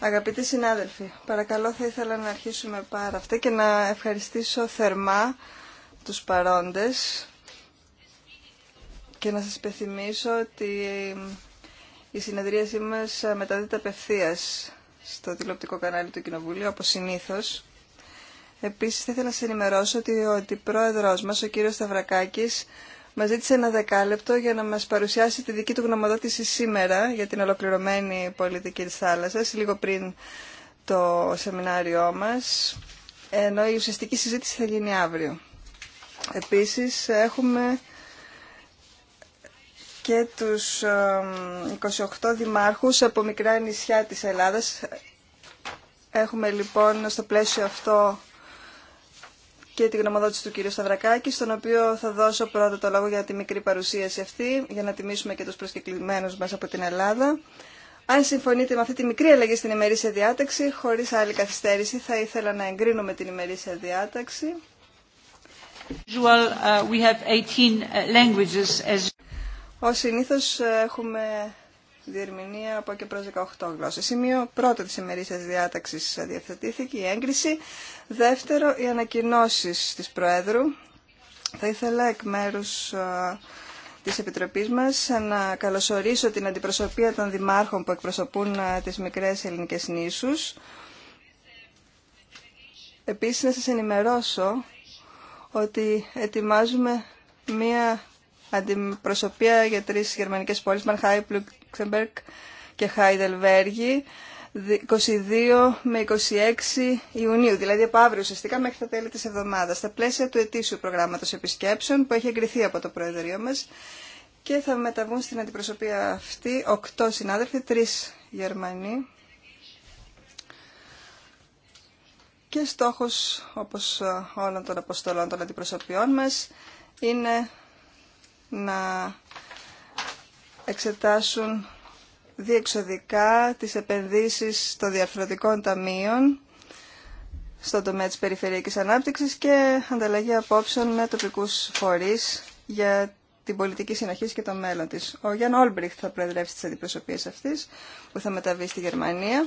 Αγαπητοί συνάδελφοι, παρακαλώ θα ήθελα να αρχίσουμε πάρα αυτά και να ευχαριστήσω θερμά τους παρόντες και να σας πεθυμίσω ότι η συνεδρίασή μας μεταδίδεται απευθεία στο τηλεοπτικό κανάλι του Κοινοβουλίου, όπως συνήθως. Επίσης θα ήθελα να σας ενημερώσω ότι ο πρόεδρός μας, ο κύριος Σταυρακάκης, μας ζήτησε ένα δεκάλεπτο για να μας παρουσιάσει τη δική του γνωμοδότηση σήμερα για την ολοκληρωμένη πολιτική της θάλασσας, λίγο πριν το σεμινάριό μας, ενώ η ουσιαστική συζήτηση θα γίνει αύριο. Επίσης έχουμε και τους 28 δημάρχους από μικρά νησιά της Ελλάδας. Έχουμε λοιπόν στο πλαίσιο αυτό και τη γνωμοδότηση του κύριου Σταυρακάκη, στον οποίο θα δώσω πρώτα το λόγο για τη μικρή παρουσίαση αυτή, για να τιμήσουμε και τους προσκεκλημένους μας από την Ελλάδα. Αν συμφωνείτε με αυτή τη μικρή αλλαγή στην ημερήσια διάταξη, χωρίς άλλη καθυστέρηση, θα ήθελα να εγκρίνουμε την ημερήσια διάταξη. Uh, we have uh, Ως συνήθως ε, έχουμε διερμηνία από και προς 18 γλώσσες. Σημείο πρώτο της ημερήσιας διάταξης ε, διαθετήθηκε η έγκριση. Δεύτερο, οι ανακοινώσει της Προέδρου. Θα ήθελα εκ μέρους της Επιτροπής μας να καλωσορίσω την αντιπροσωπεία των δημάρχων που εκπροσωπούν τις μικρές ελληνικές νήσους. Επίσης να σας ενημερώσω ότι ετοιμάζουμε μία αντιπροσωπεία για τρεις γερμανικές πόλεις, Μανχάι, Πλουξεμπερκ και Χάιδελβέργη, 22 με 26 Ιουνίου, δηλαδή από αύριο ουσιαστικά μέχρι τα τέλη της εβδομάδας, στα πλαίσια του ετήσιου προγράμματος επισκέψεων που έχει εγκριθεί από το Προεδρείο μας και θα μεταβούν στην αντιπροσωπεία αυτή 8 συνάδελφοι, 3 Γερμανοί και στόχος όπως όλων των αποστολών των αντιπροσωπιών μας είναι να εξετάσουν διεξοδικά τις επενδύσεις των διαφορετικών ταμείων στο τομέα της περιφερειακής ανάπτυξης και ανταλλαγή απόψεων με τοπικούς φορείς για την πολιτική συνοχή και το μέλλον της. Ο Γιάνν Όλμπριχτ θα προεδρεύσει τις αντιπροσωπείες αυτής που θα μεταβεί στη Γερμανία.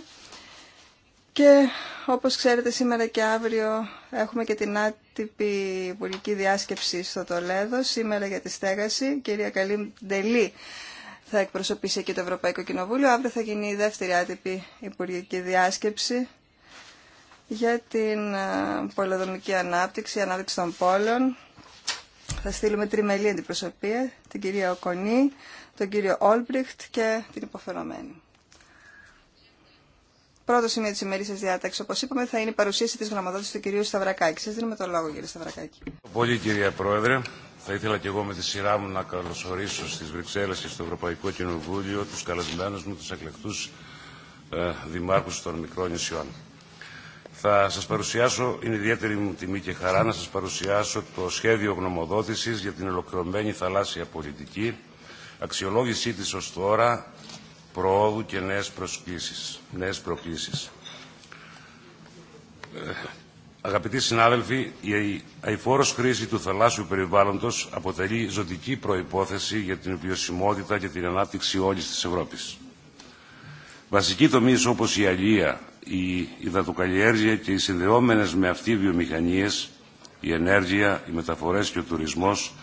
Και όπως ξέρετε σήμερα και αύριο έχουμε και την άτυπη υπουργική διάσκεψη στο Τολέδο, σήμερα για τη στέγαση. Κυρία Καλή Ντελή θα εκπροσωπήσει και το Ευρωπαϊκό Κοινοβούλιο. Αύριο θα γίνει η δεύτερη άτυπη υπουργική διάσκεψη για την ε, πολεοδομική ανάπτυξη, ανάπτυξη των πόλεων. Θα στείλουμε τριμελή αντιπροσωπεία, την κυρία Οκονή, τον κύριο Όλμπριχτ και την υποφερομένη. Πρώτο σημείο τη ημερήσια διάταξη, όπω είπαμε, θα είναι η παρουσίαση τη γραμματότητα του κυρίου Σταυρακάκη. Σα δίνουμε το λόγο, κύριε Σταυρακάκη. Πολύ, κυρία Πρόεδρε. Θα ήθελα και εγώ με τη σειρά μου να καλωσορίσω στις Βρυξέλλες και στο Ευρωπαϊκό Κοινοβούλιο τους καλεσμένους μου, τους εκλεκτούς ε, δημάρχους των μικρών νησιών. Θα σας παρουσιάσω, είναι ιδιαίτερη μου τιμή και χαρά να σας παρουσιάσω το σχέδιο γνωμοδότησης για την ολοκληρωμένη θαλάσσια πολιτική, αξιολόγησή της ως τώρα, προόδου και νέες, νέες προκλήσεις. Ε, Αγαπητοί συνάδελφοι, η αηφόρος χρήση του θαλάσσιου περιβάλλοντος αποτελεί ζωτική προϋπόθεση για την βιωσιμότητα και την ανάπτυξη όλης της Ευρώπης. Βασικοί τομείς όπως η αλία, η υδατοκαλλιέργεια και οι συνδεόμενες με αυτή βιομηχανίες, η ενέργεια, οι μεταφορές και ο τουρισμός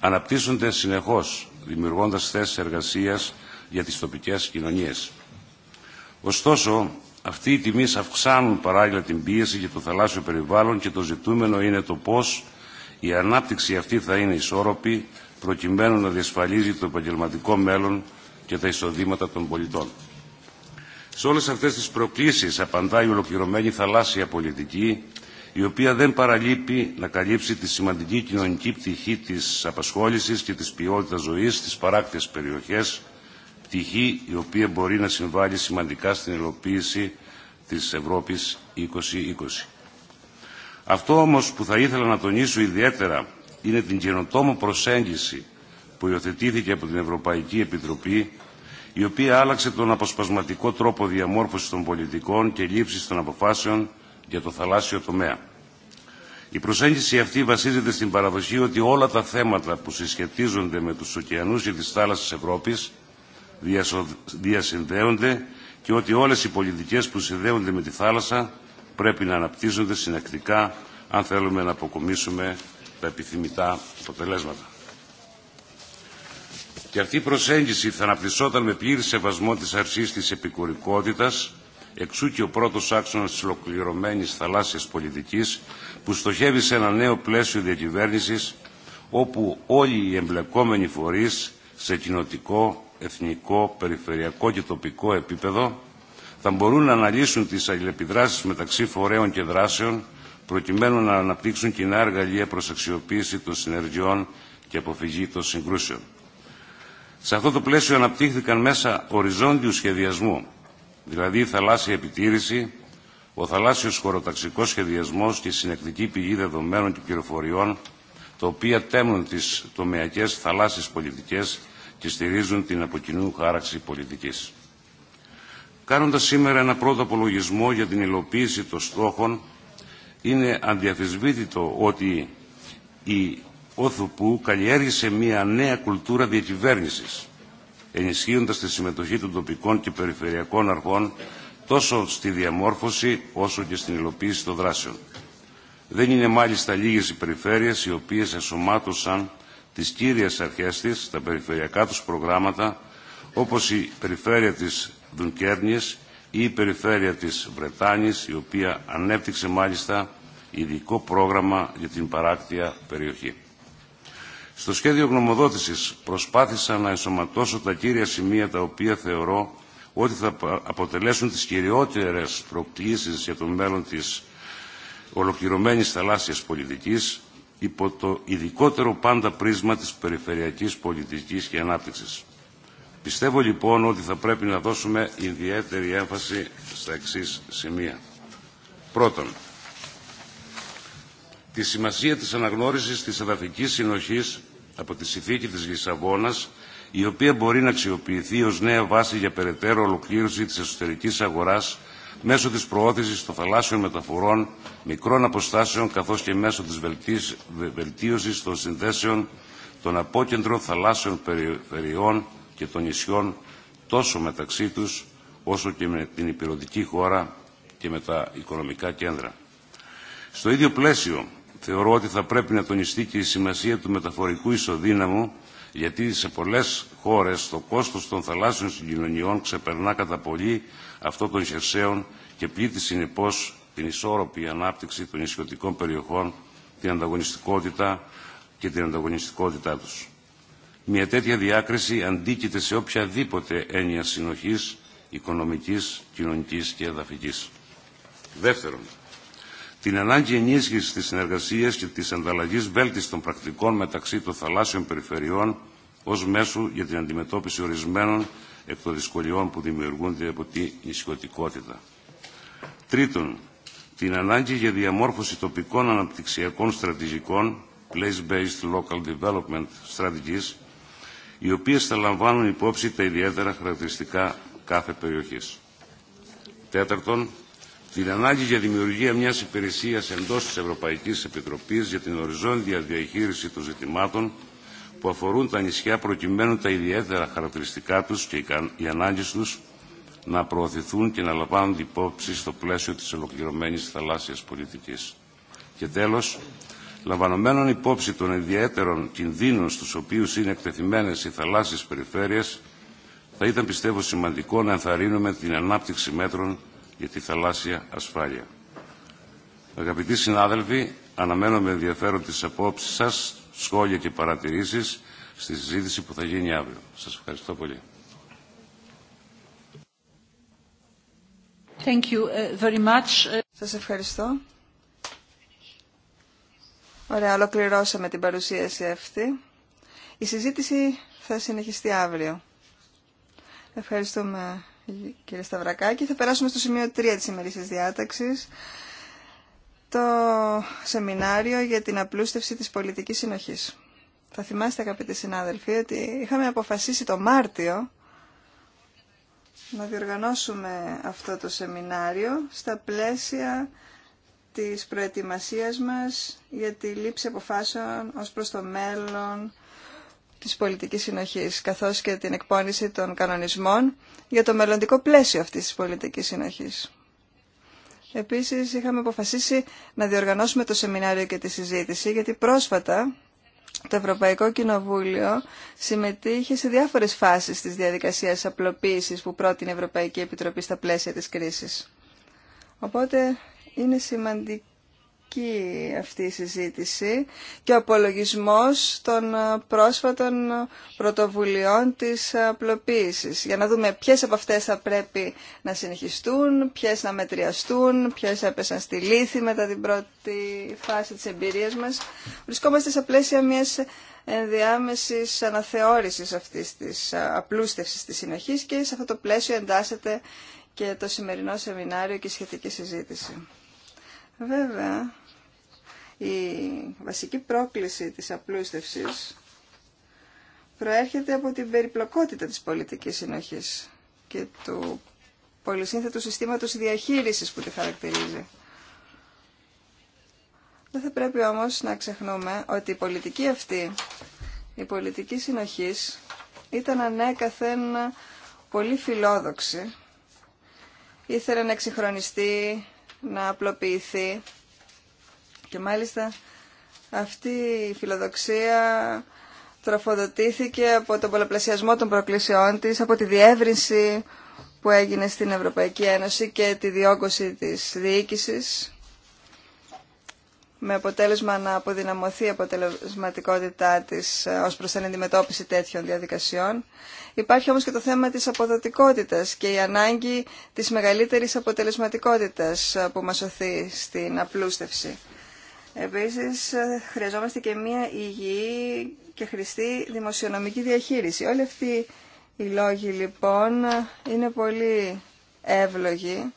αναπτύσσονται συνεχώς, δημιουργώντας θέσεις εργασίας για τις τοπικές κοινωνίες. Ωστόσο, αυτοί οι τιμές αυξάνουν παράλληλα την πίεση για το θαλάσσιο περιβάλλον και το ζητούμενο είναι το πώς η ανάπτυξη αυτή θα είναι ισόρροπη προκειμένου να διασφαλίζει το επαγγελματικό μέλλον και τα εισοδήματα των πολιτών. Σε όλες αυτές τις προκλήσεις απαντάει η ολοκληρωμένη θαλάσσια πολιτική, η οποία δεν παραλείπει να καλύψει τη σημαντική κοινωνική πτυχή της απασχόλησης και της ποιότητας ζωής στις παράκτιες περιοχές, πτυχή η οποία μπορεί να συμβάλλει σημαντικά στην υλοποίηση της Ευρώπης 2020. Αυτό όμως που θα ήθελα να τονίσω ιδιαίτερα είναι την καινοτόμο προσέγγιση που υιοθετήθηκε από την Ευρωπαϊκή Επιτροπή η οποία άλλαξε τον αποσπασματικό τρόπο διαμόρφωσης των πολιτικών και λήψης των αποφάσεων για το θαλάσσιο τομέα. Η προσέγγιση αυτή βασίζεται στην παραδοχή ότι όλα τα θέματα που συσχετίζονται με τους ωκεανούς και τις θάλασσες Ευρώπης διασυνδέονται και ότι όλες οι πολιτικές που συνδέονται με τη θάλασσα πρέπει να αναπτύσσονται συνεκτικά αν θέλουμε να αποκομίσουμε τα επιθυμητά αποτελέσματα. Και αυτή η προσέγγιση θα αναπτυσσόταν με πλήρη σεβασμό της αρχής της επικουρικότητας, εξού και ο πρώτος άξονας της ολοκληρωμένης θαλάσσιας πολιτικής, που στοχεύει σε ένα νέο πλαίσιο διακυβέρνησης, όπου όλοι οι εμπλεκόμενοι φορείς σε κοινοτικό, εθνικό, περιφερειακό και τοπικό επίπεδο θα μπορούν να αναλύσουν τις αλληλεπιδράσεις μεταξύ φορέων και δράσεων προκειμένου να αναπτύξουν κοινά εργαλεία προς αξιοποίηση των συνεργειών και αποφυγή των συγκρούσεων. Σε αυτό το πλαίσιο αναπτύχθηκαν μέσα οριζόντιου σχεδιασμού, δηλαδή η θαλάσσια επιτήρηση, ο θαλάσσιος χωροταξικός σχεδιασμός και η συνεκτική πηγή δεδομένων και πληροφοριών, τα οποία τέμουν τις τομεακές θαλάσσιες πολιτικές και στηρίζουν την αποκοινού χάραξη πολιτικής. Κάνοντας σήμερα ένα πρώτο απολογισμό για την υλοποίηση των στόχων, είναι αντιαφισβήτητο ότι η Όθουπου καλλιέργησε μια νέα κουλτούρα διακυβέρνησης, ενισχύοντας τη συμμετοχή των τοπικών και περιφερειακών αρχών τόσο στη διαμόρφωση όσο και στην υλοποίηση των δράσεων. Δεν είναι μάλιστα λίγες οι περιφέρειες οι οποίες εσωμάτωσαν τις κύριες αρχές της, τα περιφερειακά τους προγράμματα, όπως η περιφέρεια της Δουνκέρνης ή η περιφέρεια της Βρετάνης, η οποία ανέπτυξε μάλιστα ειδικό πρόγραμμα για την παράκτια περιοχή. Στο σχέδιο γνωμοδότησης προσπάθησα να ενσωματώσω τα κύρια σημεία τα οποία θεωρώ ότι θα αποτελέσουν τις κυριότερες προκλήσεις για το μέλλον της ολοκληρωμένης θαλάσσιας πολιτικής υπό το ειδικότερο πάντα πρίσμα της περιφερειακής πολιτικής και ανάπτυξης. Πιστεύω λοιπόν ότι θα πρέπει να δώσουμε ιδιαίτερη έμφαση στα εξή σημεία. Πρώτον, τη σημασία της αναγνώρισης της εδαφικής συνοχής από τη συνθήκη της Λισαβόνας, η οποία μπορεί να αξιοποιηθεί ως νέα βάση για περαιτέρω ολοκλήρωση της εσωτερικής αγοράς μέσω της προώθησης των θαλάσσιων μεταφορών μικρών αποστάσεων καθώς και μέσω της βελτίωσης των συνδέσεων των απόκεντρων θαλάσσιων περιφερειών και των νησιών τόσο μεταξύ τους όσο και με την υπηρετική χώρα και με τα οικονομικά κέντρα. Στο ίδιο πλαίσιο θεωρώ ότι θα πρέπει να τονιστεί και η σημασία του μεταφορικού ισοδύναμου γιατί σε πολλές χώρες το κόστος των θαλάσσιων συγκοινωνιών ξεπερνά κατά πολύ αυτό των χερσαίων και πλήττει συνεπώ την ισόρροπη ανάπτυξη των νησιωτικών περιοχών, την ανταγωνιστικότητα και την ανταγωνιστικότητά τους. Μια τέτοια διάκριση αντίκειται σε οποιαδήποτε έννοια συνοχής, οικονομικής, κοινωνικής και εδαφική. Δεύτερον, την ανάγκη ενίσχυση τη συνεργασία και της ανταλλαγή βέλτιστων πρακτικών μεταξύ των θαλάσσιων περιφερειών ω μέσου για την αντιμετώπιση ορισμένων εκ των δυσκολιών που δημιουργούνται από την νησιωτικότητα. Τρίτον, την ανάγκη για διαμόρφωση τοπικών αναπτυξιακών στρατηγικών place-based local development strategies οι οποίες θα λαμβάνουν υπόψη τα ιδιαίτερα χαρακτηριστικά κάθε περιοχής. Τέταρτον, την ανάγκη για δημιουργία μιας υπηρεσίας εντός της Ευρωπαϊκής Επιτροπής για την οριζόντια διαχείριση των ζητημάτων που αφορούν τα νησιά προκειμένου τα ιδιαίτερα χαρακτηριστικά τους και οι ανάγκες τους να προωθηθούν και να λαμβάνουν υπόψη στο πλαίσιο της ολοκληρωμένης θαλάσσιας πολιτικής. Και τέλος, λαμβανομένων υπόψη των ιδιαίτερων κινδύνων στους οποίους είναι εκτεθειμένες οι θαλάσσιες περιφέρειες, θα ήταν πιστεύω σημαντικό να ενθαρρύνουμε την ανάπτυξη μέτρων για τη θαλάσσια ασφάλεια. Αγαπητοί συνάδελφοι, αναμένω με ενδιαφέρον τις απόψεις σας σχόλια και παρατηρήσεις στη συζήτηση που θα γίνει αύριο. Σας ευχαριστώ πολύ. Thank uh, Σας ευχαριστώ. Ωραία, ολοκληρώσαμε την παρουσίαση αυτή. Η συζήτηση θα συνεχιστεί αύριο. Ευχαριστούμε κύριε Σταυρακάκη. Θα περάσουμε στο σημείο 3 της ημερήσιας διάταξης το σεμινάριο για την απλούστευση της πολιτικής συνοχής. Θα θυμάστε αγαπητοί συνάδελφοι ότι είχαμε αποφασίσει το Μάρτιο να διοργανώσουμε αυτό το σεμινάριο στα πλαίσια της προετοιμασίας μας για τη λήψη αποφάσεων ως προς το μέλλον της πολιτικής συνοχής, καθώς και την εκπόνηση των κανονισμών για το μελλοντικό πλαίσιο αυτής της πολιτικής συνοχής. Επίσης είχαμε αποφασίσει να διοργανώσουμε το σεμινάριο και τη συζήτηση γιατί πρόσφατα το Ευρωπαϊκό Κοινοβούλιο συμμετείχε σε διάφορες φάσεις της διαδικασίας απλοποίησης που πρότεινε η Ευρωπαϊκή Επιτροπή στα πλαίσια της κρίσης. Οπότε είναι σημαντικό σημαντική αυτή η συζήτηση και ο απολογισμός των πρόσφατων πρωτοβουλειών της απλοποίησης. Για να δούμε ποιες από αυτές θα πρέπει να συνεχιστούν, ποιες να μετριαστούν, ποιες έπεσαν στη λύθη μετά την πρώτη φάση της εμπειρίας μας. Βρισκόμαστε σε πλαίσια μιας ενδιάμεσης αναθεώρησης αυτής της απλούστευσης της συνοχής και σε αυτό το πλαίσιο εντάσσεται και το σημερινό σεμινάριο και η σχετική συζήτηση. Βέβαια, η βασική πρόκληση της απλούστευσης προέρχεται από την περιπλοκότητα της πολιτικής συνοχής και του πολυσύνθετου συστήματος διαχείρισης που τη χαρακτηρίζει. Δεν θα πρέπει όμως να ξεχνούμε ότι η πολιτική αυτή, η πολιτική συνοχής, ήταν ανέκαθεν πολύ φιλόδοξη. Ήθελε να εξυγχρονιστεί, να απλοποιηθεί και μάλιστα αυτή η φιλοδοξία τροφοδοτήθηκε από τον πολλαπλασιασμό των προκλήσεών της, από τη διεύρυνση που έγινε στην Ευρωπαϊκή Ένωση και τη διόγκωση της διοίκησης με αποτέλεσμα να αποδυναμωθεί η αποτελεσματικότητά της ε, ως προς την αντιμετώπιση τέτοιων διαδικασιών. Υπάρχει όμως και το θέμα της αποδοτικότητας και η ανάγκη της μεγαλύτερης αποτελεσματικότητας ε, που μας οθεί στην απλούστευση. Επίσης, ε, χρειαζόμαστε και μια υγιή και χρηστή δημοσιονομική διαχείριση. Όλοι αυτοί οι λόγοι, λοιπόν, είναι πολύ εύλογοι.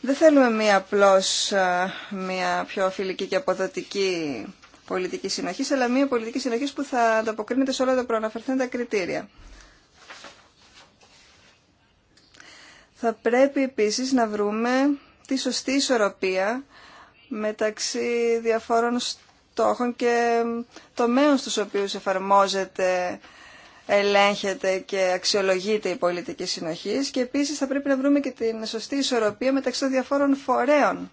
Δεν θέλουμε μία απλώς ε, μία πιο φιλική και αποδοτική πολιτική συνοχή, αλλά μία πολιτική συνοχή που θα ανταποκρίνεται σε όλα τα προαναφερθέντα κριτήρια. Θα πρέπει επίσης να βρούμε τη σωστή ισορροπία μεταξύ διαφόρων στόχων και τομέων στους οποίους εφαρμόζεται, ελέγχεται και αξιολογείται η πολιτική συνοχή και επίσης θα πρέπει να βρούμε και την σωστή ισορροπία μεταξύ των διαφόρων φορέων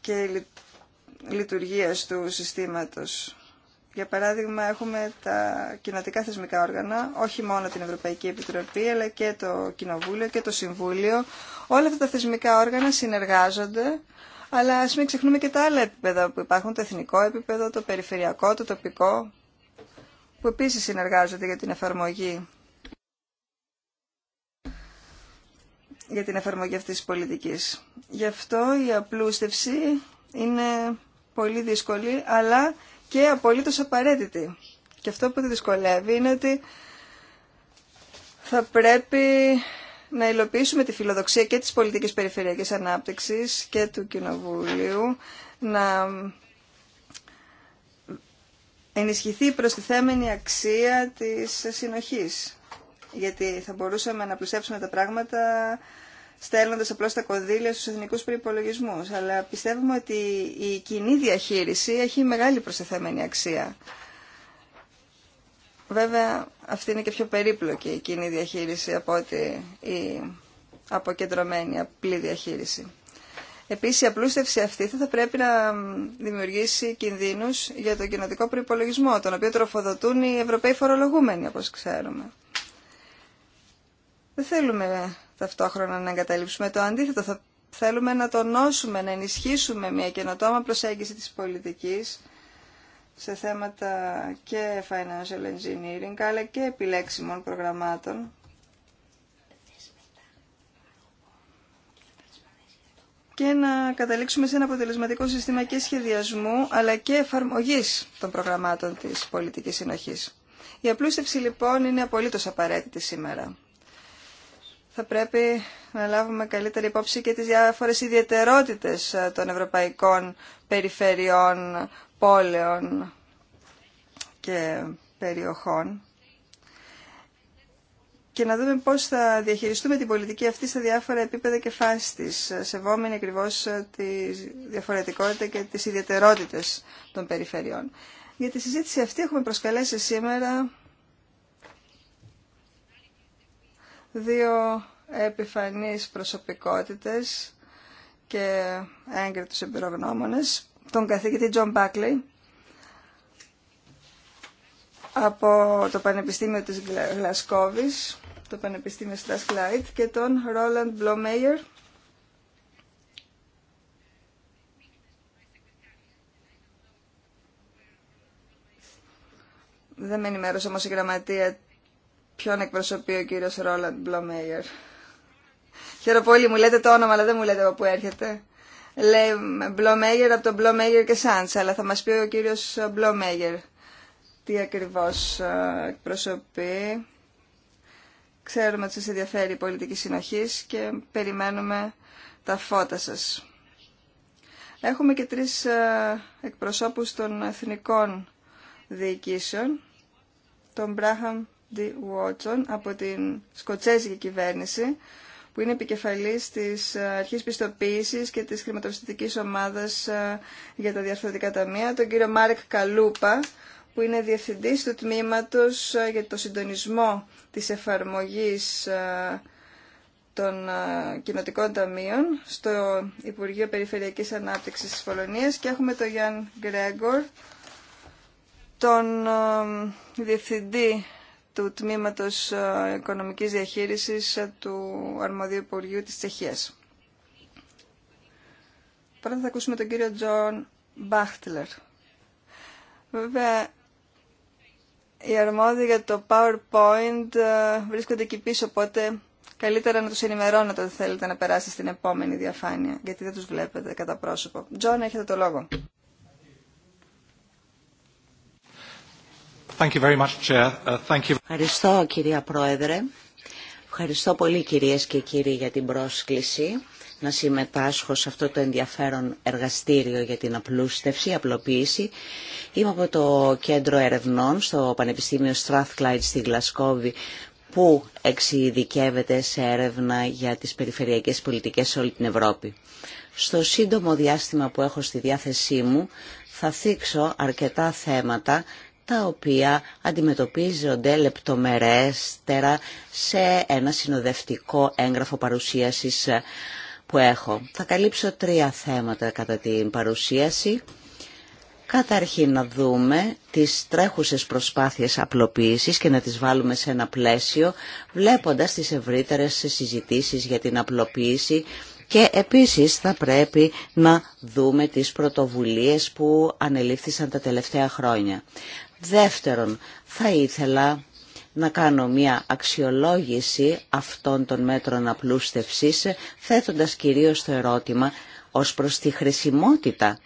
και λειτουργίας του συστήματος. Για παράδειγμα, έχουμε τα κοινοτικά θεσμικά όργανα, όχι μόνο την Ευρωπαϊκή Επιτροπή, αλλά και το Κοινοβούλιο και το Συμβούλιο. Όλα αυτά τα θεσμικά όργανα συνεργάζονται, αλλά α μην ξεχνούμε και τα άλλα επίπεδα που υπάρχουν, το εθνικό επίπεδο, το περιφερειακό, το τοπικό, που επίσης συνεργάζονται για την εφαρμογή για την εφαρμογή αυτής της πολιτικής. Γι' αυτό η απλούστευση είναι πολύ δύσκολη, αλλά και απολύτως απαραίτητη. Και αυτό που τη δυσκολεύει είναι ότι θα πρέπει να υλοποιήσουμε τη φιλοδοξία και της πολιτικής περιφερειακής ανάπτυξης και του Κοινοβουλίου, να ενισχυθεί η προστιθέμενη αξία της συνοχής. Γιατί θα μπορούσαμε να πλουσέψουμε τα πράγματα στέλνοντα απλώ τα κονδύλια στου εθνικού προπολογισμού. Αλλά πιστεύουμε ότι η κοινή διαχείριση έχει μεγάλη προσθεθέμενη αξία. Βέβαια, αυτή είναι και πιο περίπλοκη η κοινή διαχείριση από ότι η αποκεντρωμένη απλή διαχείριση. Επίσης, η απλούστευση αυτή θα, πρέπει να δημιουργήσει κινδύνους για τον κοινοτικό προπολογισμό, τον οποίο τροφοδοτούν οι Ευρωπαίοι φορολογούμενοι, όπω ξέρουμε. Δεν θέλουμε ταυτόχρονα να εγκαταλείψουμε το αντίθετο. Θα θέλουμε να τονώσουμε, να ενισχύσουμε μια καινοτόμα προσέγγιση της πολιτικής σε θέματα και financial engineering αλλά και επιλέξιμων προγραμμάτων. και να καταλήξουμε σε ένα αποτελεσματικό σύστημα και σχεδιασμού αλλά και εφαρμογής των προγραμμάτων της πολιτικής συνοχής. Η απλούστευση λοιπόν είναι απολύτως απαραίτητη σήμερα θα πρέπει να λάβουμε καλύτερη υπόψη και τις διάφορες ιδιαιτερότητες ε, των ευρωπαϊκών περιφερειών, πόλεων και περιοχών και να δούμε πώς θα διαχειριστούμε την πολιτική αυτή στα διάφορα επίπεδα και φάσεις της, ε, σεβόμενη ακριβώς ε, τη διαφορετικότητα και τις ιδιαιτερότητες των περιφερειών. Για τη συζήτηση αυτή έχουμε προσκαλέσει σήμερα δύο επιφανείς προσωπικότητες και έγκριτους εμπειρογνώμονες, τον καθηγητή Τζον Μπάκλεϊ από το Πανεπιστήμιο της Γλασκόβης, το Πανεπιστήμιο Στρασκλάιτ και τον Ρόλαντ Μπλομέιερ Δεν με ενημέρωσε όμως η γραμματεία ποιον εκπροσωπεί ο κύριος Ρόλαντ Μπλομέγερ. Χαίρομαι πολύ, μου λέτε το όνομα, αλλά δεν μου λέτε από πού έρχεται. Λέει Μπλομέγερ από τον Μπλομέγερ και Σάντσα, αλλά θα μας πει ο κύριος Μπλομέγερ τι ακριβώς ε, εκπροσωπεί. Ξέρουμε ότι σας ενδιαφέρει η πολιτική συνοχής και περιμένουμε τα φώτα σας. Έχουμε και τρεις ε, εκπροσώπους των εθνικών διοικήσεων, τον Μπράχαμ Watson από την Σκοτσέζικη κυβέρνηση που είναι επικεφαλής της ε, Αρχής Πιστοποίησης και της Χρηματοπιστωτικής Ομάδας ε, για τα Διαρθρωτικά Ταμεία, τον κύριο Μάρκ Καλούπα, που είναι Διευθυντής του Τμήματος ε, για το Συντονισμό της Εφαρμογής των Κοινοτικών Ταμείων στο Υπουργείο Περιφερειακής Ανάπτυξης της Πολωνίας και έχουμε τον Γιάνν Γκρέγκορ, τον Διευθυντή του Τμήματος ε, Οικονομικής Διαχείρισης ε, του Αρμοδίου Υπουργείου της Τσεχίας. Πρώτα θα ακούσουμε τον κύριο Τζον Μπάχτλερ. Βέβαια, οι αρμόδιοι για το PowerPoint ε, βρίσκονται εκεί πίσω, οπότε καλύτερα να τους ενημερώνετε ότι θέλετε να περάσετε στην επόμενη διαφάνεια, γιατί δεν τους βλέπετε κατά πρόσωπο. Τζον, έχετε το λόγο. Uh, Ευχαριστώ κυρία Πρόεδρε. Ευχαριστώ πολύ κυρίες και κύριοι για την πρόσκληση να συμμετάσχω σε αυτό το ενδιαφέρον εργαστήριο για την απλούστευση, απλοποίηση. Είμαι από το Κέντρο Ερευνών στο Πανεπιστήμιο Strathclyde στη Γλασκόβη που εξειδικεύεται σε έρευνα για τις περιφερειακές πολιτικές σε όλη την Ευρώπη. Στο σύντομο διάστημα που έχω στη διάθεσή μου θα θίξω αρκετά θέματα τα οποία αντιμετωπίζονται λεπτομερέστερα σε ένα συνοδευτικό έγγραφο παρουσίασης ε, που έχω. Θα καλύψω τρία θέματα κατά την παρουσίαση. Καταρχήν να δούμε τις τρέχουσες προσπάθειες απλοποίησης και να τις βάλουμε σε ένα πλαίσιο, βλέποντας τις ευρύτερες συζητήσεις για την απλοποίηση και επίσης θα πρέπει να δούμε τις πρωτοβουλίες που ανελήφθησαν τα τελευταία χρόνια. Δεύτερον, θα ήθελα να κάνω μια αξιολόγηση αυτών των μέτρων απλούστευσης, θέτοντας κυρίως το ερώτημα ως προς τη χρησιμότητα.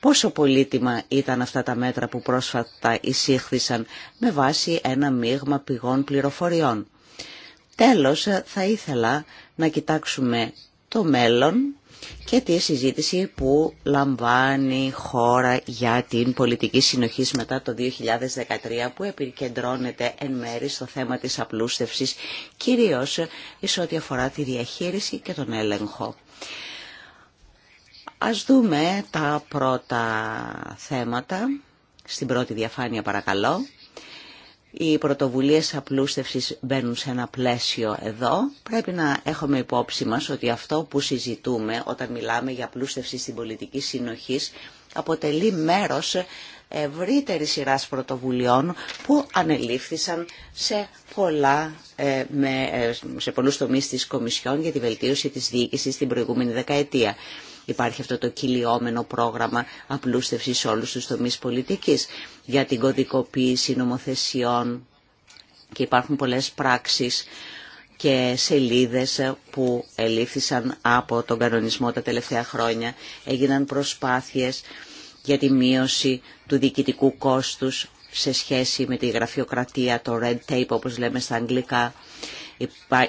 Πόσο πολύτιμα ήταν αυτά τα μέτρα που πρόσφατα εισήχθησαν με βάση ένα μείγμα πηγών πληροφοριών. Τέλος, θα ήθελα να κοιτάξουμε το μέλλον και τη συζήτηση που λαμβάνει χώρα για την πολιτική συνοχή μετά το 2013 που επικεντρώνεται εν μέρη στο θέμα της απλούστευσης κυρίως σε ό,τι αφορά τη διαχείριση και τον έλεγχο. Ας δούμε τα πρώτα θέματα. Στην πρώτη διαφάνεια παρακαλώ. Οι πρωτοβουλίες απλούστευσης μπαίνουν σε ένα πλαίσιο εδώ. Πρέπει να έχουμε υπόψη μας ότι αυτό που συζητούμε όταν μιλάμε για απλούστευση στην πολιτική συνοχής αποτελεί μέρος ευρύτερη σειρά πρωτοβουλειών που ανελήφθησαν σε, πολλά, ε, ε, σε πολλούς τομείς της Κομισιόν για τη βελτίωση της διοίκησης την προηγούμενη δεκαετία. Υπάρχει αυτό το κυλιόμενο πρόγραμμα απλούστευση σε όλους τους τομείς πολιτικής για την κωδικοποίηση νομοθεσιών και υπάρχουν πολλές πράξεις και σελίδες που ελήφθησαν από τον κανονισμό τα τελευταία χρόνια. Έγιναν προσπάθειες για τη μείωση του διοικητικού κόστους σε σχέση με τη γραφειοκρατία, το red tape όπως λέμε στα αγγλικά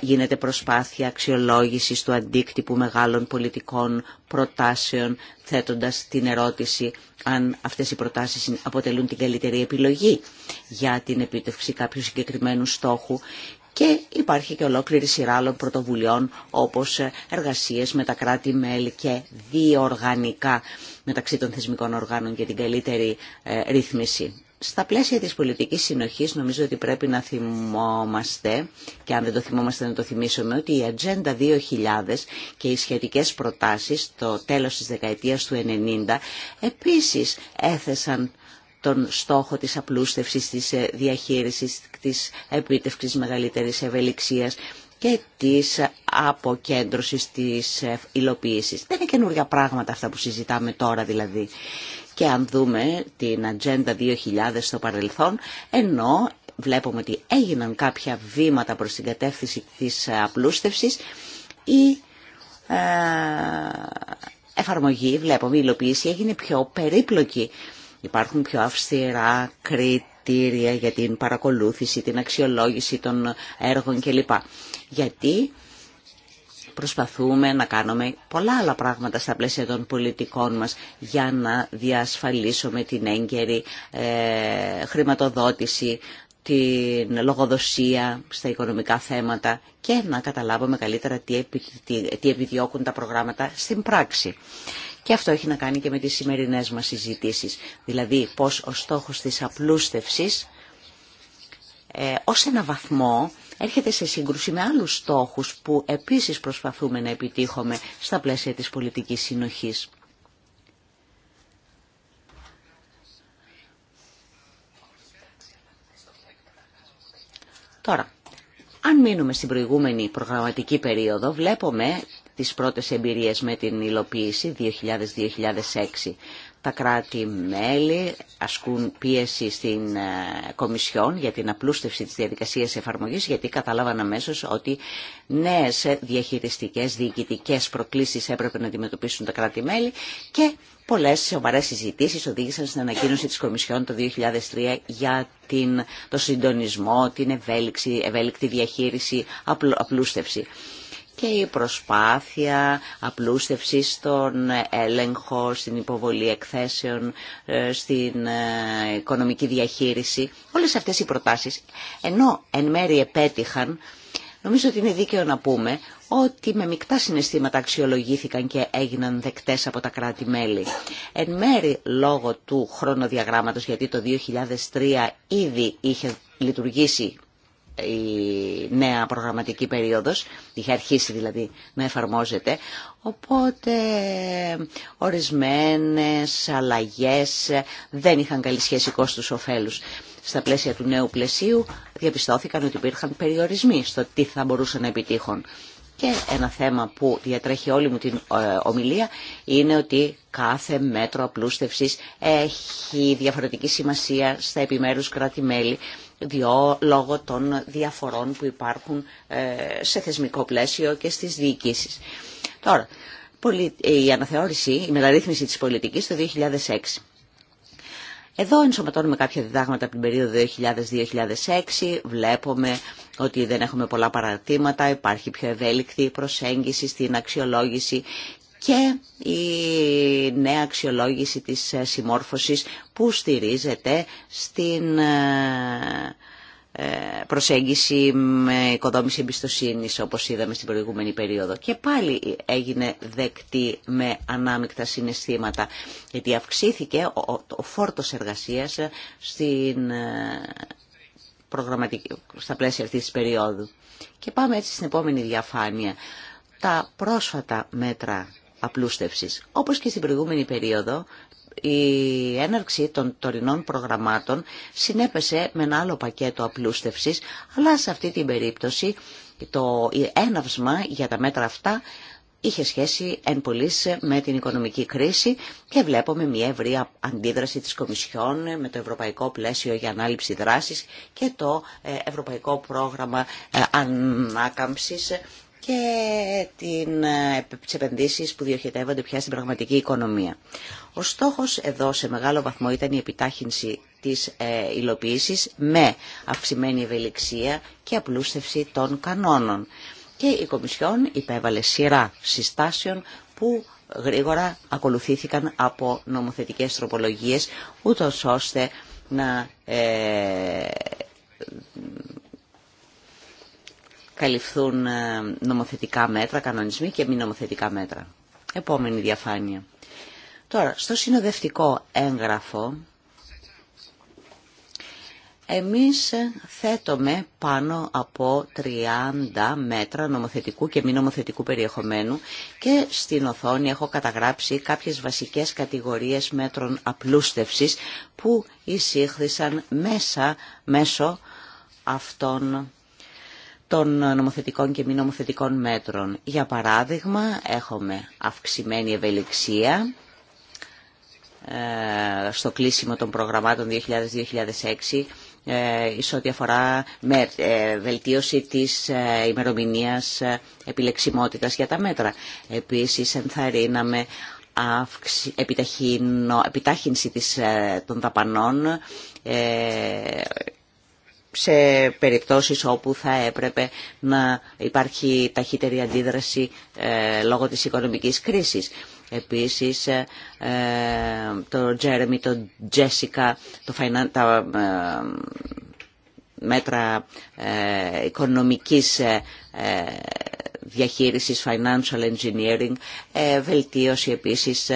γίνεται προσπάθεια αξιολόγησης του αντίκτυπου μεγάλων πολιτικών προτάσεων, θέτοντας την ερώτηση αν αυτές οι προτάσεις αποτελούν την καλύτερη επιλογή για την επίτευξη κάποιου συγκεκριμένου στόχου και υπάρχει και ολόκληρη σειρά άλλων πρωτοβουλειών όπως ε, εργασίες με τα κράτη-μέλη και διοργανικά μεταξύ των θεσμικών οργάνων για την καλύτερη ε, ρύθμιση. Στα πλαίσια της πολιτικής συνοχής νομίζω ότι πρέπει να θυμόμαστε και αν δεν το θυμόμαστε να το θυμίσουμε ότι η Ατζέντα 2000 και οι σχετικές προτάσεις το τέλος της δεκαετίας του 90 επίσης έθεσαν τον στόχο της απλούστευσης της ε, διαχείρισης, της επίτευξης μεγαλύτερης ευελιξίας και της αποκέντρωσης της ε, υλοποίησης. Δεν είναι καινούργια πράγματα αυτά που συζητάμε τώρα δηλαδή και αν δούμε την Ατζέντα 2000 στο παρελθόν, ενώ βλέπουμε ότι έγιναν κάποια βήματα προς την κατεύθυνση της απλούστευσης, η ε, εφαρμογή, βλέπουμε, η υλοποίηση έγινε πιο περίπλοκη. Υπάρχουν πιο αυστηρά κριτήρια για την παρακολούθηση, την αξιολόγηση των έργων κλπ. Γιατί Προσπαθούμε να κάνουμε πολλά άλλα πράγματα στα πλαίσια των πολιτικών μας για να διασφαλίσουμε την έγκαιρη ε, χρηματοδότηση, την λογοδοσία στα οικονομικά θέματα και να καταλάβουμε καλύτερα τι επιδιώκουν τα προγράμματα στην πράξη. Και αυτό έχει να κάνει και με τις σημερινές μας συζητήσεις. Δηλαδή πώς ο στόχος της απλούστευσης ε, ως ένα βαθμό έρχεται σε σύγκρουση με άλλους στόχους που επίσης προσπαθούμε να επιτύχουμε στα πλαίσια της πολιτικής συνοχής. Τώρα, αν μείνουμε στην προηγούμενη προγραμματική περίοδο, βλέπουμε τις πρώτες εμπειρίες με την υλοποίηση 2000-2006. Τα κράτη-μέλη ασκούν πίεση στην ε, Κομισιόν για την απλούστευση της διαδικασίας εφαρμογής γιατί καταλάβαν αμέσω ότι νέες διαχειριστικές, διοικητικές προκλήσεις έπρεπε να αντιμετωπίσουν τα κράτη-μέλη και πολλές σοβαρές συζητήσεις οδήγησαν στην ανακοίνωση της Κομισιόν το 2003 για την, το συντονισμό, την ευέλικτη διαχείριση, απλούστευση και η προσπάθεια απλούστευση στον έλεγχο, στην υποβολή εκθέσεων, ε, στην ε, οικονομική διαχείριση. Όλες αυτές οι προτάσεις, ενώ εν μέρει επέτυχαν, νομίζω ότι είναι δίκαιο να πούμε ότι με μεικτά συναισθήματα αξιολογήθηκαν και έγιναν δεκτές από τα κράτη-μέλη. Εν μέρη λόγω του χρονοδιαγράμματος, γιατί το 2003 ήδη είχε λειτουργήσει η νέα προγραμματική περίοδος, είχε αρχίσει δηλαδή να εφαρμόζεται, οπότε ορισμένες αλλαγές δεν είχαν καλή σχέση κόστους ωφέλους. Στα πλαίσια του νέου πλαισίου διαπιστώθηκαν ότι υπήρχαν περιορισμοί στο τι θα μπορούσαν να επιτύχουν. Και ένα θέμα που διατρέχει όλη μου την ε, ομιλία είναι ότι κάθε μέτρο απλούστευσης έχει διαφορετική σημασία στα επιμέρους κράτη-μέλη διό, λόγω των διαφορών που υπάρχουν ε, σε θεσμικό πλαίσιο και στις διοικήσεις. Τώρα, ε, η αναθεώρηση, η μεταρρύθμιση της πολιτικής το 2006. Εδώ ενσωματώνουμε κάποια διδάγματα από την περίοδο 2000-2006. Βλέπουμε ότι δεν έχουμε πολλά παρατήματα, υπάρχει πιο ευέλικτη προσέγγιση στην αξιολόγηση και η νέα αξιολόγηση της ε, συμμόρφωσης που στηρίζεται στην ε, ε, προσέγγιση με οικοδόμηση εμπιστοσύνη, όπως είδαμε στην προηγούμενη περίοδο. Και πάλι έγινε δεκτή με ανάμεικτα συναισθήματα, γιατί αυξήθηκε ο φόρτος εργασίας στην προγραμματική, στα πλαίσια αυτής της περίοδου. Και πάμε έτσι στην επόμενη διαφάνεια. Τα πρόσφατα μέτρα απλούστευσης. Όπως και στην προηγούμενη περίοδο, η έναρξη των τωρινών προγραμμάτων συνέπεσε με ένα άλλο πακέτο απλούστευσης, αλλά σε αυτή την περίπτωση το έναυσμα για τα μέτρα αυτά είχε σχέση εν με την οικονομική κρίση και βλέπουμε μια ευρία αντίδραση της Κομισιόν με το Ευρωπαϊκό Πλαίσιο για Ανάληψη Δράσης και το ε, Ευρωπαϊκό Πρόγραμμα ε, Ανάκαμψης και ε, τις επενδύσεις που διοχετεύονται πια στην πραγματική οικονομία. Ο στόχος εδώ σε μεγάλο βαθμό ήταν η επιτάχυνση της ε, υλοποίησης με αυξημένη ευελιξία και απλούστευση των κανόνων. Και η Κομισιόν υπέβαλε σειρά συστάσεων που γρήγορα ακολουθήθηκαν από νομοθετικές τροπολογίες, ούτως ώστε να ε, καλυφθούν ε, νομοθετικά μέτρα, κανονισμοί και μη νομοθετικά μέτρα. Επόμενη διαφάνεια. Τώρα, στο συνοδευτικό έγγραφο, εμείς θέτουμε πάνω από 30 μέτρα νομοθετικού και μη νομοθετικού περιεχομένου και στην οθόνη έχω καταγράψει κάποιες βασικές κατηγορίες μέτρων απλούστευσης που εισήχθησαν μέσα μέσω αυτών των νομοθετικών και μη νομοθετικών μέτρων. Για παράδειγμα, έχουμε αυξημένη ευελιξία ε, στο κλείσιμο των προγραμμάτων 2000-2006 σε ό,τι αφορά με ε, βελτίωση της ε, ημερομηνίας επιλεξιμότητας για τα μέτρα. Επίσης, ενθαρρύναμε επιτάχυνση των δαπανών σε περιπτώσεις όπου θα έπρεπε να υπάρχει ταχύτερη αντίδραση ε, λόγω της οικονομικής κρίσης. Επίσης ε, ε, το Jeremy, το Jessica, το τα μέτρα οικονομικής διαχείρισης financial engineering, βελτίωση επίσης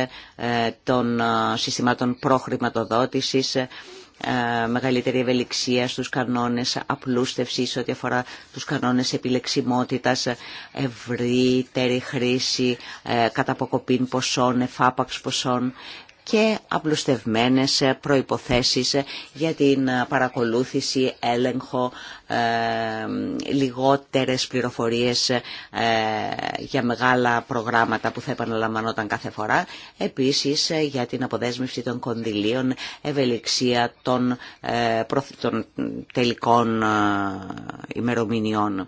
των συστημάτων προχρηματοδότησης, ε, μεγαλύτερη ευελιξία στους κανόνες απλούστευσης ό,τι αφορά τους κανόνες επιλεξιμότητας, ευρύτερη χρήση ε, ποσών, εφάπαξ ποσών και απλουστευμένες προϋποθέσεις για την παρακολούθηση, έλεγχο, ε, λιγότερες πληροφορίες ε, για μεγάλα προγράμματα που θα επαναλαμβανόταν κάθε φορά. Επίσης ε, για την αποδέσμευση των κονδυλίων, ευελιξία των, των τελικών ημερομηνιών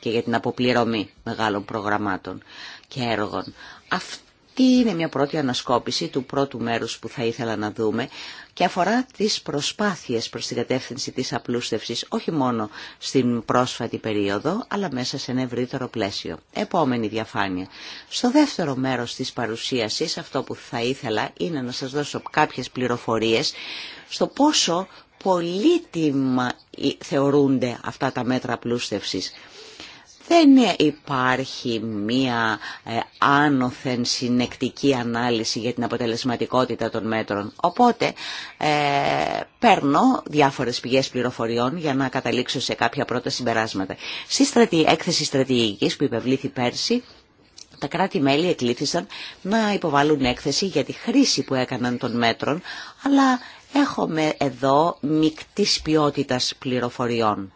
και για την αποπληρωμή μεγάλων προγραμμάτων και έργων. Αυτό τι είναι μια πρώτη ανασκόπηση του πρώτου μέρους που θα ήθελα να δούμε και αφορά τις προσπάθειες προς την κατεύθυνση της απλούστευσης όχι μόνο στην πρόσφατη περίοδο αλλά μέσα σε ένα ευρύτερο πλαίσιο. Επόμενη διαφάνεια. Στο δεύτερο μέρος της παρουσίασης αυτό που θα ήθελα είναι να σας δώσω κάποιες πληροφορίες στο πόσο πολύτιμα ε, θεωρούνται αυτά τα μέτρα απλούστευσης δεν υπάρχει μία ε, άνωθεν συνεκτική ανάλυση για την αποτελεσματικότητα των μέτρων. Οπότε ε, παίρνω διάφορες πηγές πληροφοριών για να καταλήξω σε κάποια πρώτα συμπεράσματα. Στη έκθεση στρατηγικής που υπευλήθη πέρσι, τα κράτη-μέλη εκλήθησαν να υποβάλουν έκθεση για τη χρήση που έκαναν των μέτρων, αλλά έχουμε εδώ μικτής ποιότητας πληροφοριών.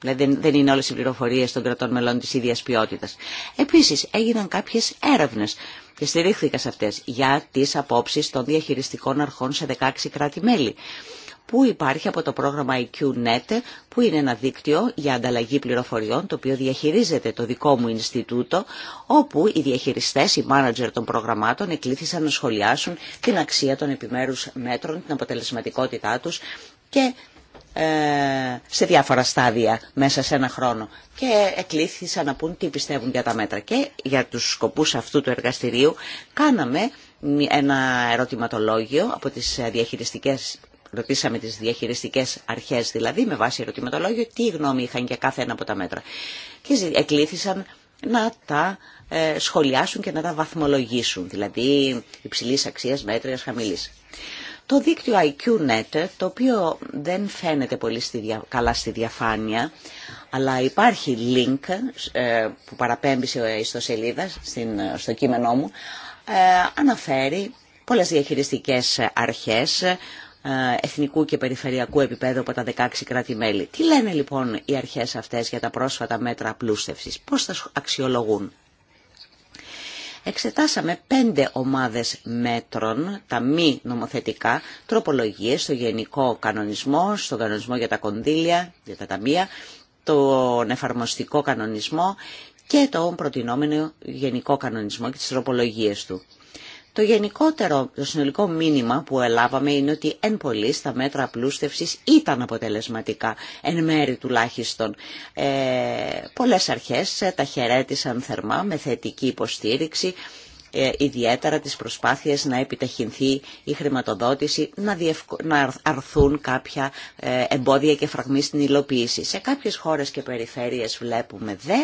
Δηλαδή δεν είναι όλες οι πληροφορίες των κρατών μελών της ίδιας ποιότητας. Επίσης έγιναν κάποιες έρευνες και στηρίχθηκα σε αυτές για τις απόψεις των διαχειριστικών αρχών σε 16 κράτη-μέλη που υπάρχει από το πρόγραμμα IQNet, που είναι ένα δίκτυο για ανταλλαγή πληροφοριών, το οποίο διαχειρίζεται το δικό μου Ινστιτούτο, όπου οι διαχειριστές, οι μάνατζερ των προγραμμάτων εκλήθησαν να σχολιάσουν την αξία των επιμέρους μέτρων, την αποτελεσματικότητά τους και ε, σε διάφορα στάδια μέσα σε ένα χρόνο και εκλήθησαν να πούν τι πιστεύουν για τα μέτρα. Και για τους σκοπούς αυτού του εργαστηρίου κάναμε ένα ερωτηματολόγιο από τις διαχειριστικές Ρωτήσαμε τις διαχειριστικές αρχές δηλαδή με βάση ερωτηματολόγιο τι γνώμη είχαν για κάθε ένα από τα μέτρα. Και εκλήθησαν να τα ε, σχολιάσουν και να τα βαθμολογήσουν, δηλαδή υψηλής αξίας, μέτρια, χαμηλής. Το δίκτυο IQNet, το οποίο δεν φαίνεται πολύ καλά στη διαφάνεια, αλλά υπάρχει link ε, που παραπέμπει σε ιστοσελίδα στο κείμενό μου, ε, αναφέρει πολλές διαχειριστικές αρχές ε, εθνικού και περιφερειακού επίπεδου από τα 16 κράτη-μέλη. Τι λένε λοιπόν οι αρχές αυτές για τα πρόσφατα μέτρα απλούστευσης, πώς τα αξιολογούν. Εξετάσαμε πέντε ομάδες μέτρων, τα μη νομοθετικά, τροπολογίες στο γενικό κανονισμό, στο κανονισμό για τα κονδύλια, για τα ταμεία, τον εφαρμοστικό κανονισμό και τον προτινόμενο γενικό κανονισμό και τις τροπολογίες του. Το γενικότερο, το συνολικό μήνυμα που ελάβαμε είναι ότι εν πολύ τα μέτρα απλούστευσης ήταν αποτελεσματικά, εν μέρη τουλάχιστον. Ε, πολλές αρχές ε, τα χαιρέτησαν θερμά με θετική υποστήριξη, ε, ιδιαίτερα τις προσπάθειες να επιταχυνθεί η χρηματοδότηση, να, αρθούν κάποια ε, εμπόδια και φραγμή στην υλοποίηση. Σε κάποιες χώρες και περιφέρειες βλέπουμε δε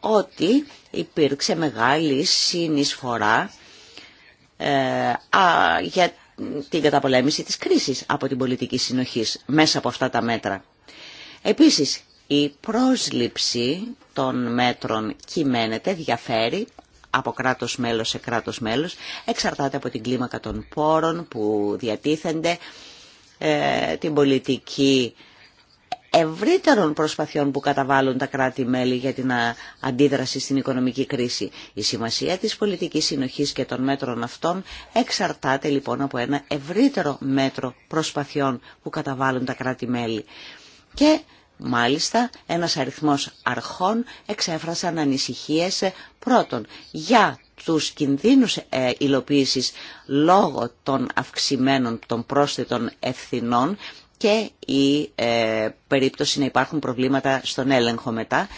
ότι υπήρξε μεγάλη συνεισφορά ε, για την καταπολέμηση της κρίσης από την πολιτική συνοχής μέσα από αυτά τα μέτρα. Επίσης, η πρόσληψη των μέτρων κυμαίνεται, διαφέρει από κράτος μέλος σε κράτος μέλος, εξαρτάται από την κλίμακα των πόρων που διατίθενται, ε, την πολιτική ευρύτερων προσπαθειών που καταβάλουν τα κράτη-μέλη για την αντίδραση στην οικονομική κρίση. Η σημασία της πολιτικής συνοχής και των μέτρων αυτών εξαρτάται λοιπόν από ένα ευρύτερο μέτρο προσπαθειών που καταβάλουν τα κράτη-μέλη. Και Μάλιστα, ένας αριθμός αρχών εξέφρασαν ανησυχίες ε, πρώτον για τους κινδύνους ε, υλοποίησης λόγω των αυξημένων των πρόσθετων ευθυνών και η ε, περίπτωση να υπάρχουν προβλήματα στον έλεγχο μετά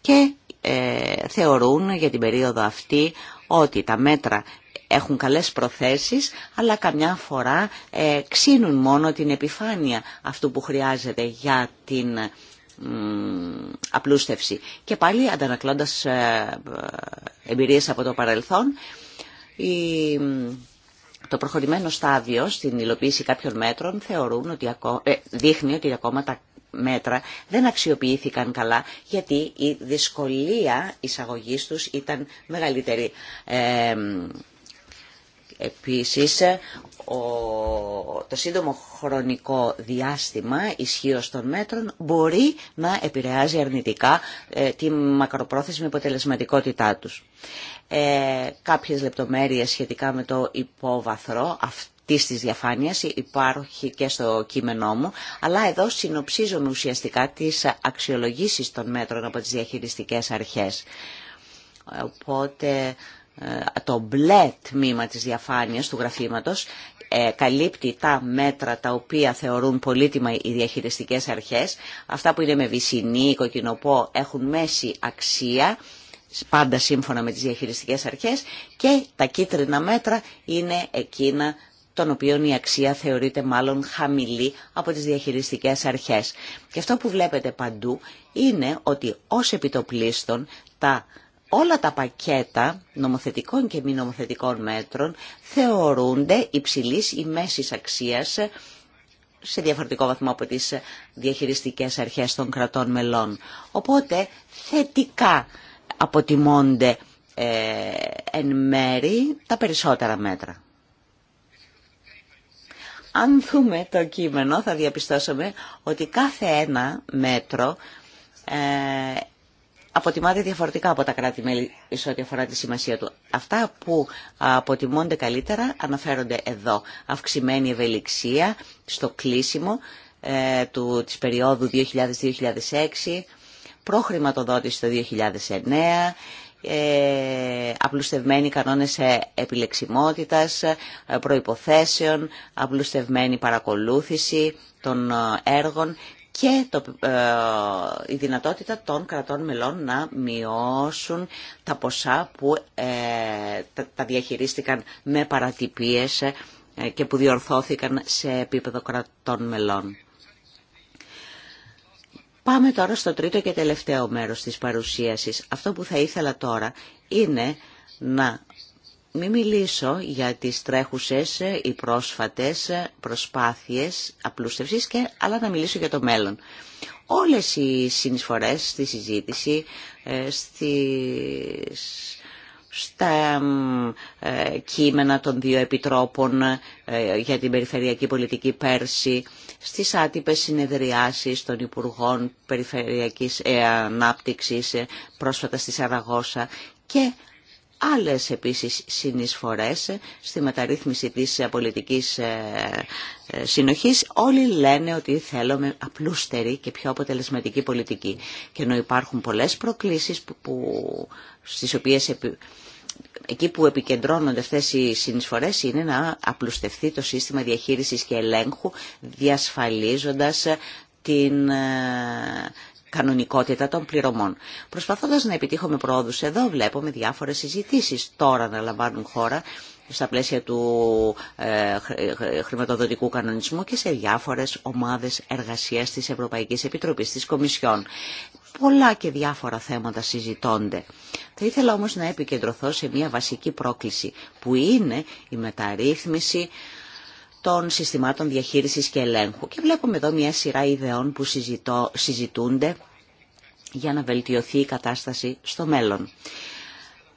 και ε, θεωρούν για την περίοδο αυτή ότι τα μέτρα έχουν καλές προθέσεις αλλά καμιά φορά ε, ξύνουν μόνο την επιφάνεια αυτού που χρειάζεται για την απλούστευση. Και πάλι αντανακλώντας εμπειρίες από το παρελθόν, το προχωρημένο στάδιο στην υλοποίηση κάποιων μέτρων θεωρούν ότι ε, δείχνει ότι ακόμα τα μέτρα δεν αξιοποιήθηκαν καλά γιατί η δυσκολία εισαγωγής τους ήταν μεγαλύτερη. Ε, επίσης, ο... το σύντομο χρονικό διάστημα ισχύω των μέτρων μπορεί να επηρεάζει αρνητικά ε, τη μακροπρόθεσμη αποτελεσματικότητά τους ε, κάποιες λεπτομέρειες σχετικά με το υπόβαθρο αυτής της διαφάνειας υπάρχει και στο κείμενό μου, αλλά εδώ συνοψίζομαι ουσιαστικά τις αξιολογήσεις των μέτρων από τις διαχειριστικές αρχές. Οπότε ε, το μπλε τμήμα της διαφάνειας του γραφήματος ε, καλύπτει τα μέτρα τα οποία θεωρούν πολύτιμα οι διαχειριστικές αρχές. Αυτά που είναι με βυσινή, κοκκινοπό έχουν μέση αξία πάντα σύμφωνα με τις διαχειριστικές αρχές και τα κίτρινα μέτρα είναι εκείνα των οποίων η αξία θεωρείται μάλλον χαμηλή από τις διαχειριστικές αρχές. Και αυτό που βλέπετε παντού είναι ότι ως επιτοπλίστων τα όλα τα πακέτα νομοθετικών και μη νομοθετικών μέτρων θεωρούνται υψηλής ή μέσης αξίας σε διαφορετικό βαθμό από τις διαχειριστικές αρχές των κρατών μελών. Οπότε θετικά αποτιμώνται ε, εν μέρη τα περισσότερα μέτρα. Αν δούμε το κείμενο θα διαπιστώσουμε ότι κάθε ένα μέτρο ε, αποτιμάται διαφορετικά από τα κράτη-μέλη σε ό,τι αφορά τη σημασία του. Αυτά που αποτιμώνται καλύτερα αναφέρονται εδώ. Αυξημένη ευελιξία στο κλείσιμο ε, του, της περίοδου 2000-2006, προχρηματοδότηση το 2009, ε, απλουστευμένοι κανόνες ε, επιλεξιμότητας, ε, προϋποθέσεων, απλουστευμένη παρακολούθηση των ε, έργων και το, η δυνατότητα των κρατών μελών να μειώσουν τα ποσά που τα, τα διαχειρίστηκαν με παρατυπίες και που διορθώθηκαν σε επίπεδο κρατών μελών. Πάμε τώρα στο τρίτο και τελευταίο μέρος της παρουσίασης. Αυτό που θα ήθελα τώρα είναι να μην μιλήσω για τις τρέχουσες ή πρόσφατες προσπάθειες απλούστευσης, και, αλλά να μιλήσω για το μέλλον. Όλες οι συνεισφορές στη συζήτηση, ε, στις στα ε, κείμενα των δύο επιτρόπων ε, για την περιφερειακή πολιτική πέρσι, στις άτυπες συνεδριάσεις των Υπουργών Περιφερειακής ε, Ανάπτυξης πρόσφατα στη Σαραγώσα και άλλες επίσης συνεισφορές στη μεταρρύθμιση της πολιτικής ε, ε, συνοχής. Όλοι λένε ότι θέλουμε απλούστερη και πιο αποτελεσματική πολιτική. Και ενώ υπάρχουν πολλές προκλήσεις που, στις οποίες εκεί που επικεντρώνονται αυτές οι συνεισφορές είναι να απλουστευτεί το σύστημα διαχείρισης και ελέγχου διασφαλίζοντας την ε, κανονικότητα των πληρωμών. Προσπαθώντας να επιτύχουμε προόδου εδώ βλέπουμε διάφορες συζητήσει. τώρα να λαμβάνουν χώρα στα πλαίσια του ε, ε, χρηματοδοτικού κανονισμού και σε διάφορες ομάδες εργασία τη Ευρωπαϊκή Επιτροπή, της Κομισιόν. Πολλά και διάφορα θέματα συζητώνται. Θα ήθελα όμως να επικεντρωθώ σε μια βασική πρόκληση που είναι η μεταρρύθμιση των συστημάτων διαχείρισης και ελέγχου. Και βλέπουμε εδώ μια σειρά ιδεών που συζητώ, συζητούνται για να βελτιωθεί η κατάσταση στο μέλλον.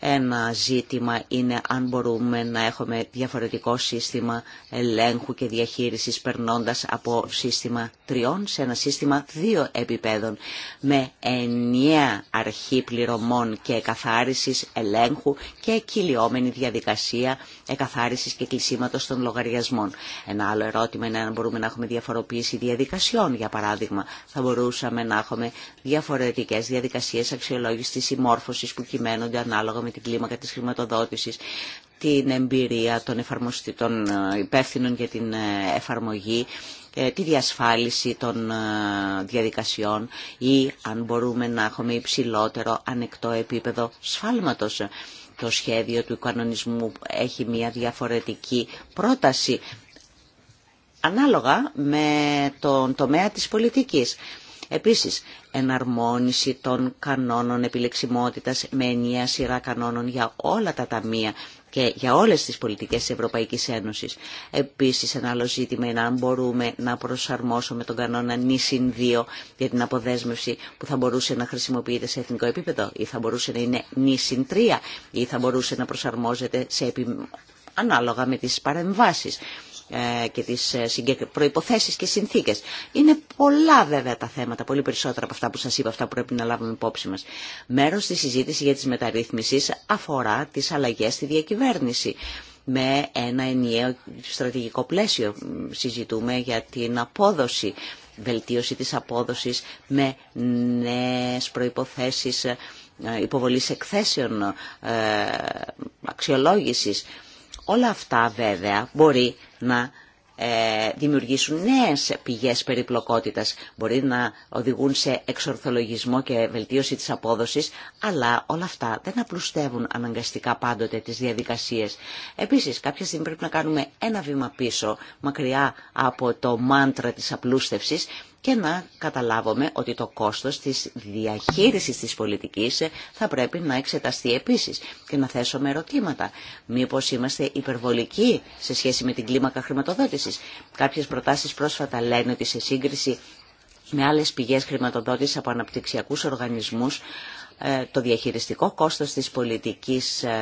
Ένα ζήτημα είναι αν μπορούμε να έχουμε διαφορετικό σύστημα ελέγχου και διαχείρισης περνώντας από σύστημα τριών σε ένα σύστημα δύο επιπέδων με ενιαία αρχή πληρωμών και εκαθάρισης ελέγχου και κυλιόμενη διαδικασία εκαθάρισης και κλεισίματος των λογαριασμών. Ένα άλλο ερώτημα είναι αν μπορούμε να έχουμε διαφοροποίηση διαδικασιών, για παράδειγμα. Θα μπορούσαμε να έχουμε διαφορετικές διαδικασίες αξιολόγησης της συμμόρφωσης που κυμαίνονται ανάλογα με την κλίμακα της χρηματοδότησης, την εμπειρία των, των ε, υπεύθυνων για την ε, εφαρμογή, ε, τη διασφάλιση των διαδικασιών ή αν μπορούμε να έχουμε υψηλότερο ανεκτό επίπεδο σφάλματος. Το σχέδιο του οικονομισμού έχει μια διαφορετική πρόταση ανάλογα με τον τομέα της πολιτικής. Επίσης, εναρμόνιση των κανόνων επιλεξιμότητας με ενιαία σειρά κανόνων για όλα τα ταμεία και για όλες τις πολιτικές της Ευρωπαϊκής Ένωσης. Επίσης, ένα άλλο ζήτημα είναι αν μπορούμε να προσαρμόσουμε τον κανόνα νησιν 2 για την αποδέσμευση που θα μπορούσε να χρησιμοποιείται σε εθνικό επίπεδο ή θα μπορούσε να είναι νησιν 3 ή θα μπορούσε να προσαρμόζεται σε ανάλογα με τις παρεμβάσεις. Ε, και τις ε, προϋποθέσεις και συνθήκες. Είναι πολλά βέβαια τα θέματα, πολύ περισσότερα από αυτά που σας είπα, αυτά που πρέπει να λάβουμε υπόψη μας. Μέρος της συζήτηση για τις μεταρρύθμισεις αφορά τις αλλαγές στη διακυβέρνηση με ένα ενιαίο στρατηγικό πλαίσιο. Συζητούμε για την απόδοση, βελτίωση της απόδοσης με νέες προϋποθέσεις ε, υποβολής εκθέσεων, αξιολόγησης. Όλα αυτά βέβαια μπορεί να ε, δημιουργήσουν νέες πηγές περιπλοκότητας. Μπορεί να οδηγούν σε εξορθολογισμό και βελτίωση της απόδοσης, αλλά όλα αυτά δεν απλουστεύουν αναγκαστικά πάντοτε τις διαδικασίες. Επίσης, κάποια στιγμή πρέπει να κάνουμε ένα βήμα πίσω, μακριά από το μάντρα της απλούστευσης και να καταλάβουμε ότι το κόστος της διαχείρισης της πολιτικής θα πρέπει να εξεταστεί επίσης και να θέσουμε ερωτήματα. Μήπως είμαστε υπερβολικοί σε σχέση με την κλίμακα χρηματοδότησης. Κάποιες προτάσεις πρόσφατα λένε ότι σε σύγκριση με άλλες πηγές χρηματοδότησης από αναπτυξιακούς οργανισμούς ε, το διαχειριστικό κόστος της πολιτικής ε,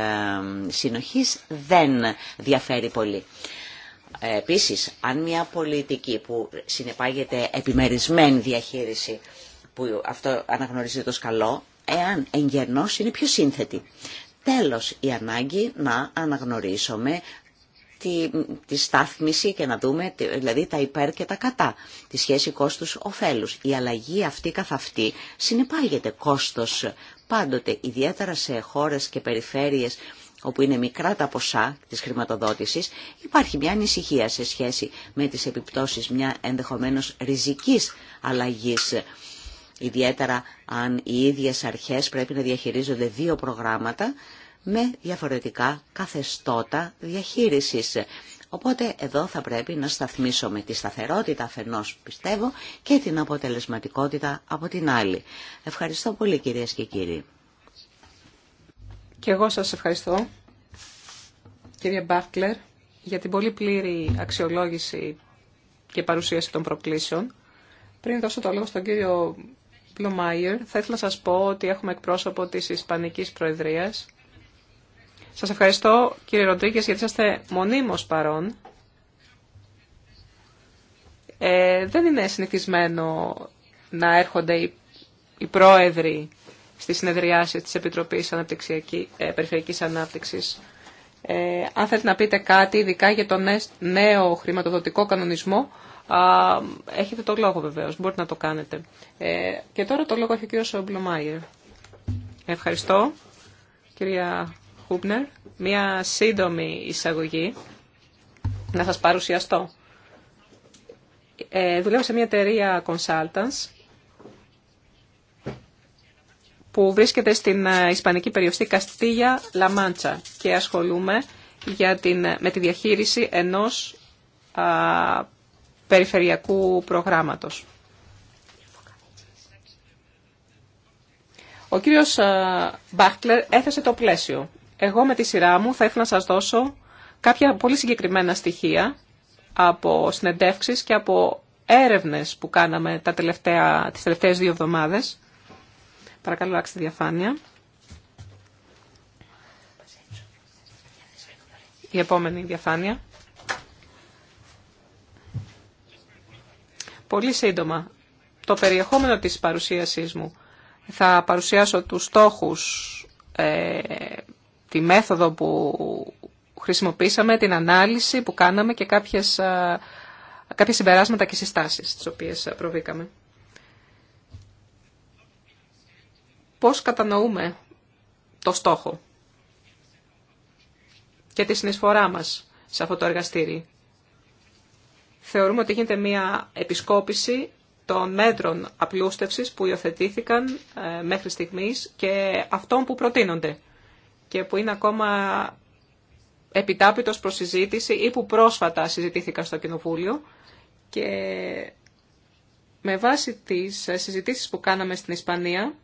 συνοχής δεν διαφέρει πολύ. Ε, επίσης, αν μια πολιτική που συνεπάγεται επιμερισμένη διαχείριση, που αυτό αναγνωρίζεται το καλό, εάν εν είναι πιο σύνθετη. Τέλος, η ανάγκη να αναγνωρίσουμε τη, τη στάθμιση και να δούμε δηλαδή τα υπέρ και τα κατά, τη σχέση κόστους-οφέλους. Η αλλαγή αυτή καθ' αυτή συνεπάγεται κόστος πάντοτε, ιδιαίτερα σε χώρες και περιφέρειες όπου είναι μικρά τα ποσά της χρηματοδότησης, υπάρχει μια ανησυχία σε σχέση με τις επιπτώσεις μια ενδεχομένως ριζικής αλλαγής. Ιδιαίτερα αν οι ίδιες αρχές πρέπει να διαχειρίζονται δύο προγράμματα με διαφορετικά καθεστώτα διαχείρισης. Οπότε εδώ θα πρέπει να σταθμίσουμε τη σταθερότητα αφενός πιστεύω και την αποτελεσματικότητα από την άλλη. Ευχαριστώ πολύ κυρίες και κύριοι. Και εγώ σας ευχαριστώ, κυρία Μπάχκλερ, για την πολύ πλήρη αξιολόγηση και παρουσίαση των προκλήσεων. Πριν δώσω το λόγο στον κύριο Μπλομάιερ, θα ήθελα να σας πω ότι έχουμε εκπρόσωπο της Ισπανικής Προεδρίας. Σας ευχαριστώ, κύριε Ροντρίγκες, γιατί είσαστε μονίμως παρόν. Ε, δεν είναι συνηθισμένο να έρχονται οι, οι πρόεδροι στη συνεδριάσεις της Επιτροπής Αναπτυξιακή, ε, Περιφερειακής Ανάπτυξης. Ε, αν θέλετε να πείτε κάτι ειδικά για τον νέο χρηματοδοτικό κανονισμό, α, έχετε το λόγο βεβαίως, μπορείτε να το κάνετε. Ε, και τώρα το λόγο έχει ο κύριος Ευχαριστώ, κυρία Χούπνερ. Μία σύντομη εισαγωγή να σας παρουσιαστώ. Ε, δουλεύω σε μια εταιρεία consultants που βρίσκεται στην ε, ισπανική περιοχή Καστίγια Λαμάντσα και ασχολούμε για την, ε, με τη διαχείριση ενός α, περιφερειακού προγράμματος. Ο κύριος Μπάχκλερ έθεσε το πλαίσιο. Εγώ με τη σειρά μου θα ήθελα να σας δώσω κάποια πολύ συγκεκριμένα στοιχεία από συνεντεύξεις και από έρευνες που κάναμε τα τελευταία, τις τελευταίες δύο εβδομάδες Παρακαλώ, τη διαφάνεια. Η επόμενη διαφάνεια. Πολύ σύντομα, το περιεχόμενο της παρουσίασής μου. Θα παρουσιάσω τους στόχους, ε, τη μέθοδο που χρησιμοποίησαμε, την ανάλυση που κάναμε και κάποιες, ε, κάποια συμπεράσματα και συστάσεις τις οποίες προβήκαμε. πώς κατανοούμε το στόχο και τη συνεισφορά μας σε αυτό το εργαστήρι. Θεωρούμε ότι γίνεται μια επισκόπηση των μέτρων απλούστευσης που υιοθετήθηκαν ε, μέχρι στιγμής και αυτών που προτείνονται και που είναι ακόμα επιτάπητος προς συζήτηση ή που πρόσφατα συζητήθηκαν στο Κοινοβούλιο και με βάση τις συζητήσεις που κάναμε στην Ισπανία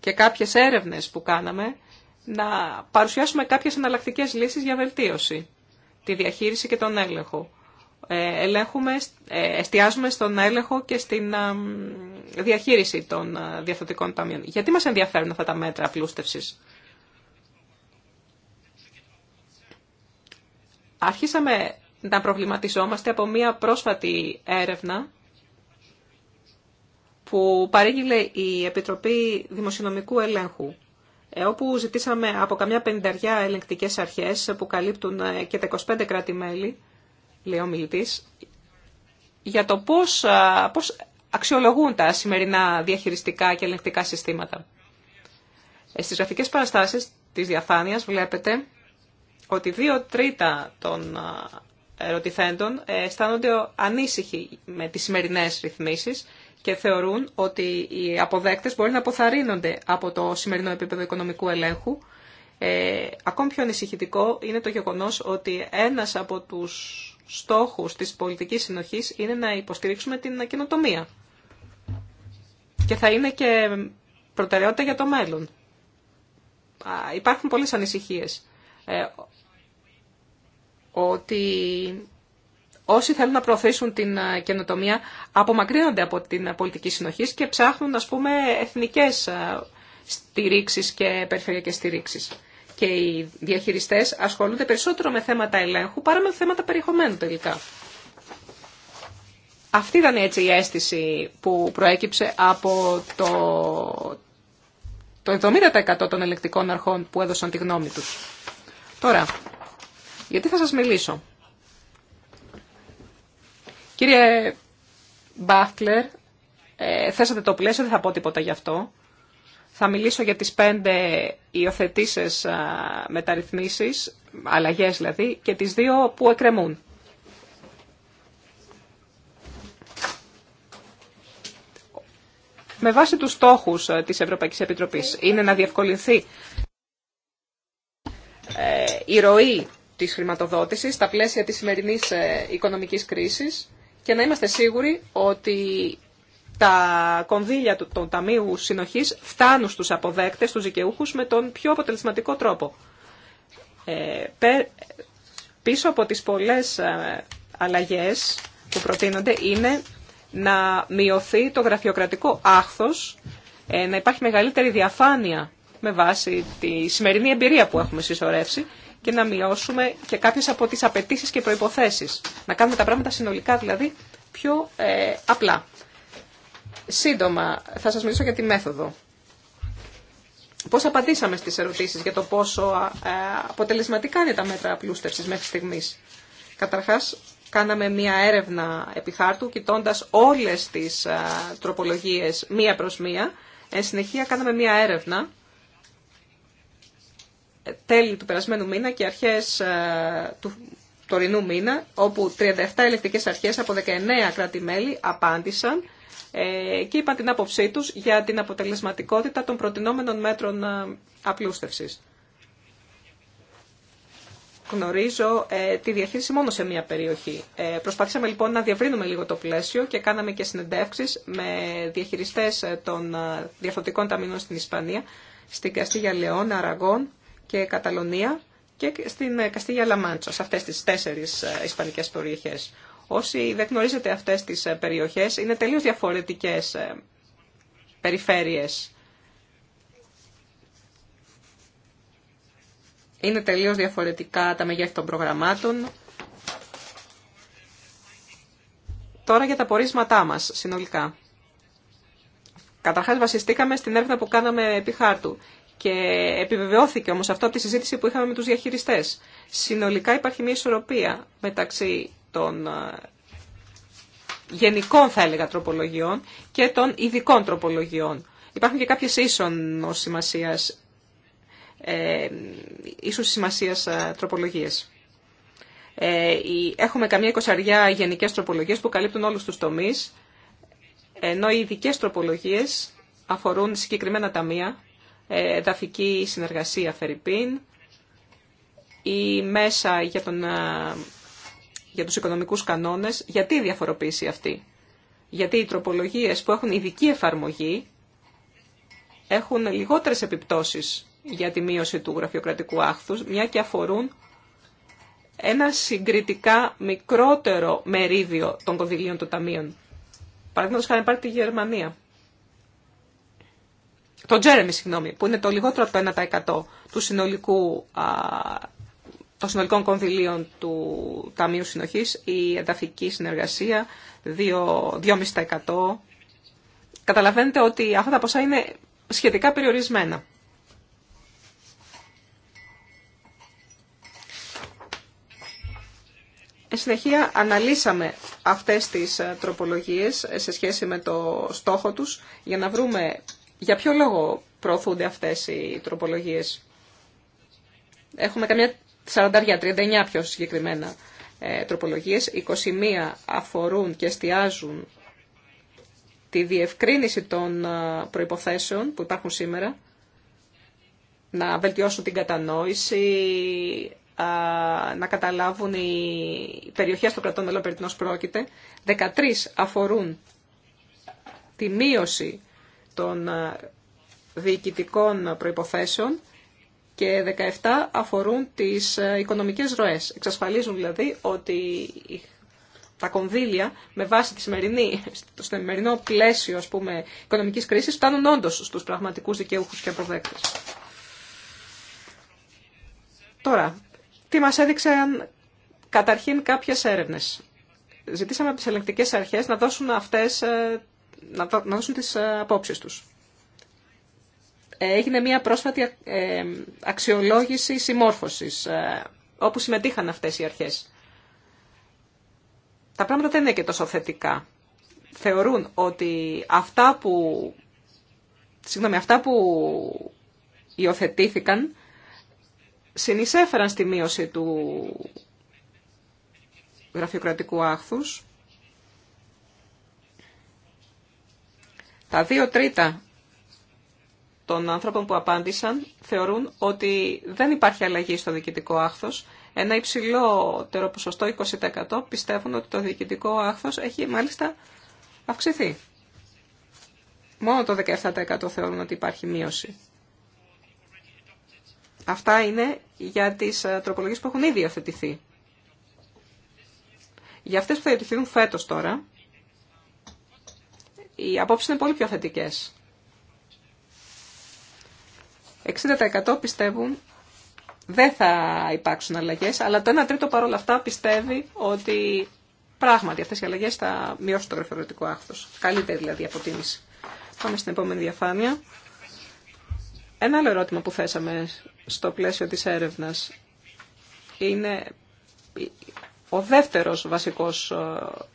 και κάποιες έρευνες που κάναμε να παρουσιάσουμε κάποιες εναλλακτικέ λύσεις για βελτίωση, τη διαχείριση και τον έλεγχο. Ε, ελέγχουμε, ε, εστιάζουμε στον έλεγχο και στην διαχείριση των ε, διαθωτικών ταμείων. Γιατί μας ενδιαφέρουν αυτά τα μέτρα απλούστευσης. Άρχισαμε να προβληματιζόμαστε από μία πρόσφατη έρευνα που παρήγγειλε η Επιτροπή Δημοσιονομικού Ελέγχου, ε, όπου ζητήσαμε από καμιά πενταριά ελεγκτικές αρχές που καλύπτουν ε, και τα 25 κράτη-μέλη, λέει ο μιλητής, για το πώς, ε, πώς αξιολογούν τα σημερινά διαχειριστικά και ελεγκτικά συστήματα. Στις γραφικές παραστάσεις της διαφάνειας βλέπετε ότι δύο τρίτα των ερωτηθέντων αισθάνονται ανήσυχοι με τις σημερινές ρυθμίσεις και θεωρούν ότι οι αποδέκτες μπορεί να αποθαρρύνονται από το σημερινό επίπεδο οικονομικού ελέγχου. Ε, ακόμη πιο ανησυχητικό είναι το γεγονός ότι ένας από τους στόχους της πολιτικής συνοχής είναι να υποστηρίξουμε την καινοτομία. Και θα είναι και προτεραιότητα για το μέλλον. Υπάρχουν πολλές ανησυχίες. Ε, ότι όσοι θέλουν να προωθήσουν την ε, καινοτομία απομακρύνονται από την ε, πολιτική συνοχή και ψάχνουν, ας πούμε, εθνικές ε, στηρίξεις και περιφερειακές στηρίξεις. Και οι διαχειριστές ασχολούνται περισσότερο με θέματα ελέγχου παρά με θέματα περιεχομένου τελικά. Αυτή ήταν έτσι η αίσθηση που προέκυψε από το, το 70% των ελεκτικών αρχών που έδωσαν τη γνώμη τους. Τώρα, γιατί θα σας μιλήσω. Κύριε Μπάχτλερ, ε, θέσατε το πλαίσιο, δεν θα πω τίποτα γι' αυτό. Θα μιλήσω για τις πέντε υιοθετήσεις μεταρρυθμίσεις, αλλαγές δηλαδή, και τις δύο που εκκρεμούν. Με βάση τους στόχους της Ευρωπαϊκής Επιτροπής είναι να διευκολυνθεί ε, η ροή της χρηματοδότησης στα πλαίσια της σημερινής ε, οικονομικής κρίσης και να είμαστε σίγουροι ότι τα κονδύλια του Ταμείου Συνοχής φτάνουν στους αποδέκτες, του δικαιούχους, με τον πιο αποτελεσματικό τρόπο. Ε, πίσω από τις πολλές ε, αλλαγές που προτείνονται είναι να μειωθεί το γραφειοκρατικό άχθος, ε, να υπάρχει μεγαλύτερη διαφάνεια με βάση τη σημερινή εμπειρία που έχουμε συσσωρεύσει και να μειώσουμε και κάποιε από τις απαιτήσει και προϋποθέσεις. Να κάνουμε τα πράγματα συνολικά δηλαδή πιο ε, απλά. Σύντομα, θα σας μιλήσω για τη μέθοδο. Πώς απαντήσαμε στις ερωτήσεις για το πόσο ε, αποτελεσματικά είναι τα μέτρα απλούστευσης μέχρι στιγμής. Καταρχάς, κάναμε μία έρευνα επιχάρτου, κοιτώντα όλες τις ε, τροπολογίες μία προς μία. Εν συνεχεία, κάναμε μία έρευνα τέλη του περασμένου μήνα και αρχές ε, του τωρινού μήνα, όπου 37 ελεκτικές αρχές από 19 κράτη-μέλη απάντησαν ε, και είπαν την άποψή τους για την αποτελεσματικότητα των προτινόμενων μέτρων ε, απλούστευσης. Γνωρίζω τη διαχείριση μόνο σε μία περιοχή. Προσπαθήσαμε λοιπόν να διαβρύνουμε λίγο το πλαίσιο και κάναμε και συνεντεύξεις με διαχειριστές των διαφορετικών ταμείων στην Ισπανία, στην Καστίγια Λεών, Αραγών και Καταλωνία και στην ε, Καστίγια Λαμάντσο, σε αυτές τις τέσσερις ε, ισπανικές περιοχές. Όσοι δεν γνωρίζετε αυτές τις ε, περιοχές, είναι τελείως διαφορετικές περιφέρειες. Είναι τελείως διαφορετικά τα μεγέθη των προγραμμάτων. Τώρα για τα πορίσματά μας συνολικά. Καταρχάς βασιστήκαμε στην έρευνα που κάναμε επί χάρτου και επιβεβαιώθηκε όμως αυτό από τη συζήτηση που είχαμε με τους διαχειριστές. Συνολικά υπάρχει μια ισορροπία μεταξύ των ε, γενικών θα έλεγα τροπολογιών και των ειδικών τροπολογιών. Υπάρχουν και κάποιες ίσονος σημασία ε, ίσως σημασίας ε, τροπολογίες. Ε, έχουμε καμία εικοσαριά γενικές τροπολογίες που καλύπτουν όλους τους τομείς, ενώ οι ειδικέ τροπολογίες αφορούν συγκεκριμένα ταμεία εδαφική συνεργασία Φερρυπίν, ή μέσα για, τον, ε, για τους οικονομικούς κανόνες. Γιατί η διαφοροποίηση αυτή. Γιατί οι τροπολογίες που έχουν ειδική εφαρμογή έχουν λιγότερες επιπτώσεις για τη μείωση του γραφειοκρατικού άχθους, μια και αφορούν ένα συγκριτικά μικρότερο μερίδιο των κονδυλίων των ταμείων. Παραδείγματο χάρη πάρει τη Γερμανία τον Τζέρεμι, συγγνώμη, που είναι το λιγότερο από το 1% του συνολικού, α, των συνολικών κονδυλίων του Ταμείου Συνοχής, η ενταφική συνεργασία 2,5%. Καταλαβαίνετε ότι αυτά τα ποσά είναι σχετικά περιορισμένα. Εν συνεχεία αναλύσαμε αυτές τις ε, τροπολογίες ε, σε σχέση με το στόχο τους για να βρούμε για ποιο λόγο προωθούνται αυτές οι τροπολογίες. Έχουμε καμιά 40, 39 πιο συγκεκριμένα ε, τροπολογίες. 21 αφορούν και εστιάζουν τη διευκρίνηση των ε, προϋποθέσεων που υπάρχουν σήμερα, να βελτιώσουν την κατανόηση, να καταλάβουν οι περιοχές των κρατών μελών περί πρόκειται. 13 αφορούν τη μείωση των ε, διοικητικών προϋποθέσεων και 17 αφορούν τις ε, οικονομικές ροές. Εξασφαλίζουν δηλαδή ότι τα κονδύλια με βάση τη σημερινή, το σημερινό πλαίσιο ας πούμε, οικονομικής κρίσης φτάνουν όντως στους πραγματικούς δικαιούχους και αποδέκτες. Τώρα, τι μας έδειξαν καταρχήν κάποιες έρευνες. Ζητήσαμε από τις ελεγκτικές αρχές να δώσουν αυτές ε, να δώσουν τις ε, απόψεις τους. Έγινε μια πρόσφατη ε, αξιολόγηση συμμόρφωσης, ε, όπου συμμετείχαν αυτές οι αρχές. Τα πράγματα δεν είναι και τόσο θετικά. Θεωρούν ότι αυτά που, συγγνώμη, αυτά που υιοθετήθηκαν συνεισέφεραν στη μείωση του γραφειοκρατικού άχθους Τα δύο τρίτα των άνθρωπων που απάντησαν θεωρούν ότι δεν υπάρχει αλλαγή στο διοικητικό άχθος. Ένα υψηλότερο ποσοστό, 20%, πιστεύουν ότι το διοικητικό άχθος έχει μάλιστα αυξηθεί. Μόνο το 17% θεωρούν ότι υπάρχει μείωση. Αυτά είναι για τις ε, τροπολογίες που έχουν ήδη υιοθετηθεί. Για αυτές που θα υιοθετηθούν φέτος τώρα, οι απόψεις είναι πολύ πιο θετικές. 60% πιστεύουν δεν θα υπάρξουν αλλαγές, αλλά το 1 τρίτο παρόλα αυτά πιστεύει ότι πράγματι αυτές οι αλλαγές θα μειώσουν το γραφειοκρατικό άχθος. Καλύτερη δηλαδή αποτίμηση. Πάμε στην επόμενη διαφάνεια. Ένα άλλο ερώτημα που θέσαμε στο πλαίσιο της έρευνας είναι ο δεύτερος βασικός ε,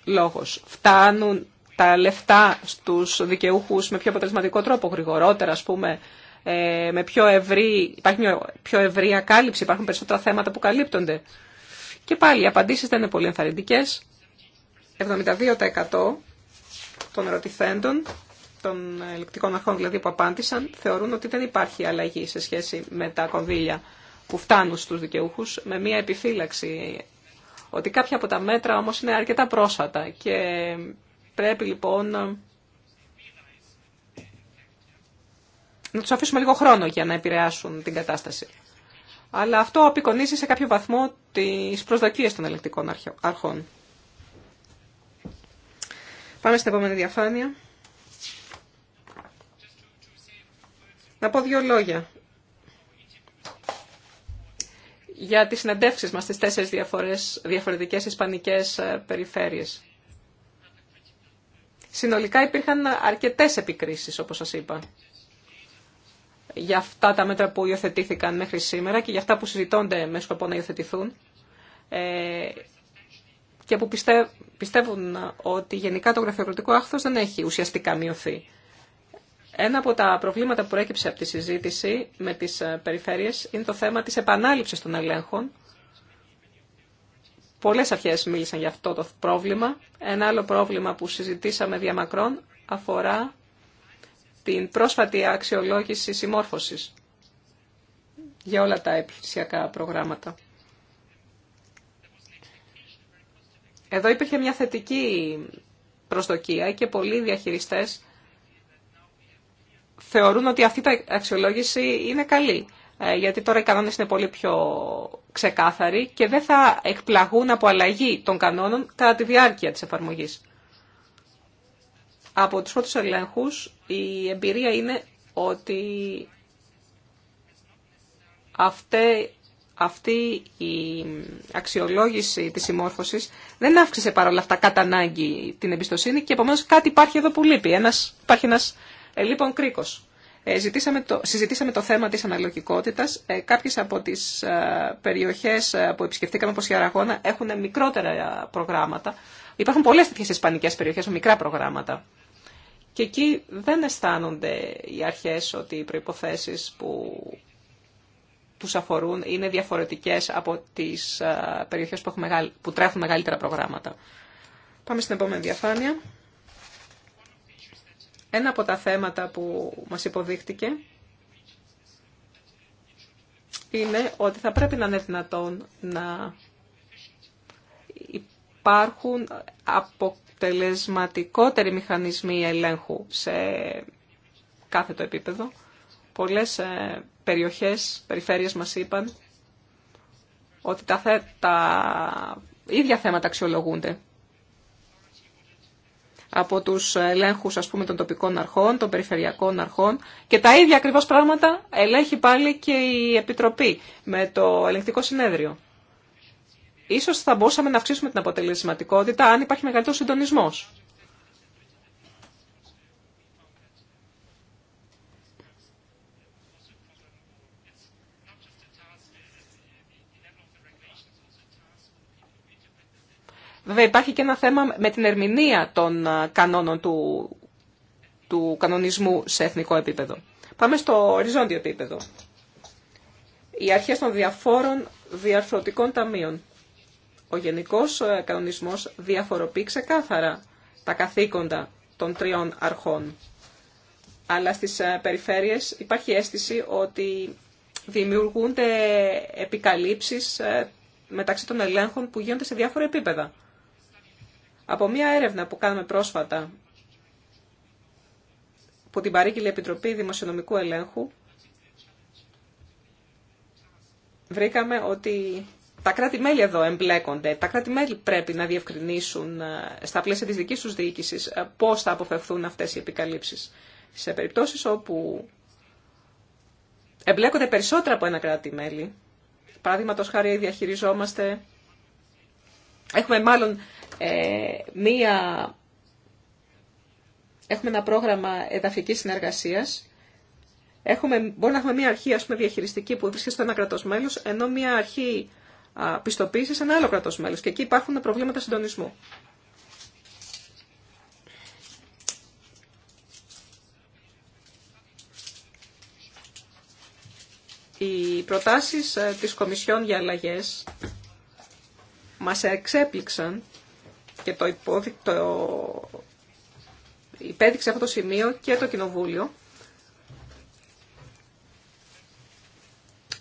λόγος. Φτάνουν τα λεφτά στους δικαιούχους με πιο αποτελεσματικό τρόπο, γρηγορότερα ας πούμε, ε, με πιο ευρύ, υπάρχει μια πιο ευρύ κάλυψη, υπάρχουν περισσότερα θέματα που καλύπτονται. Και πάλι οι απαντήσεις δεν είναι πολύ ενθαρρυντικές. 72% των ερωτηθέντων, των ελεκτικών αρχών δηλαδή που απάντησαν, θεωρούν ότι δεν υπάρχει αλλαγή σε σχέση με τα κονδύλια που φτάνουν στους δικαιούχους, με μια επιφύλαξη ότι κάποια από τα μέτρα όμως είναι αρκετά πρόσφατα και Πρέπει λοιπόν να τους αφήσουμε λίγο χρόνο για να επηρεάσουν την κατάσταση. Αλλά αυτό απεικονίζει σε κάποιο βαθμό τις προσδοκίες των ελεκτικών αρχών. Πάμε στην επόμενη διαφάνεια. Να πω δύο λόγια για τις συναντεύξεις μας στις τέσσερις διαφορετικές ισπανικές ε, περιφέρειες. Συνολικά υπήρχαν αρκετές επικρίσεις, όπως σας είπα, για αυτά τα μέτρα που υιοθετήθηκαν μέχρι σήμερα και για αυτά που συζητώνται με σκοπό να υιοθετηθούν ε, και που πιστεύουν ότι γενικά το γραφειοκρατικό άχθος δεν έχει ουσιαστικά μειωθεί. Ένα από τα προβλήματα που προέκυψε από τη συζήτηση με τις ε, περιφέρειες είναι το θέμα της επανάληψης των ελέγχων Πολλές αρχές μίλησαν για αυτό το πρόβλημα. Ένα άλλο πρόβλημα που συζητήσαμε διαμακρών αφορά την πρόσφατη αξιολόγηση συμμόρφωσης για όλα τα επιχειρησιακά προγράμματα. Εδώ υπήρχε μια θετική προσδοκία και πολλοί διαχειριστές θεωρούν ότι αυτή η αξιολόγηση είναι καλή. Ε, γιατί τώρα οι κανόνες είναι πολύ πιο ξεκάθαροι και δεν θα εκπλαγούν από αλλαγή των κανόνων κατά τη διάρκεια της εφαρμογής. Από τους πρώτους ελέγχου, η εμπειρία είναι ότι αυτή, αυτή η αξιολόγηση της συμμόρφωσης δεν αύξησε παρόλα αυτά κατά ανάγκη την εμπιστοσύνη και επομένως κάτι υπάρχει εδώ που λείπει. Ένας, υπάρχει ένας ε, λοιπόν κρίκος. Ε, το, συζητήσαμε το θέμα της αναλογικότητας. Ε, κάποιες από τις ε, περιοχές που επισκεφτήκαμε, όπως η Αραγώνα, έχουν μικρότερα προγράμματα. Υπάρχουν πολλές τέτοιες ισπανικές περιοχές με μικρά προγράμματα. Και εκεί δεν αισθάνονται οι αρχές ότι οι προϋποθέσεις που τους αφορούν είναι διαφορετικές από τις περιοχές που, που τρέχουν μεγαλύτερα προγράμματα. Πάμε στην επόμενη διαφάνεια. Ένα από τα θέματα που μας υποδείχτηκε είναι ότι θα πρέπει να είναι δυνατόν να υπάρχουν αποτελεσματικότεροι μηχανισμοί ελέγχου σε κάθε το επίπεδο. Πολλές ε, περιοχές, περιφέρειες μας είπαν ότι τα, τα ίδια θέματα αξιολογούνται από τους ελέγχους ας πούμε των τοπικών αρχών, των περιφερειακών αρχών και τα ίδια ακριβώ πράγματα ελέγχει πάλι και η Επιτροπή με το ελεγκτικό συνέδριο. Ίσως θα μπορούσαμε να αυξήσουμε την αποτελεσματικότητα αν υπάρχει μεγαλύτερο συντονισμός. Βέβαια υπάρχει και ένα θέμα με την ερμηνεία των ε, κανόνων του, του κανονισμού σε εθνικό επίπεδο. Πάμε στο οριζόντιο επίπεδο. Οι αρχές των διαφόρων διαρθρωτικών ταμείων. Ο γενικός ε, κανονισμός διαφοροποιεί ξεκάθαρα τα καθήκοντα των τριών αρχών. Αλλά στις ε, περιφέρειες υπάρχει αίσθηση ότι δημιουργούνται επικαλύψεις μεταξύ των ελέγχων που γίνονται σε διάφορα επίπεδα. Από μια έρευνα που κάναμε πρόσφατα, που την παρήγγειλε η Επιτροπή Δημοσιονομικού Ελέγχου, βρήκαμε ότι τα κράτη-μέλη εδώ εμπλέκονται. Τα κράτη-μέλη πρέπει να διευκρινίσουν ε, στα πλαίσια της δικής τους διοίκησης ε, πώς θα αποφευθούν αυτές οι επικαλύψεις. Σε περιπτώσεις όπου εμπλέκονται περισσότερα από ένα κράτη-μέλη, παραδείγματος χάρη διαχειριζόμαστε Έχουμε μάλλον ε, μία... Έχουμε ένα πρόγραμμα εδαφικής συνεργασίας. Έχουμε, μπορεί να έχουμε μία αρχή ας πούμε, διαχειριστική που βρίσκεται στο ένα κρατός μέλος, ενώ μία αρχή πιστοποίηση σε ένα άλλο κρατό μέλο. Και εκεί υπάρχουν προβλήματα συντονισμού. Οι προτάσεις ε, της Κομισιόν για αλλαγές μας εξέπληξαν και το, υπόδει, το υπέδειξε αυτό το σημείο και το Κοινοβούλιο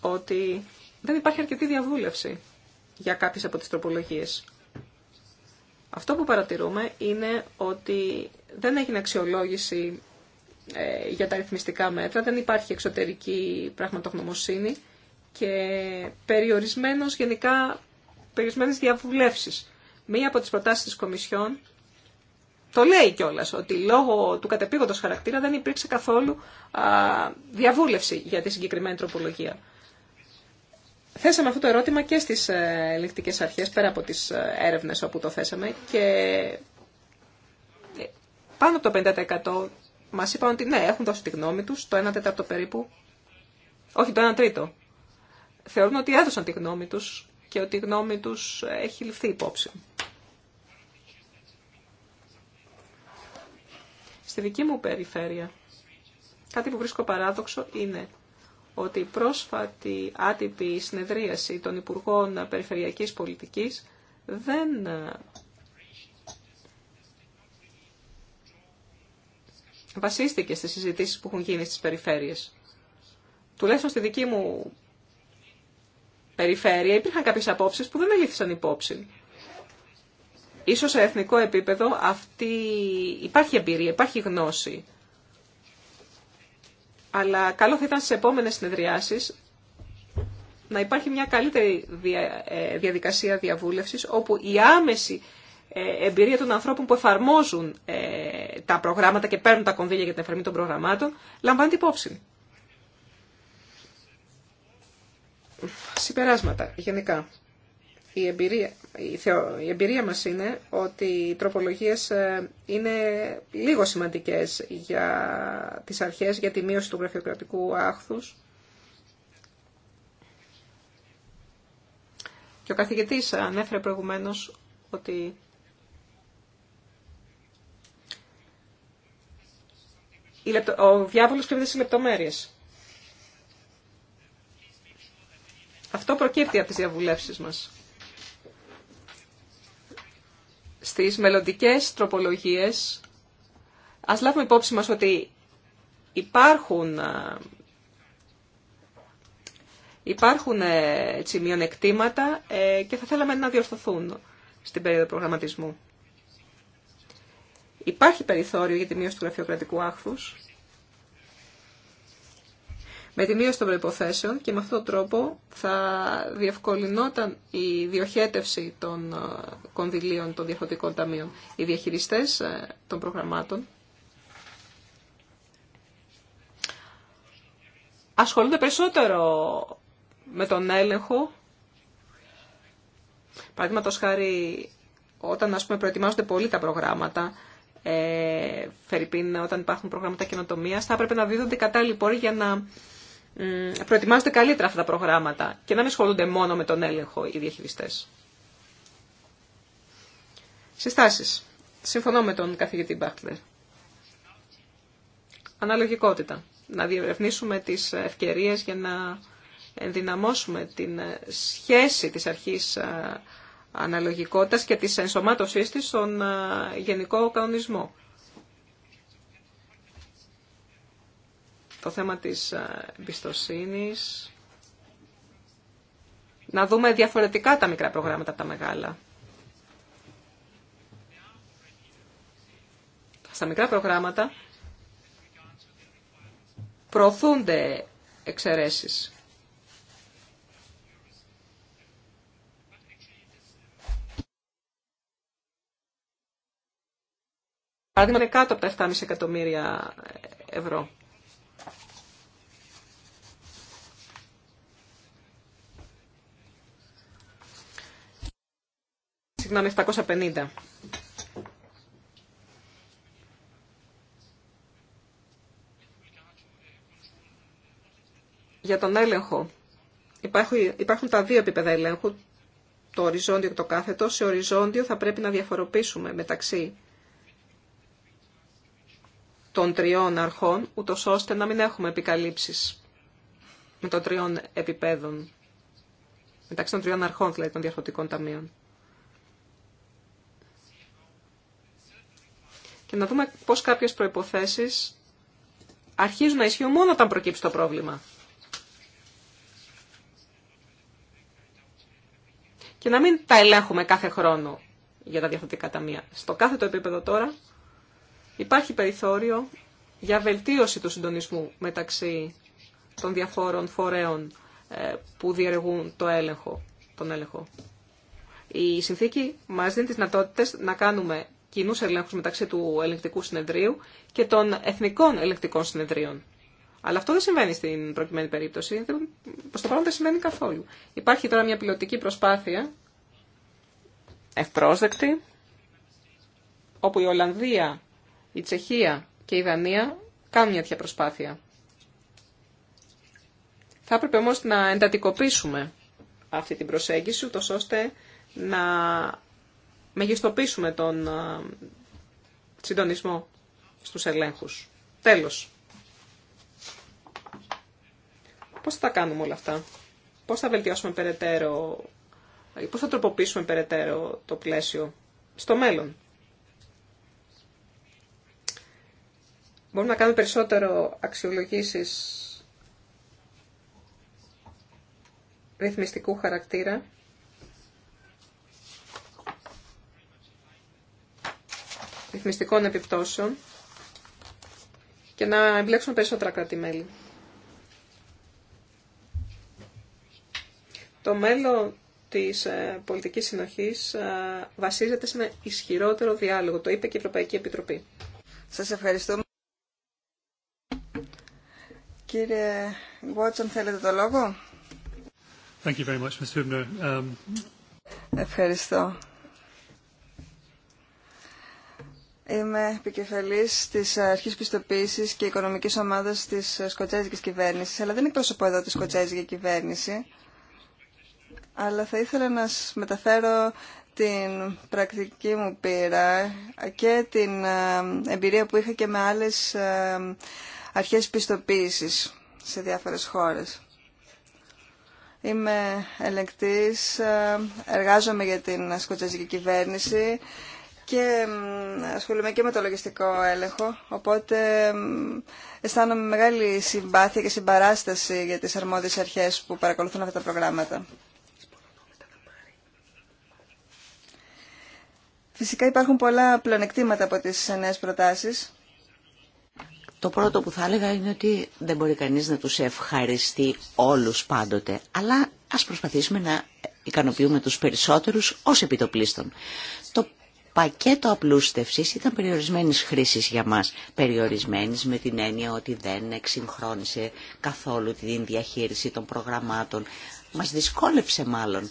ότι δεν υπάρχει αρκετή διαβούλευση για κάποιες από τις τροπολογίες. Αυτό που παρατηρούμε είναι ότι δεν έγινε αξιολόγηση ε, για τα ρυθμιστικά μέτρα, δεν υπάρχει εξωτερική πραγματογνωμοσύνη και περιορισμένος γενικά περισμένες διαβουλεύσεις. Μία από τις προτάσεις της Κομισιόν το λέει κιόλα ότι λόγω του κατεπήγοντος χαρακτήρα δεν υπήρξε καθόλου α, διαβούλευση για τη συγκεκριμένη τροπολογία. Θέσαμε αυτό το ερώτημα και στις ε, ελεκτικές αρχές, πέρα από τις ε, έρευνες όπου το θέσαμε και ε, πάνω από το 50% μας είπαν ότι ναι, έχουν δώσει τη γνώμη τους, το 1 τέταρτο περίπου, όχι το 1 τρίτο. Θεωρούν ότι έδωσαν τη γνώμη του και ότι η γνώμη τους έχει ληφθεί υπόψη. Στη δική μου περιφέρεια, κάτι που βρίσκω παράδοξο είναι ότι η πρόσφατη άτυπη συνεδρίαση των Υπουργών Περιφερειακής Πολιτικής δεν ε, βασίστηκε στις συζητήσεις που έχουν γίνει στις περιφέρειες. Τουλάχιστον στη δική μου περιφέρεια υπήρχαν κάποιες απόψεις που δεν ελήφθησαν υπόψη. Ίσως σε εθνικό επίπεδο αυτή υπάρχει εμπειρία, υπάρχει γνώση. Αλλά καλό θα ήταν στις επόμενες συνεδριάσεις να υπάρχει μια καλύτερη ε, διαδικασία διαβούλευσης όπου η άμεση ε, εμπειρία των ανθρώπων που εφαρμόζουν ε, τα προγράμματα και παίρνουν τα κονδύλια για την εφαρμή των προγραμμάτων λαμβάνεται υπόψη. Συμπεράσματα γενικά. Η εμπειρία, η, μας είναι ότι οι τροπολογίες ε, είναι λίγο σημαντικές για τις αρχές, για τη μείωση του γραφειοκρατικού άχθους. Και ο καθηγητής ανέφερε προηγουμένως ότι ο διάβολος κρύβεται στις λεπτομέρειες. Αυτό προκύπτει από τις διαβουλεύσεις μας. Στις μελλοντικέ τροπολογίες, ας λάβουμε υπόψη μας ότι υπάρχουν, υπάρχουν ε, έτσι, μειονεκτήματα ε, και θα θέλαμε να διορθωθούν στην περίοδο προγραμματισμού. Υπάρχει περιθώριο για τη μείωση του γραφειοκρατικού άχθους με τη μείωση των προϋποθέσεων και με αυτόν τον τρόπο θα διευκολυνόταν η διοχέτευση των ε, κονδυλίων των διαχωτικών ταμείων. Οι διαχειριστές ε, των προγραμμάτων ασχολούνται περισσότερο με τον έλεγχο. Παραδείγματος χάρη όταν ας πούμε, προετοιμάζονται πολύ τα προγράμματα, ε, φερρυπίν, όταν υπάρχουν προγράμματα καινοτομία, θα έπρεπε να δίδονται κατάλληλοι πόροι για να προετοιμάζονται καλύτερα αυτά τα προγράμματα και να μην ασχολούνται μόνο με τον έλεγχο οι διαχειριστέ. Συστάσει. Συμφωνώ με τον καθηγητή Μπάχτλερ. Αναλογικότητα. Να διερευνήσουμε τις ευκαιρίε για να ενδυναμώσουμε την σχέση της αρχής ε, αναλογικότητας και της ενσωμάτωσής της στον ε, γενικό κανονισμό. το θέμα της ε, εμπιστοσύνη. Να δούμε διαφορετικά τα μικρά προγράμματα από τα μεγάλα. Στα μικρά προγράμματα προωθούνται εξαιρέσεις. Παράδειγμα, είναι κάτω από τα 7,5 εκατομμύρια ευρώ. συγγνώμη, 750. Για τον έλεγχο. Υπάρχουν, υπάρχουν τα δύο επίπεδα ελέγχου, το οριζόντιο και το κάθετο. Σε οριζόντιο θα πρέπει να διαφοροποιήσουμε μεταξύ των τριών αρχών, ούτω ώστε να μην έχουμε επικαλύψεις με των τριών επιπέδων, μεταξύ των τριών αρχών δηλαδή των διαφορετικών ταμείων. και να δούμε πώς κάποιες προϋποθέσεις αρχίζουν να ισχύουν μόνο όταν προκύψει το πρόβλημα. Και να μην τα ελέγχουμε κάθε χρόνο για τα διαφορετικά ταμεία. Στο κάθε το επίπεδο τώρα υπάρχει περιθώριο για βελτίωση του συντονισμού μεταξύ των διαφόρων φορέων ε, που διεργούν το έλεγχο, τον έλεγχο. Η συνθήκη μας δίνει τις δυνατότητε να κάνουμε κοινού ελέγχου μεταξύ του ελεγκτικού συνεδρίου και των εθνικών ελεγκτικών συνεδρίων. Αλλά αυτό δεν συμβαίνει στην προκειμένη περίπτωση. Προ το παρόν δεν συμβαίνει καθόλου. Υπάρχει τώρα μια πιλωτική προσπάθεια ευπρόσδεκτη, όπου η Ολλανδία, η Τσεχία και η Δανία κάνουν μια τέτοια προσπάθεια. Θα έπρεπε όμως να εντατικοποιήσουμε αυτή την προσέγγιση, ούτως ώστε να μεγιστοποιήσουμε τον συντονισμό στους ελέγχους. Τέλος. Πώς θα τα κάνουμε όλα αυτά. Πώς θα βελτιώσουμε περαιτέρω, πώς θα τροποποιήσουμε περαιτέρω το πλαίσιο στο μέλλον. Μπορούμε να κάνουμε περισσότερο αξιολογήσεις ρυθμιστικού χαρακτήρα ρυθμιστικών επιπτώσεων και να εμπλέξουμε περισσότερα κράτη-μέλη. Το μέλλον της ε, πολιτικής συνοχής ε, βασίζεται σε ένα ισχυρότερο διάλογο. Το είπε και η Ευρωπαϊκή Επιτροπή. Σας ευχαριστώ. Κύριε Βότσον, θέλετε το λόγο. Thank you very much, Mr. Um, ευχαριστώ. Είμαι επικεφαλής της αρχής πιστοποίησης και οικονομικής ομάδας τη Σκοτσέζικη κυβέρνησης. αλλά δεν εκπροσωπώ εδώ τη Σκοτσέζικη Κυβέρνηση. Αλλά θα ήθελα να σα μεταφέρω την πρακτική μου πείρα και την ε, εμπειρία που είχα και με άλλες ε, αρχές πιστοποίησης σε διάφορες χώρες. Είμαι ελεγκτής, ε, εργάζομαι για την σκοτσέζικη κυβέρνηση και ασχολούμαι και με το λογιστικό έλεγχο, οπότε αισθάνομαι μεγάλη συμπάθεια και συμπαράσταση για τις αρμόδιες αρχές που παρακολουθούν αυτά τα προγράμματα. Φυσικά υπάρχουν πολλά πλεονεκτήματα από τις νέες προτάσεις. Το πρώτο που θα έλεγα είναι ότι δεν μπορεί κανείς να τους ευχαριστεί όλους πάντοτε, αλλά ας προσπαθήσουμε να ικανοποιούμε τους περισσότερους ως επιτοπλίστων πακέτο απλούστευσης ήταν περιορισμένης χρήσης για μας. Περιορισμένης με την έννοια ότι δεν εξυγχρόνισε καθόλου την διαχείριση των προγραμμάτων. Μας δυσκόλεψε μάλλον.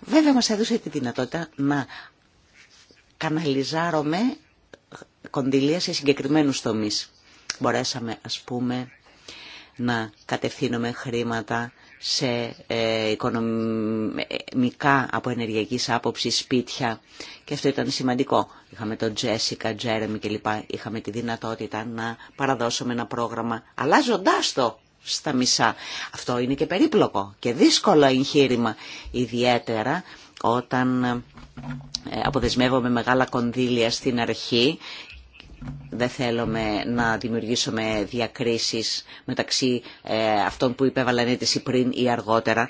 Βέβαια μας έδωσε τη δυνατότητα να καναλιζάρουμε κονδυλία σε συγκεκριμένους τομείς. Μπορέσαμε ας πούμε να κατευθύνουμε χρήματα σε ε, οικονομικά από ενεργειακή άποψη σπίτια και αυτό ήταν σημαντικό. Είχαμε τον Τζέσικα, Τζέρεμι κλπ. Είχαμε τη δυνατότητα να παραδώσουμε ένα πρόγραμμα Αλλάζοντά το στα μισά. Αυτό είναι και περίπλοκο και δύσκολο εγχείρημα ιδιαίτερα όταν ε, αποδεσμεύομαι μεγάλα κονδύλια στην αρχή δεν θέλουμε να δημιουργήσουμε διακρίσεις μεταξύ ε, αυτών που υπέβαλαν αίτηση πριν ή αργότερα.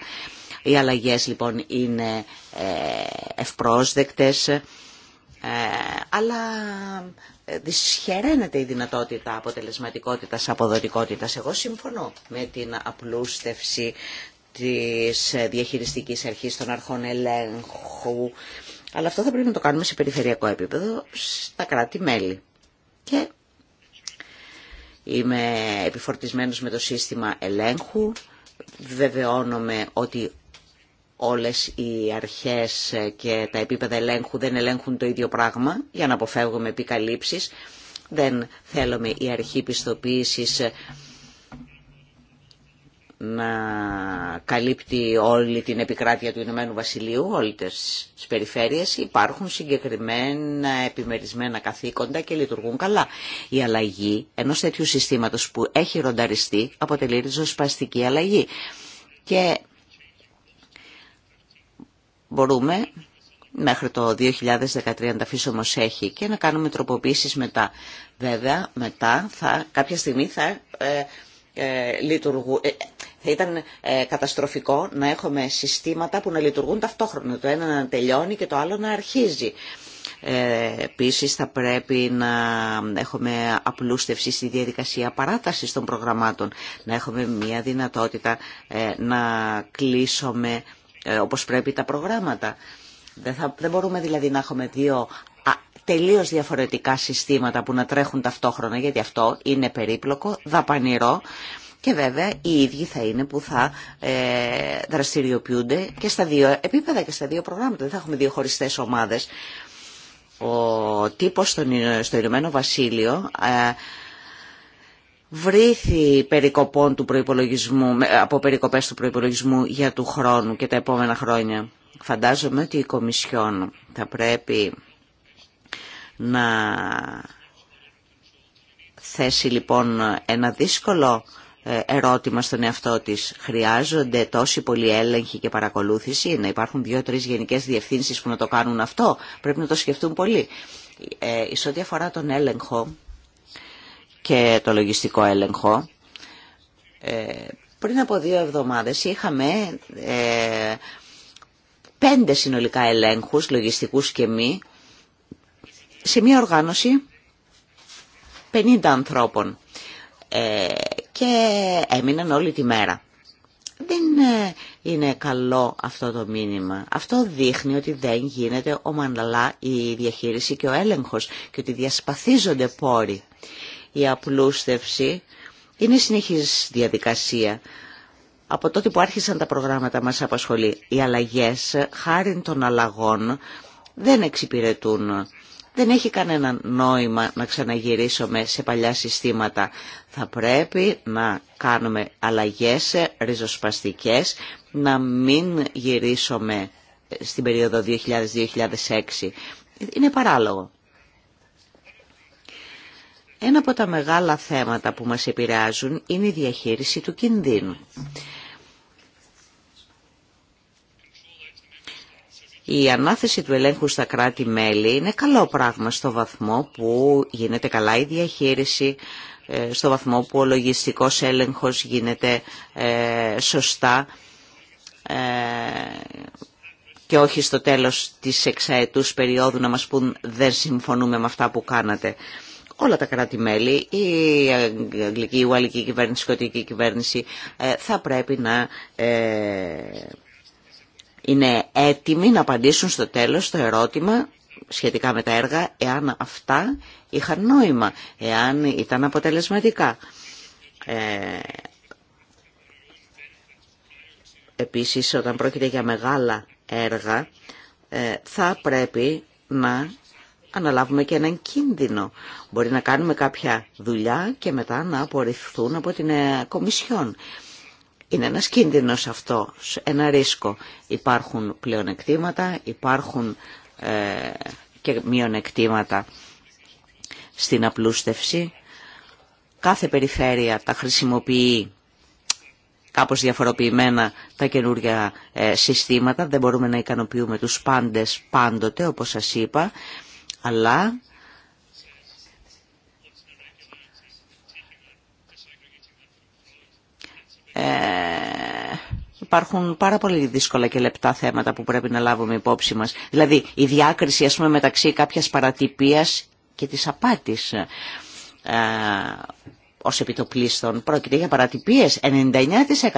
Οι αλλαγές λοιπόν είναι ε, ευπρόσδεκτες, ε, αλλά δυσχεραίνεται η δυνατότητα αποτελεσματικότητας, αποδοτικότητας. Εγώ συμφωνώ με την απλούστευση της διαχειριστικής αρχής των αρχών ελέγχου, αλλά αυτό θα πρέπει να το κάνουμε σε περιφερειακό επίπεδο στα κράτη-μέλη και είμαι επιφορτισμένος με το σύστημα ελέγχου. Βεβαιώνομαι ότι όλες οι αρχές και τα επίπεδα ελέγχου δεν ελέγχουν το ίδιο πράγμα για να αποφεύγουμε επικαλύψεις. Δεν θέλουμε η αρχή πιστοποίησης να καλύπτει όλη την επικράτεια του Ηνωμένου Βασιλείου, όλες τις περιφέρειες, υπάρχουν συγκεκριμένα επιμερισμένα καθήκοντα και λειτουργούν καλά. Η αλλαγή ενός τέτοιου συστήματος που έχει ρονταριστεί αποτελεί ριζοσπαστική αλλαγή. Και μπορούμε μέχρι το 2013 τα αφήσουμε όμως έχει και να κάνουμε τροποποίησεις μετά. Βέβαια μετά θα, κάποια στιγμή θα... Ε, ε, ε, θα ήταν ε, καταστροφικό να έχουμε συστήματα που να λειτουργούν ταυτόχρονα. Το ένα να τελειώνει και το άλλο να αρχίζει. Ε, Επίση θα πρέπει να έχουμε απλούστευση στη διαδικασία παράτασης των προγραμμάτων, να έχουμε μια δυνατότητα να κλείσουμε όπως πρέπει τα προγράμματα. Δεν, θα, δεν μπορούμε δηλαδή να έχουμε δύο τελείως διαφορετικά συστήματα που να τρέχουν ταυτόχρονα, γιατί αυτό είναι περίπλοκο, δαπανηρό και βέβαια οι ίδιοι θα είναι που θα ε, δραστηριοποιούνται και στα δύο επίπεδα και στα δύο προγράμματα. Δεν θα έχουμε δύο χωριστές ομάδες. Ο τύπος στο Ηνωμένο Βασίλειο... Ε, βρήθη περικοπών του προϋπολογισμού, από περικοπές του προϋπολογισμού για του χρόνου και τα επόμενα χρόνια. Φαντάζομαι ότι η Κομισιόν θα πρέπει να θέσει λοιπόν ένα δύσκολο ε, ερώτημα στον εαυτό της. Χρειάζονται τόση πολύ έλεγχοι και παρακολούθηση, να υπάρχουν δύο-τρεις γενικές διευθύνσεις που να το κάνουν αυτό. Πρέπει να το σκεφτούν πολύ. Ε, σε ό,τι αφορά τον έλεγχο και το λογιστικό έλεγχο, ε, πριν από δύο εβδομάδες είχαμε ε, πέντε συνολικά ελέγχους, λογιστικούς και μη, σε μια οργάνωση 50 ανθρώπων ε, και έμειναν όλη τη μέρα. Δεν ε, είναι καλό αυτό το μήνυμα. Αυτό δείχνει ότι δεν γίνεται ομαλά η διαχείριση και ο έλεγχος και ότι διασπαθίζονται πόροι. Η απλούστευση είναι συνεχής διαδικασία. Από τότε που άρχισαν τα προγράμματα μας απασχολεί. Οι αλλαγές χάρη των αλλαγών δεν εξυπηρετούν δεν έχει κανένα νόημα να ξαναγυρίσουμε σε παλιά συστήματα. Θα πρέπει να κάνουμε αλλαγές ριζοσπαστικές, να μην γυρίσουμε στην περίοδο 2000-2006. Είναι παράλογο. Ένα από τα μεγάλα θέματα που μας επηρεάζουν είναι η διαχείριση του κινδύνου. Η ανάθεση του ελέγχου στα κράτη-μέλη είναι καλό πράγμα στο βαθμό που γίνεται καλά η διαχείριση, ε, στο βαθμό που ο λογιστικός έλεγχος γίνεται ε, σωστά ε, και όχι στο τέλος της εξαετούς περίοδου να μας πούν δεν συμφωνούμε με αυτά που κάνατε. Όλα τα κράτη-μέλη, η αγγλική, η ουαλική κυβέρνηση, η σκοτική κυβέρνηση θα πρέπει να είναι έτοιμοι να απαντήσουν στο τέλος το ερώτημα σχετικά με τα έργα, εάν αυτά είχαν νόημα, εάν ήταν αποτελεσματικά. Ε, επίσης, όταν πρόκειται για μεγάλα έργα, ε, θα πρέπει να αναλάβουμε και έναν κίνδυνο. Μπορεί να κάνουμε κάποια δουλειά και μετά να απορριφθούν από την ε, Κομισιόν. Είναι ένας κίνδυνος αυτό, ένα ρίσκο. Υπάρχουν πλεονεκτήματα, υπάρχουν ε, και μειονεκτήματα στην απλούστευση. Κάθε περιφέρεια τα χρησιμοποιεί κάπως διαφοροποιημένα τα καινούργια ε, συστήματα. Δεν μπορούμε να ικανοποιούμε τους πάντες πάντοτε, όπως σας είπα, αλλά Ε, υπάρχουν πάρα πολύ δύσκολα και λεπτά θέματα που πρέπει να λάβουμε υπόψη μας. Δηλαδή η διάκριση ας πούμε, μεταξύ κάποιας παρατυπίας και της απάτης ε, ως επιτοπλίστων πρόκειται για παρατυπίες. 99%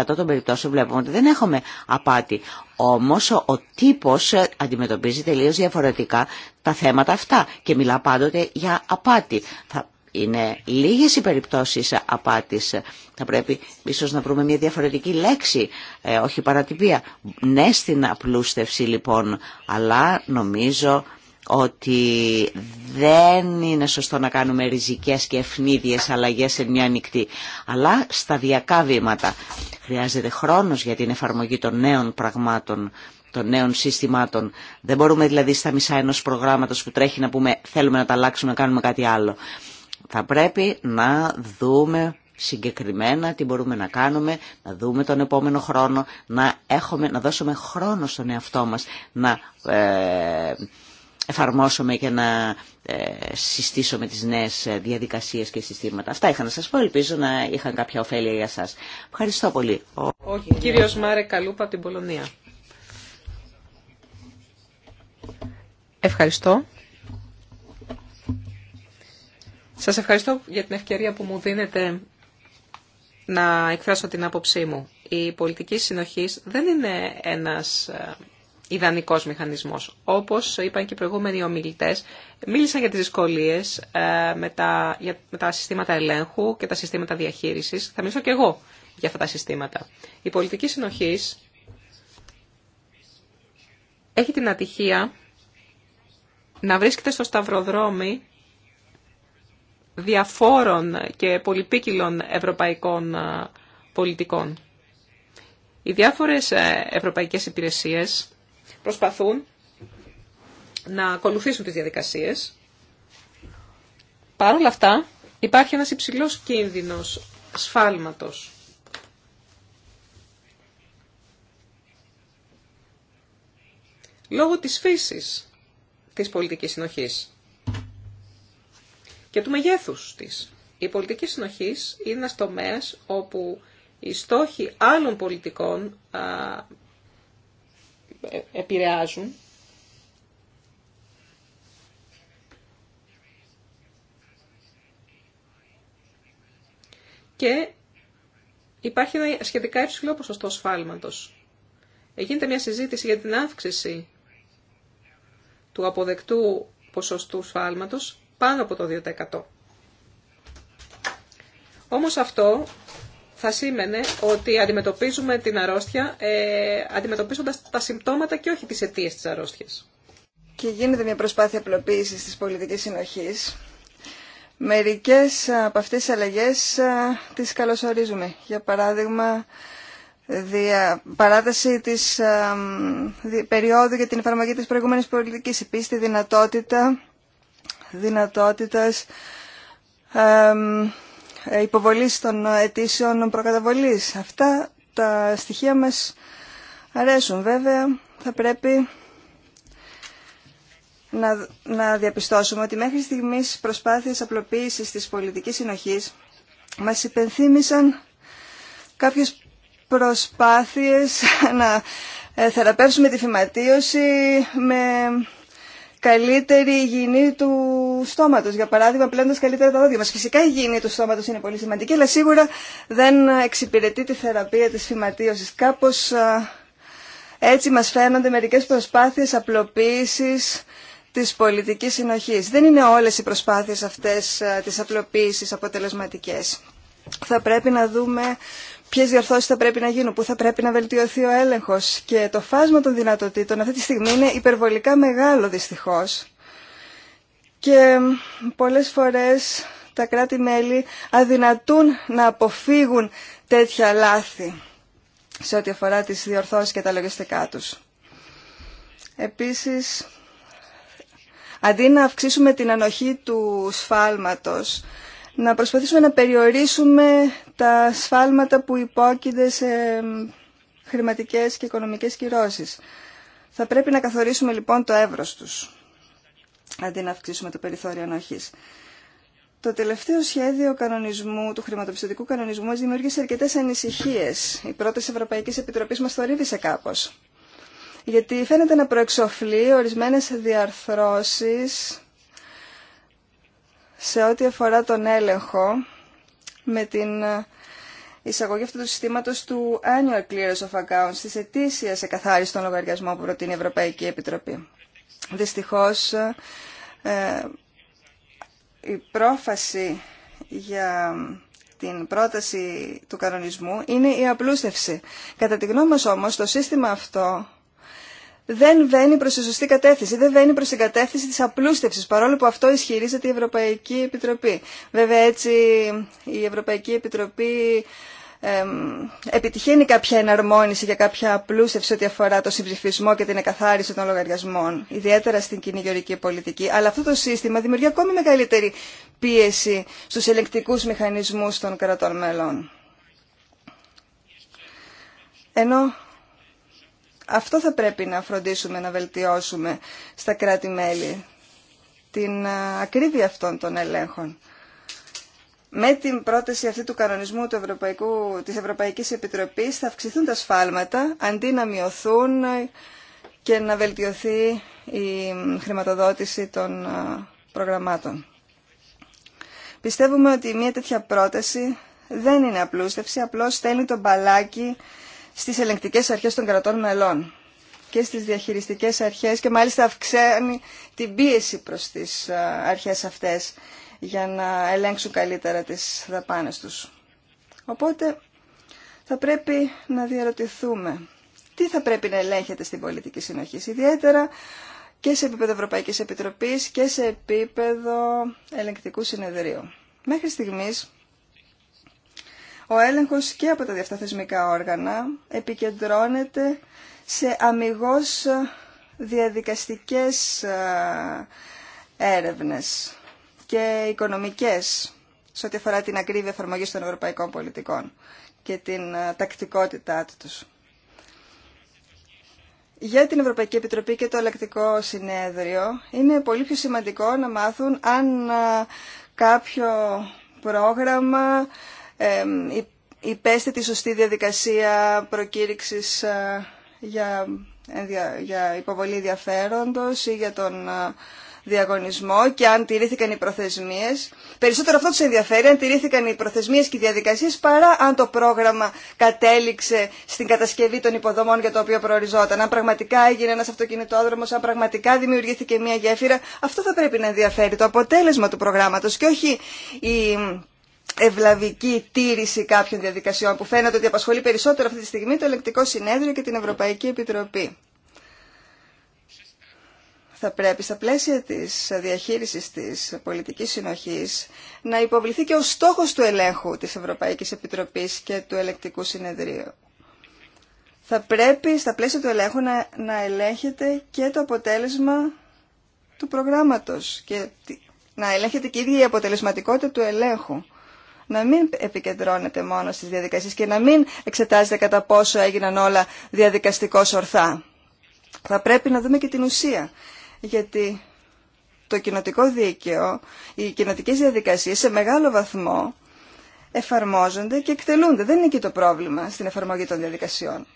των περιπτώσεων βλέπουμε ότι δεν έχουμε απάτη. Όμως ο τύπος ε, αντιμετωπίζει τελείως διαφορετικά τα θέματα αυτά και μιλά πάντοτε για απάτη. Θα είναι λίγες οι περιπτώσεις απάτης. Θα πρέπει ίσως να βρούμε μια διαφορετική λέξη, ε, όχι παρατυπία. Ναι στην απλούστευση λοιπόν, αλλά νομίζω ότι δεν είναι σωστό να κάνουμε ριζικές και ευνίδιες αλλαγές σε μια νυχτή, αλλά σταδιακά βήματα. Χρειάζεται χρόνος για την εφαρμογή των νέων πραγμάτων, των νέων συστημάτων. Δεν μπορούμε δηλαδή στα μισά ενός προγράμματος που τρέχει να πούμε θέλουμε να τα αλλάξουμε, να κάνουμε κάτι άλλο. Θα πρέπει να δούμε συγκεκριμένα τι μπορούμε να κάνουμε, να δούμε τον επόμενο χρόνο, να, έχουμε, να δώσουμε χρόνο στον εαυτό μας να ε, εφαρμόσουμε και να ε, συστήσουμε τις νέες διαδικασίες και συστήματα. Αυτά είχα να σας πω, ελπίζω να είχαν κάποια ωφέλεια για σας. Ευχαριστώ πολύ. Ο κύριος Μάρε Καλούπα από την Πολωνία. Ευχαριστώ. Σας ευχαριστώ για την ευκαιρία που μου δίνετε να εκφράσω την άποψή μου. Η πολιτική συνοχής δεν είναι ένας ε, ιδανικός μηχανισμός. Όπως είπαν και οι προηγούμενοι ομιλητές, μίλησαν για τις δυσκολίες ε, με τα, με συστήματα ελέγχου και τα συστήματα διαχείρισης. Θα μιλήσω και εγώ για αυτά τα συστήματα. Η πολιτική συνοχής έχει την ατυχία να βρίσκεται στο σταυροδρόμι διαφόρων και πολυπίκυλων ευρωπαϊκών ε, πολιτικών. Οι διάφορες ε, ευρωπαϊκές υπηρεσίες προσπαθούν να ακολουθήσουν τις διαδικασίες. Παρ' όλα αυτά υπάρχει ένας υψηλός κίνδυνος σφάλματος. Λόγω της φύσης της πολιτικής συνοχής και του μεγέθους της. Η πολιτική συνοχής είναι ένα τομέα όπου οι στόχοι άλλων πολιτικών α, ε, επηρεάζουν και υπάρχει ένα σχετικά υψηλό ποσοστό σφάλματος. Γίνεται μια συζήτηση για την αύξηση του αποδεκτού ποσοστού σφάλματος πάνω από το 2%. Όμως αυτό θα σήμαινε ότι αντιμετωπίζουμε την αρρώστια ε, αντιμετωπίζοντας τα συμπτώματα και όχι τις αιτίες της αρρώστιας. Και γίνεται μια προσπάθεια απλοποίησης της πολιτικής συνοχής. Μερικές από αυτές τις αλλαγές ε, τις καλωσορίζουμε. Για παράδειγμα, δια, παράταση της ε, περίοδου για την εφαρμογή της προηγούμενης πολιτικής. Επίσης, τη δυνατότητα δυνατότητας υποβολής των αιτήσεων προκαταβολής. Αυτά τα στοιχεία μας αρέσουν. Βέβαια θα πρέπει να, διαπιστώσουμε ότι μέχρι στιγμής προσπάθειες απλοποίησης της πολιτικής συνοχής μας υπενθύμησαν κάποιες προσπάθειες να ε, θεραπεύσουμε τη φυματίωση με καλύτερη υγιεινή του στόματος. Για παράδειγμα, πλένοντας καλύτερα τα δόντια μα. Φυσικά η υγιεινή του στόματος είναι πολύ σημαντική, αλλά σίγουρα δεν εξυπηρετεί τη θεραπεία της φυματίωση, Κάπως έτσι μας φαίνονται μερικές προσπάθειες απλοποίηση της πολιτικής συνοχής. Δεν είναι όλες οι προσπάθειες αυτές της απλοποίησης αποτελεσματικές. Θα πρέπει να δούμε Ποιε διορθώσει θα πρέπει να γίνουν, πού θα πρέπει να βελτιωθεί ο έλεγχος και το φάσμα των δυνατοτήτων αυτή τη στιγμή είναι υπερβολικά μεγάλο δυστυχώς και πολλές φορές τα κράτη-μέλη αδυνατούν να αποφύγουν τέτοια λάθη σε ό,τι αφορά τις διορθώσεις και τα λογιστικά τους. Επίσης, αντί να αυξήσουμε την ανοχή του σφάλματος, να προσπαθήσουμε να περιορίσουμε τα σφάλματα που υπόκεινται σε χρηματικές και οικονομικές κυρώσεις. Θα πρέπει να καθορίσουμε λοιπόν το εύρος τους, αντί να αυξήσουμε το περιθώριο ανοχής. Το τελευταίο σχέδιο κανονισμού, του χρηματοπιστωτικού κανονισμού μας δημιούργησε αρκετές ανησυχίες. Η πρώτη Ευρωπαϊκή Επιτροπή μας θορύβησε κάπως. Γιατί φαίνεται να προεξοφλεί ορισμένες διαρθρώσεις σε ό,τι αφορά τον έλεγχο με την ε, εισαγωγή αυτού του συστήματος του Annual Clearance of Accounts, της ετήσιας καθάριση των λογαριασμών που προτείνει η Ευρωπαϊκή Επιτροπή. Δυστυχώς, ε, η πρόφαση για την πρόταση του κανονισμού είναι η απλούστευση. Κατά τη γνώμη μας όμως, το σύστημα αυτό δεν βαίνει προ τη σωστή κατεύθυνση, δεν βαίνει προ την κατεύθυνση τη απλούστευση. παρόλο που αυτό ισχυρίζεται η Ευρωπαϊκή Επιτροπή. Βέβαια έτσι η Ευρωπαϊκή Επιτροπή εμ, επιτυχαίνει κάποια εναρμόνιση για κάποια απλούστευση ό,τι αφορά το συμψηφισμό και την εκαθάριση των λογαριασμών, ιδιαίτερα στην κυνηγιορική πολιτική. Αλλά αυτό το σύστημα δημιουργεί ακόμη μεγαλύτερη πίεση στου ελεκτικού μηχανισμού των κρατών μελών. Ενώ αυτό θα πρέπει να φροντίσουμε να βελτιώσουμε στα κράτη-μέλη, την ακρίβεια αυτών των ελέγχων. Με την πρόταση αυτή του κανονισμού του Ευρωπαϊκού, της Ευρωπαϊκής Επιτροπής θα αυξηθούν τα σφάλματα αντί να μειωθούν και να βελτιωθεί η χρηματοδότηση των προγραμμάτων. Πιστεύουμε ότι μια τέτοια πρόταση δεν είναι απλούστευση, απλώς στέλνει το μπαλάκι στις ελεγκτικές αρχές των κρατών μελών και στις διαχειριστικές αρχές και μάλιστα αυξάνει την πίεση προς τις ε, αρχές αυτές για να ελέγξουν καλύτερα τις δαπάνες τους. Οπότε θα πρέπει να διαρωτηθούμε τι θα πρέπει να ελέγχεται στην πολιτική συνοχή, ιδιαίτερα και σε επίπεδο Ευρωπαϊκής Επιτροπής και σε επίπεδο ελεγκτικού συνεδρίου. Μέχρι στιγμής ο έλεγχος και από τα διαφθαθεσμικά όργανα επικεντρώνεται σε αμυγός διαδικαστικές ε, έρευνες και οικονομικές σε ό,τι αφορά την ακρίβεια εφαρμογή των ευρωπαϊκών πολιτικών και την ε, τακτικότητά τους. Για την Ευρωπαϊκή Επιτροπή και το Ελεκτικό Συνέδριο είναι πολύ πιο σημαντικό να μάθουν αν ε, κάποιο πρόγραμμα υπέστη τη σωστή διαδικασία προκήρυξης ε, για, για υποβολή ενδιαφέροντος ή για τον ε, διαγωνισμό και αν τηρήθηκαν οι προθεσμίες. Περισσότερο αυτό τους ενδιαφέρει αν τηρήθηκαν οι προθεσμίες και οι διαδικασίες παρά αν το πρόγραμμα κατέληξε στην κατασκευή των υποδομών για το οποίο προοριζόταν. Αν πραγματικά έγινε ένας αυτοκινητόδρομος, αν πραγματικά δημιουργήθηκε μια γέφυρα, αυτό θα πρέπει να ενδιαφέρει το αποτέλεσμα του προγράμματος και όχι η ευλαβική τήρηση κάποιων διαδικασιών που φαίνεται ότι απασχολεί περισσότερο αυτή τη στιγμή το Ελεκτικό Συνέδριο και την Ευρωπαϊκή Επιτροπή. Θα πρέπει στα πλαίσια της διαχείρισης της πολιτικής συνοχής να υποβληθεί και ο στόχος του ελέγχου της Ευρωπαϊκής Επιτροπής και του Ελεκτικού Συνεδρίου. Θα πρέπει στα πλαίσια του ελέγχου να, να ελέγχεται και το αποτέλεσμα του προγράμματος και να ελέγχεται και η ίδια η αποτελεσματικότητα του ελέγχου να μην επικεντρώνεται μόνο στις διαδικασίες και να μην εξετάζεται κατά πόσο έγιναν όλα διαδικαστικώς ορθά. Θα πρέπει να δούμε και την ουσία, γιατί το κοινοτικό δίκαιο, οι κοινοτικές διαδικασίες σε μεγάλο βαθμό εφαρμόζονται και εκτελούνται. Δεν είναι εκεί το πρόβλημα στην εφαρμογή των διαδικασιών.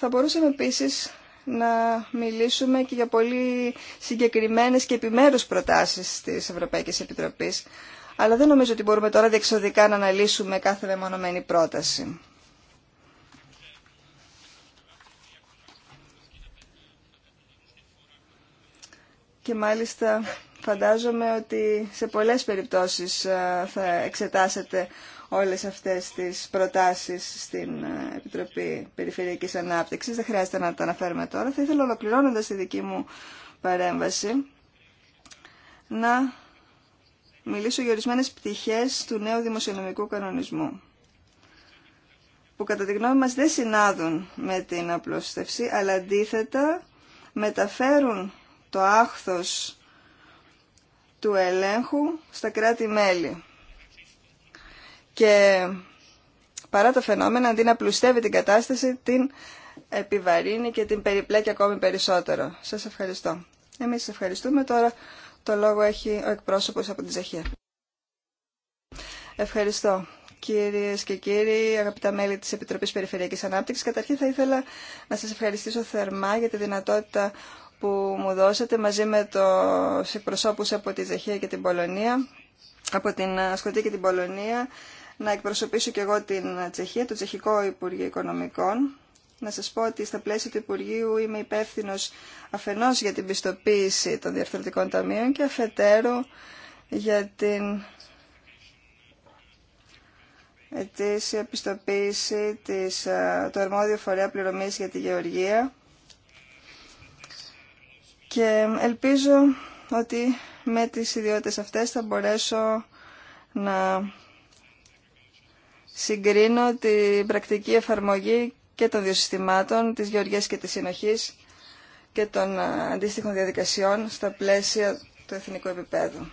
Θα μπορούσαμε επίσης να μιλήσουμε και για πολύ συγκεκριμένες και επιμέρους προτάσεις της Ευρωπαϊκής Επιτροπής. Αλλά δεν νομίζω ότι μπορούμε τώρα διεξοδικά να αναλύσουμε κάθε μεμονωμένη πρόταση. Και μάλιστα φαντάζομαι ότι σε πολλές περιπτώσεις ε, θα εξετάσετε όλες αυτές τις προτάσεις στην ε, Επιτροπή Περιφερειακής Ανάπτυξης. Δεν χρειάζεται να τα αναφέρουμε τώρα. Θα ήθελα ολοκληρώνοντας τη δική μου παρέμβαση να μιλήσω για ορισμένε πτυχές του νέου δημοσιονομικού κανονισμού που κατά τη γνώμη μας δεν συνάδουν με την απλώστευση, αλλά αντίθετα μεταφέρουν το άχθος του ελέγχου στα κράτη-μέλη και παρά τα φαινόμενα, αντί να πλουστεύει την κατάσταση, την επιβαρύνει και την περιπλέκει ακόμη περισσότερο. Σας ευχαριστώ. Εμείς σας ευχαριστούμε. Τώρα το λόγο έχει ο εκπρόσωπος από την Τσεχία. Ευχαριστώ. Κυρίε και κύριοι, αγαπητά μέλη τη Επιτροπή Περιφερειακή Ανάπτυξη, καταρχήν θα ήθελα να σα ευχαριστήσω θερμά για τη δυνατότητα που μου δώσατε μαζί με του εκπροσώπου από τη Ζεχία και την Πολωνία, από την ασκοτή και την Πολωνία, να εκπροσωπήσω και εγώ την Τσεχία, το Τσεχικό Υπουργείο Οικονομικών. Να σας πω ότι στα πλαίσια του Υπουργείου είμαι υπεύθυνο αφενός για την πιστοποίηση των διαρθρωτικών ταμείων και αφετέρου για την ετήσια πιστοποίηση της, ε, του αρμόδιου φορέα πληρωμής για τη Γεωργία και ελπίζω ότι με τις ιδιότητες αυτές θα μπορέσω να συγκρίνω την πρακτική εφαρμογή και των δύο συστημάτων, της γεωργίας και της συνοχής και των ε, αντίστοιχων διαδικασιών στα πλαίσια του εθνικού επίπεδου.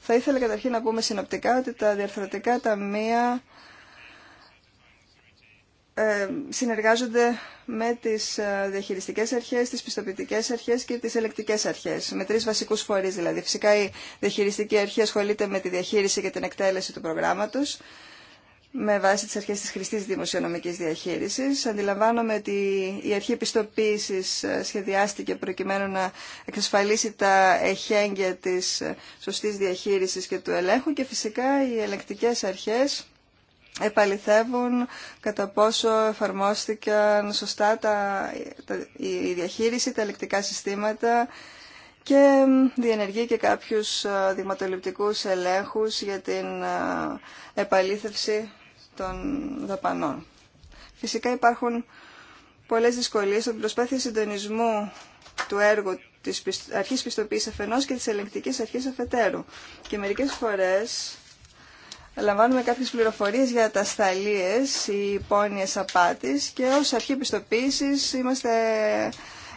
Θα ήθελα καταρχήν να πούμε συνοπτικά ότι τα διαρθρωτικά ταμεία ε, συνεργάζονται με τις ε, διαχειριστικές αρχές, τις πιστοποιητικές αρχές και τις ελεκτικές αρχές. Με τρεις βασικούς φορείς δηλαδή. Φυσικά η διαχειριστική αρχή ασχολείται με τη διαχείριση και την εκτέλεση του προγράμματος με βάση τις αρχές της χρηστής δημοσιονομικής διαχείρισης. Αντιλαμβάνομαι ότι η αρχή επιστοποίησης ε, σχεδιάστηκε προκειμένου να εξασφαλίσει τα εχέγγια της ε, σωστής διαχείρισης και του ελέγχου και φυσικά οι ελεκτικές αρχές επαληθεύουν κατά πόσο εφαρμόστηκαν σωστά τα, η διαχείριση, τα ελεκτικά συστήματα και διενεργεί και κάποιους ε, δειγματοληπτικούς ελέγχους για την επαλήθευση των δαπανών. Φυσικά υπάρχουν πολλές δυσκολίες στην προσπάθεια συντονισμού του έργου της αρχής πιστοποίησης αφενός και της ελεγκτικής αρχής αφετέρου. Και μερικές φορές λαμβάνουμε κάποιες πληροφορίες για τα σταλίες ή πόνιες απάτης και ως αρχή πιστοποίησης είμαστε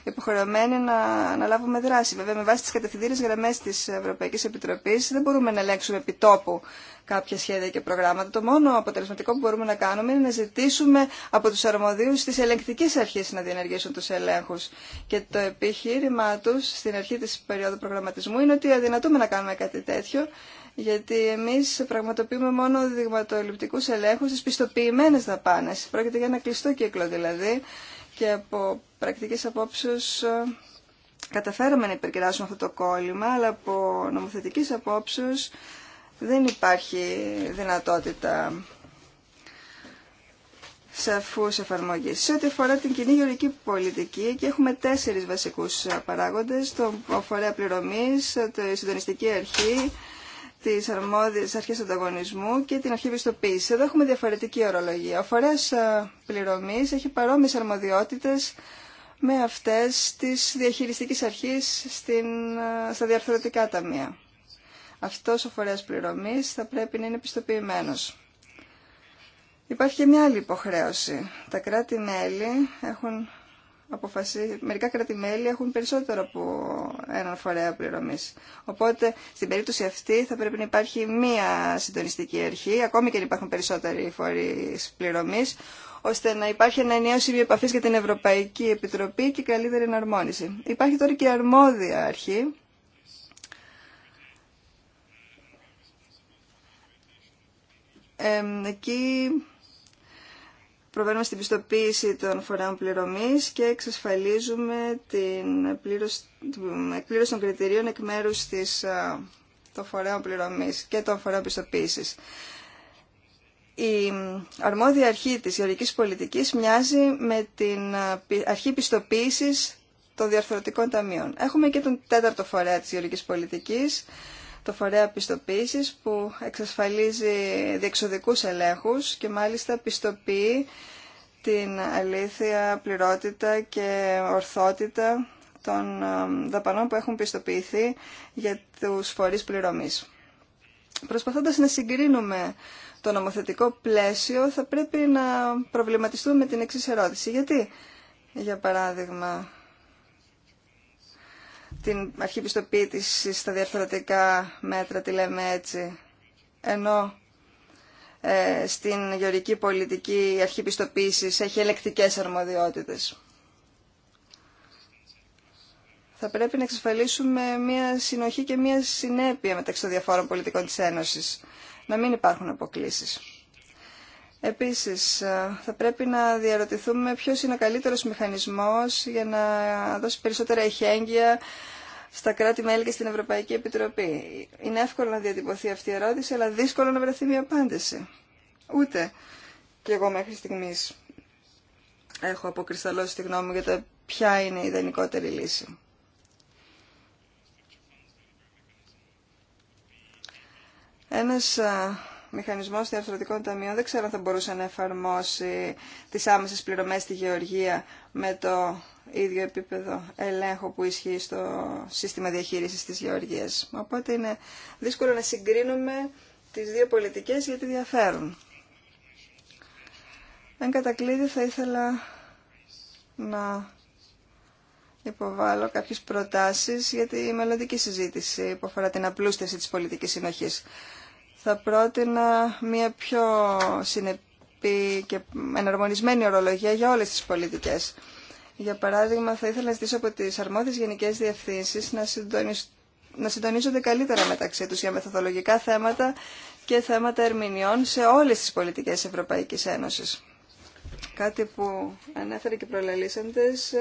υποχρεωμένοι να, να λάβουμε δράση. Βέβαια, με βάση τι κατευθυντήρε γραμμέ τη Ευρωπαϊκή Επιτροπή δεν μπορούμε να ελέγξουμε επιτόπου κάποια σχέδια και προγράμματα. Το μόνο αποτελεσματικό που μπορούμε να κάνουμε είναι να ζητήσουμε από του αρμοδίου τη ελεγκτική αρχή να διενεργήσουν του ελέγχου. Και το επιχείρημά του στην αρχή τη περίοδου προγραμματισμού είναι ότι αδυνατούμε να κάνουμε κάτι τέτοιο γιατί εμεί πραγματοποιούμε μόνο δειγματοληπτικού ελέγχου, στι πιστοποιημένε δαπάνε. Πρόκειται για ένα κλειστό κύκλο δηλαδή και από πρακτικής απόψεως ε, καταφέραμε να υπερκεράσουμε αυτό το κόλλημα, αλλά από νομοθετική απόψεως δεν υπάρχει δυνατότητα σε εφαρμογής. Σε ό,τι αφορά την κοινή γεωργική πολιτική, και έχουμε τέσσερι βασικού παράγοντε, τον φορέα πληρωμή, τη συντονιστική αρχή, τις αρμόδιες αρχές ανταγωνισμού και την αρχή πιστοποίηση. Εδώ έχουμε διαφορετική ορολογία. Ο φορέας ε, πληρωμής έχει παρόμοιες αρμοδιότητες με αυτές της διαχειριστικής αρχής στην, στα διαρθρωτικά ταμεία. Αυτός ο φορέας πληρωμής θα πρέπει να είναι πιστοποιημένος. Υπάρχει και μια άλλη υποχρέωση. Τα κράτη-μέλη έχουν αποφασίσει, μερικά κράτη-μέλη έχουν περισσότερο από έναν φορέα πληρωμής. Οπότε στην περίπτωση αυτή θα πρέπει να υπάρχει μία συντονιστική αρχή, ακόμη και αν υπάρχουν περισσότεροι φορείς πληρωμής, ώστε να υπάρχει ένα ενιαίο σημείο επαφή για την Ευρωπαϊκή Επιτροπή και καλύτερη εναρμόνιση. Υπάρχει τώρα και αρμόδια αρχή. εκεί προβαίνουμε στην πιστοποίηση των φορέων πληρωμής και εξασφαλίζουμε την, εκπλήρωση των κριτηρίων εκ μέρους της, των φορέων πληρωμής και των φορέων πιστοποίησης η αρμόδια αρχή της γεωργικής πολιτικής μοιάζει με την ε, αρχή πιστοποίησης των διαρθρωτικών ταμείων. Έχουμε και τον τέταρτο φορέα της γεωργικής πολιτικής, το φορέα πιστοποίησης που εξασφαλίζει διεξοδικούς ελέγχους και μάλιστα πιστοποιεί την αλήθεια, πληρότητα και ορθότητα των ε, δαπανών που έχουν πιστοποιηθεί για τους φορείς πληρωμής. Προσπαθώντας να συγκρίνουμε το νομοθετικό πλαίσιο θα πρέπει να προβληματιστούμε με την εξής ερώτηση. Γιατί, για παράδειγμα, την αρχή πιστοποίηση στα διαρθρωτικά μέτρα, τη λέμε έτσι, ενώ ε, στην γεωρική πολιτική η αρχή έχει ελεκτικές αρμοδιότητες. Θα πρέπει να εξασφαλίσουμε μια συνοχή και μια συνέπεια μεταξύ των διαφόρων πολιτικών της Ένωσης να μην υπάρχουν αποκλήσει. Επίσης, ε, θα πρέπει να διαρωτηθούμε ποιο είναι ο καλύτερο μηχανισμός για να δώσει περισσότερα ειχέγγυα στα κράτη-μέλη και στην Ευρωπαϊκή Επιτροπή. Είναι εύκολο να διατυπωθεί αυτή η ερώτηση, αλλά δύσκολο να βρεθεί μια απάντηση. Ούτε και εγώ μέχρι στιγμή έχω αποκρισταλώσει τη γνώμη μου για το ποια είναι η ιδανικότερη λύση. Ένας μηχανισμός διαρθρωτικών ταμείων δεν ξέρω αν θα μπορούσε να εφαρμόσει τις άμεσες πληρωμές στη Γεωργία με το ίδιο επίπεδο ελέγχου που ισχύει στο σύστημα διαχείρισης της Γεωργίας. Οπότε είναι δύσκολο να συγκρίνουμε τις δύο πολιτικές γιατί διαφέρουν. Εν κατακλείδη θα ήθελα να υποβάλω κάποιες προτάσεις για τη μελλοντική συζήτηση που αφορά την απλούστευση της πολιτικής συνοχής θα πρότεινα μια πιο συνεπή και εναρμονισμένη ορολογία για όλες τις πολιτικές. Για παράδειγμα, θα ήθελα να ζητήσω από τις αρμόδιες γενικές διευθύνσεις να, να συντονίζονται καλύτερα μεταξύ τους για μεθοδολογικά θέματα και θέματα ερμηνεών σε όλες τις πολιτικές Ευρωπαϊκής Ένωσης. Κάτι που ανέφερε και προλαλήσαντες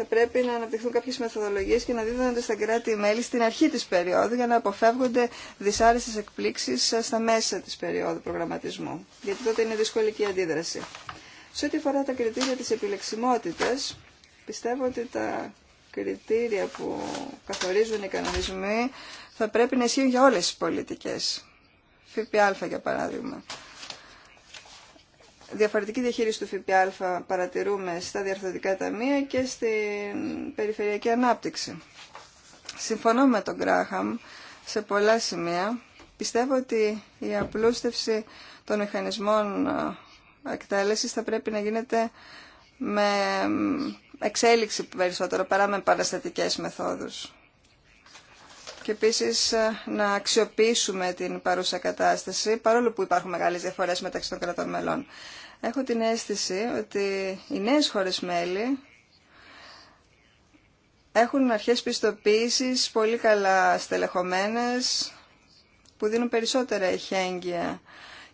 θα πρέπει να αναπτυχθούν κάποιε μεθοδολογίε και να δίδονται στα κράτη-μέλη στην αρχή τη περίοδου για να αποφεύγονται δυσάρεστε εκπλήξει στα μέσα τη περίοδου προγραμματισμού. Γιατί τότε είναι δύσκολη η αντίδραση. Σε ό,τι αφορά τα κριτήρια τη επιλεξιμότητα, πιστεύω ότι τα κριτήρια που καθορίζουν οι κανονισμοί θα πρέπει να ισχύουν για όλε τι πολιτικέ. ΦΠΑ, για παράδειγμα διαφορετική διαχείριση του ΦΠΑ παρατηρούμε στα διαρθρωτικά ταμεία και στην περιφερειακή ανάπτυξη. Συμφωνώ με τον Γκράχαμ σε πολλά σημεία. Πιστεύω ότι η απλούστευση των μηχανισμών ε, εκτέλεσης θα πρέπει να γίνεται με εξέλιξη περισσότερο παρά με παραστατικές μεθόδους και επίση ε, να αξιοποιήσουμε την παρούσα κατάσταση, παρόλο που υπάρχουν μεγάλες διαφορές μεταξύ των κρατών μελών. Έχω την αίσθηση ότι οι νέε χώρε μέλη έχουν αρχέ πιστοποίησης πολύ καλά στελεχωμένες, που δίνουν περισσότερα εχέγγυα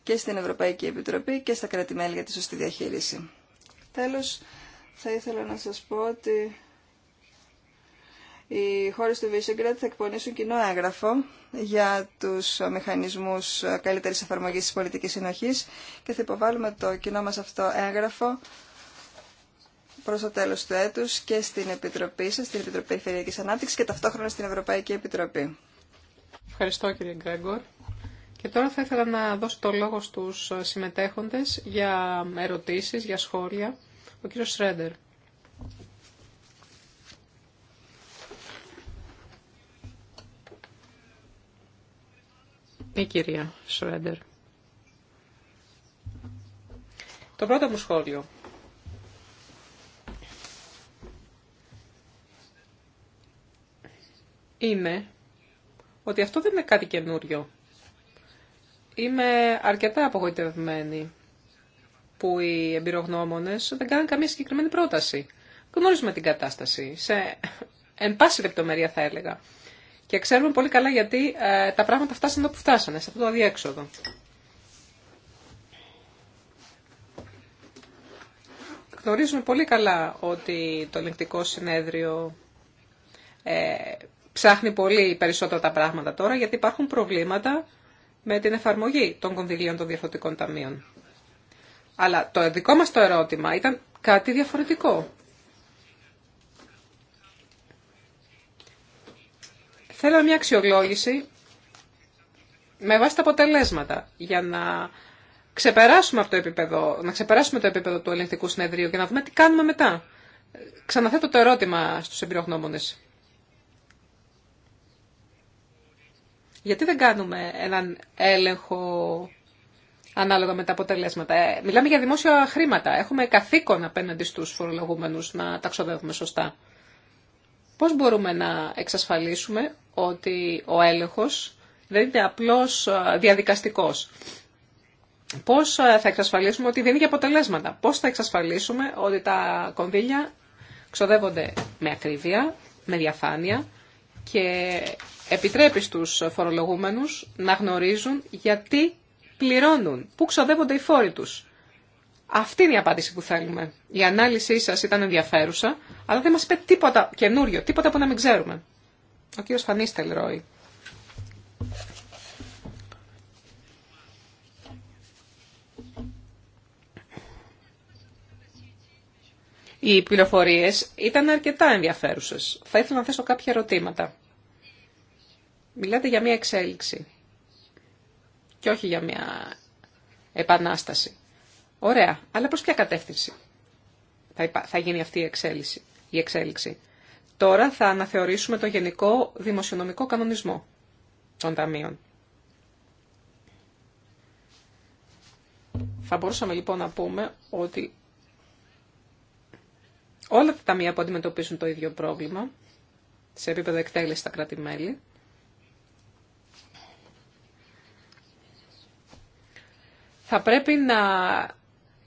και στην Ευρωπαϊκή Επιτροπή και στα κρατη για τη σωστή διαχείριση. Τέλος, θα ήθελα να σας πω ότι οι χώρες του Βίσεγκρατ θα εκπονήσουν κοινό έγγραφο για τους μηχανισμούς καλύτερης εφαρμογής της πολιτικής συνοχής και θα υποβάλουμε το κοινό μας αυτό έγγραφο προς το τέλος του έτους και στην Επιτροπή σας, στην Επιτροπή Περιφερειακής Ανάπτυξης και ταυτόχρονα στην Ευρωπαϊκή Επιτροπή. Ευχαριστώ κύριε Γκρέγκορ. Και τώρα θα ήθελα να δώσω το λόγο στους συμμετέχοντες για ερωτήσεις, για σχόλια. Ο κύριος Σρέντερ. Η κυρία Σρέντερ. Το πρώτο μου σχόλιο. Είναι ότι αυτό δεν είναι κάτι καινούριο. Είμαι αρκετά απογοητευμένη που οι εμπειρογνώμονες δεν κάνουν καμία συγκεκριμένη πρόταση. Γνωρίζουμε την κατάσταση, σε εν πάση λεπτομερία θα έλεγα. Και ξέρουμε πολύ καλά γιατί ε, τα πράγματα φτάσανε όπου φτάσανε, σε αυτό το αδιέξοδο. Γνωρίζουμε πολύ καλά ότι το ελεγκτικό συνέδριο ε, ψάχνει πολύ περισσότερα τα πράγματα τώρα, γιατί υπάρχουν προβλήματα με την εφαρμογή των κονδυλίων των διαφορετικών ταμείων. Αλλά το δικό μας το ερώτημα ήταν κάτι διαφορετικό. Θέλω μια αξιολόγηση με βάση τα αποτελέσματα για να ξεπεράσουμε, αυτό το επίπεδο, να ξεπεράσουμε το επίπεδο του ελεγκτικού συνεδρίου και να δούμε τι κάνουμε μετά. Ξαναθέτω το ερώτημα στους εμπειρογνώμονες. Γιατί δεν κάνουμε έναν έλεγχο ανάλογα με τα αποτελέσματα. Ε, μιλάμε για δημόσια χρήματα. Έχουμε καθήκον απέναντι στους φορολογούμενους να τα σωστά. Πώς μπορούμε να εξασφαλίσουμε ότι ο έλεγχος δεν είναι απλώς ε, διαδικαστικός. Πώς ε, θα εξασφαλίσουμε ότι δίνει και αποτελέσματα. Πώς θα εξασφαλίσουμε ότι τα κονδύλια ξοδεύονται με ακρίβεια, με διαφάνεια και επιτρέπει στους φορολογούμενους να γνωρίζουν γιατί πληρώνουν, πού ξοδεύονται οι φόροι τους. Αυτή είναι η απάντηση που θέλουμε. Η ανάλυση σα ήταν ενδιαφέρουσα, αλλά δεν μας είπε τίποτα καινούριο, τίποτα που να μην ξέρουμε. Ο κύριος Φανίστελ Ρόι. Οι πληροφορίε ήταν αρκετά ενδιαφέρουσες. Θα ήθελα να θέσω κάποια ερωτήματα. Μιλάτε για μια εξέλιξη και όχι για μια επανάσταση. Ωραία, αλλά προς ποια κατεύθυνση θα γίνει αυτή η εξέλιξη. Η εξέλιξη. Τώρα θα αναθεωρήσουμε το γενικό δημοσιονομικό κανονισμό των ταμείων. Θα μπορούσαμε λοιπόν να πούμε ότι όλα τα ταμεία που αντιμετωπίζουν το ίδιο πρόβλημα, σε επίπεδο εκτέλεση στα κράτη-μέλη, θα πρέπει να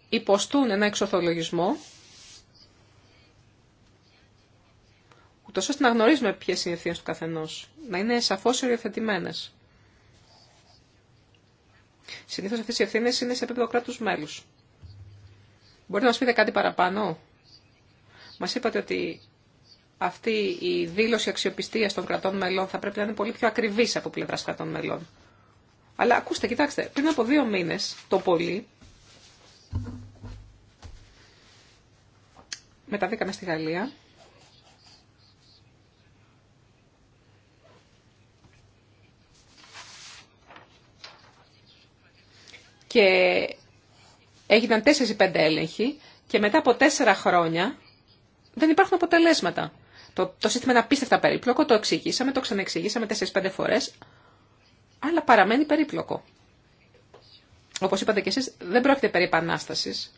υποστούν ένα εξορθολογισμό, ούτως ώστε να γνωρίζουμε ποιες είναι οι ευθύνες του καθενός, να είναι σαφώς οριοθετημένες. Συνήθως αυτές οι ευθύνε είναι σε επίπεδο κράτους μέλους. Μπορείτε να μας πείτε κάτι παραπάνω. Μας είπατε ότι αυτή η δήλωση αξιοπιστίας των κρατών μελών θα πρέπει να είναι πολύ πιο ακριβής από πλευράς κρατών μελών. Αλλά ακούστε, κοιτάξτε, πριν από δύο μήνες το πολύ Μεταβήκαμε στη Γαλλία. Και έγιναν 4 ή 5 έλεγχοι και μετά από 4 χρόνια δεν υπάρχουν αποτελέσματα. Το, το σύστημα είναι απίστευτα περίπλοκο, το εξηγήσαμε, το ξαναεξηγήσαμε 4-5 φορές, αλλά παραμένει περίπλοκο. Όπω είπατε και εσεί δεν πρόκειται περί επανάσταση.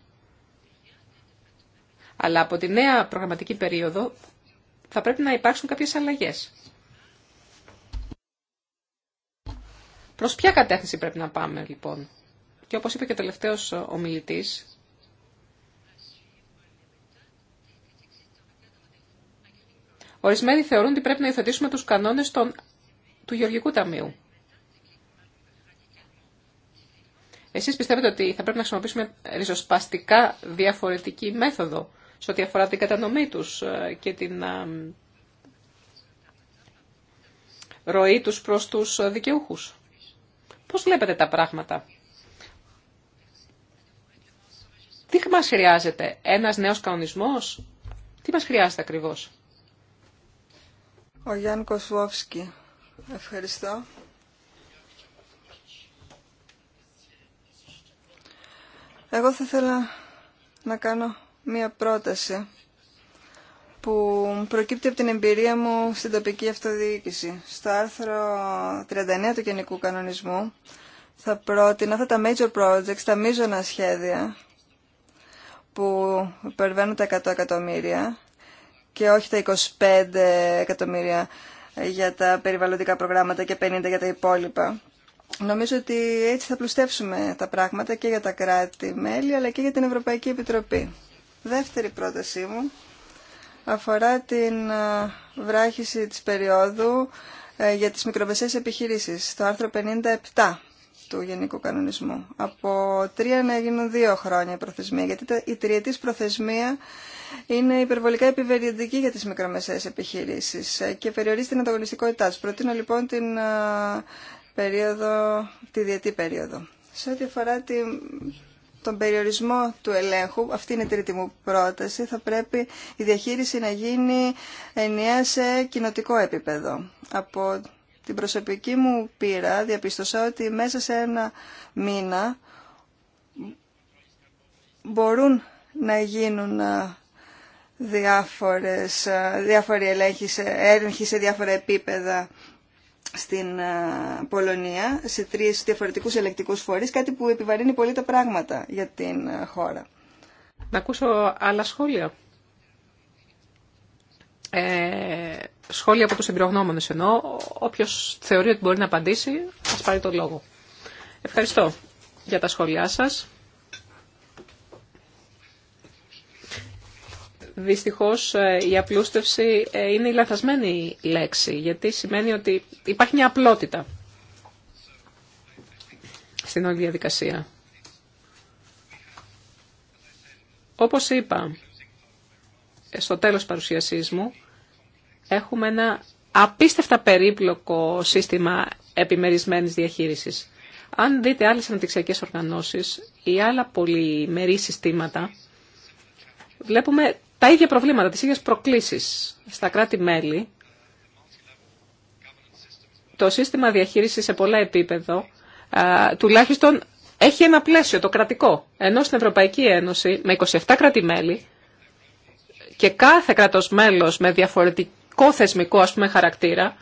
Αλλά από τη νέα προγραμματική περίοδο θα πρέπει να υπάρξουν κάποιε αλλαγέ. Προ ποια κατεύθυνση πρέπει να πάμε, λοιπόν. Και όπω είπε και ο τελευταίο ομιλητή. ορισμένοι θεωρούν ότι πρέπει να υιοθετήσουμε τους κανόνες του Γεωργικού Ταμείου. Εσείς πιστεύετε ότι θα πρέπει να χρησιμοποιήσουμε ριζοσπαστικά διαφορετική μέθοδο σε ό,τι αφορά την κατανομή τους ε, και την ε, ροή τους προς τους δικαιούχους. Πώς βλέπετε τα πράγματα. Τι μας χρειάζεται, ένας νέος κανονισμός, τι μας χρειάζεται ακριβώς. Ο Γιάννη Κοσβόφσκι. Ευχαριστώ. Εγώ θα ήθελα να κάνω μία πρόταση που προκύπτει από την εμπειρία μου στην τοπική αυτοδιοίκηση. Στο άρθρο 39 του Γενικού Κανονισμού θα πρότεινα αυτά τα major projects, τα μείζωνα σχέδια που υπερβαίνουν τα 100 εκατομμύρια και όχι τα 25 εκατομμύρια για τα περιβαλλοντικά προγράμματα και 50 για τα υπόλοιπα. Νομίζω ότι έτσι θα πλουστεύσουμε τα πράγματα και για τα κράτη-μέλη αλλά και για την Ευρωπαϊκή Επιτροπή. Δεύτερη πρότασή μου αφορά την ε, βράχηση της περίοδου ε, για τις μικρομεσαίες επιχειρήσεις, το άρθρο 57 του Γενικού Κανονισμού. Από τρία να γίνουν δύο χρόνια η προθεσμία, γιατί η τριετής προθεσμία είναι υπερβολικά επιβεριντική για τις μικρομεσαίες επιχειρήσεις ε, και περιορίζει την ανταγωνιστικότητά τους. Προτείνω λοιπόν την περίοδο, τη διετή περίοδο. Σε ό,τι αφορά τον περιορισμό του ελέγχου, αυτή είναι η τρίτη μου πρόταση, θα πρέπει η διαχείριση να γίνει ενιαία σε κοινοτικό επίπεδο. Από την προσωπική μου πείρα διαπίστωσα ότι μέσα σε ένα μήνα μπορούν να γίνουν διάφορες, διάφοροι έλεγχοι σε, σε διάφορα επίπεδα στην ε, Πολωνία σε τρεις διαφορετικούς ελεκτικούς φορείς, κάτι που επιβαρύνει πολύ τα πράγματα για την ε, χώρα. Να ακούσω άλλα σχόλια. Ε, σχόλια από τους εμπειρογνώμονες ενώ Όποιος θεωρεί ότι μπορεί να απαντήσει, ας πάρει το λόγο. Ευχαριστώ για τα σχόλιά σας. Δυστυχώς ε, η απλούστευση ε, είναι η λαθασμένη λέξη, γιατί σημαίνει ότι υπάρχει μια απλότητα στην όλη διαδικασία. Όπως είπα, στο τέλος παρουσίασής μου, έχουμε ένα απίστευτα περίπλοκο σύστημα επιμερισμένης διαχείρισης. Αν δείτε άλλες αναπτυξιακές οργανώσεις ή άλλα πολυμερή συστήματα, βλέπουμε τα ίδια προβλήματα, τις ίδιες προκλήσεις στα κράτη-μέλη. Το σύστημα διαχείρισης σε πολλά επίπεδο τουλάχιστον έχει ένα πλαίσιο, το κρατικό. Ενώ στην Ευρωπαϊκή Ένωση με 27 κράτη-μέλη και κάθε κράτος μέλος με διαφορετικό θεσμικό ας πούμε, χαρακτήρα,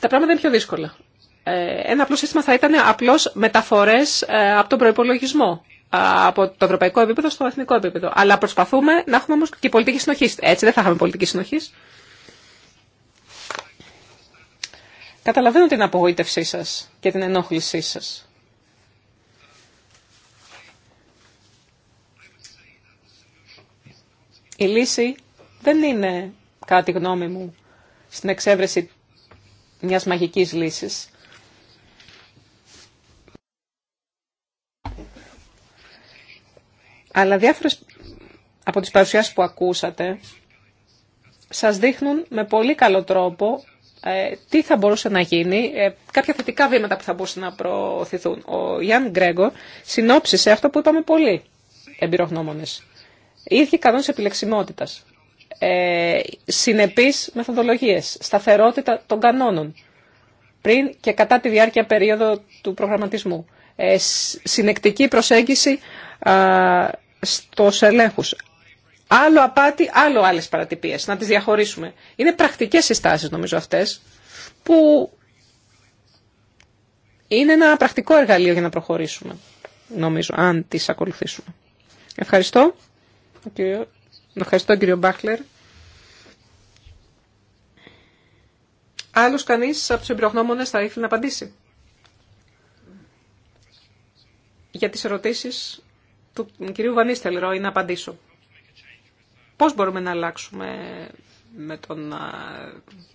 τα πράγματα είναι πιο δύσκολα. Ε, ένα απλό σύστημα θα ήταν απλώς μεταφορές ε, από τον προϋπολογισμό από το ευρωπαϊκό επίπεδο στο εθνικό επίπεδο. Αλλά προσπαθούμε να έχουμε όμω και πολιτική συνοχή. Έτσι δεν θα είχαμε πολιτική συνοχή. Καταλαβαίνω την απογοήτευσή σα και την ενόχλησή σα. Η λύση δεν είναι, κατά γνώμη μου, στην εξέβρεση μιας μαγικής λύσης. Αλλά διάφορες από τις παρουσιάσεις που ακούσατε σας δείχνουν με πολύ καλό τρόπο ε, τι θα μπορούσε να γίνει, ε, κάποια θετικά βήματα που θα μπορούσαν να προωθηθούν. Ο Γιάνν Γκρέγκο συνόψισε αυτό που είπαμε πολύ, εμπειρογνώμονες. Ήρθε κανόνες επιλεξιμότητας, ε, συνεπείς μεθοδολογίες, σταθερότητα των κανόνων, πριν και κατά τη διάρκεια περίοδο του προγραμματισμού, ε, συνεκτική προσέγγιση Στου ελέγχου. Άλλο απάτη, άλλο άλλες παρατυπίες. Να τις διαχωρίσουμε. Είναι πρακτικές συστάσεις νομίζω αυτές που είναι ένα πρακτικό εργαλείο για να προχωρήσουμε. Νομίζω, αν τι ακολουθήσουμε. Ευχαριστώ. Ευχαριστώ κύριο Μπάχλερ. Άλλος κανείς από τους εμπειρογνώμονες θα ήθελε να απαντήσει. Για τις ερωτήσεις του κυρίου Βανίστελ Ρόι να απαντήσω. Πώς μπορούμε να αλλάξουμε με τον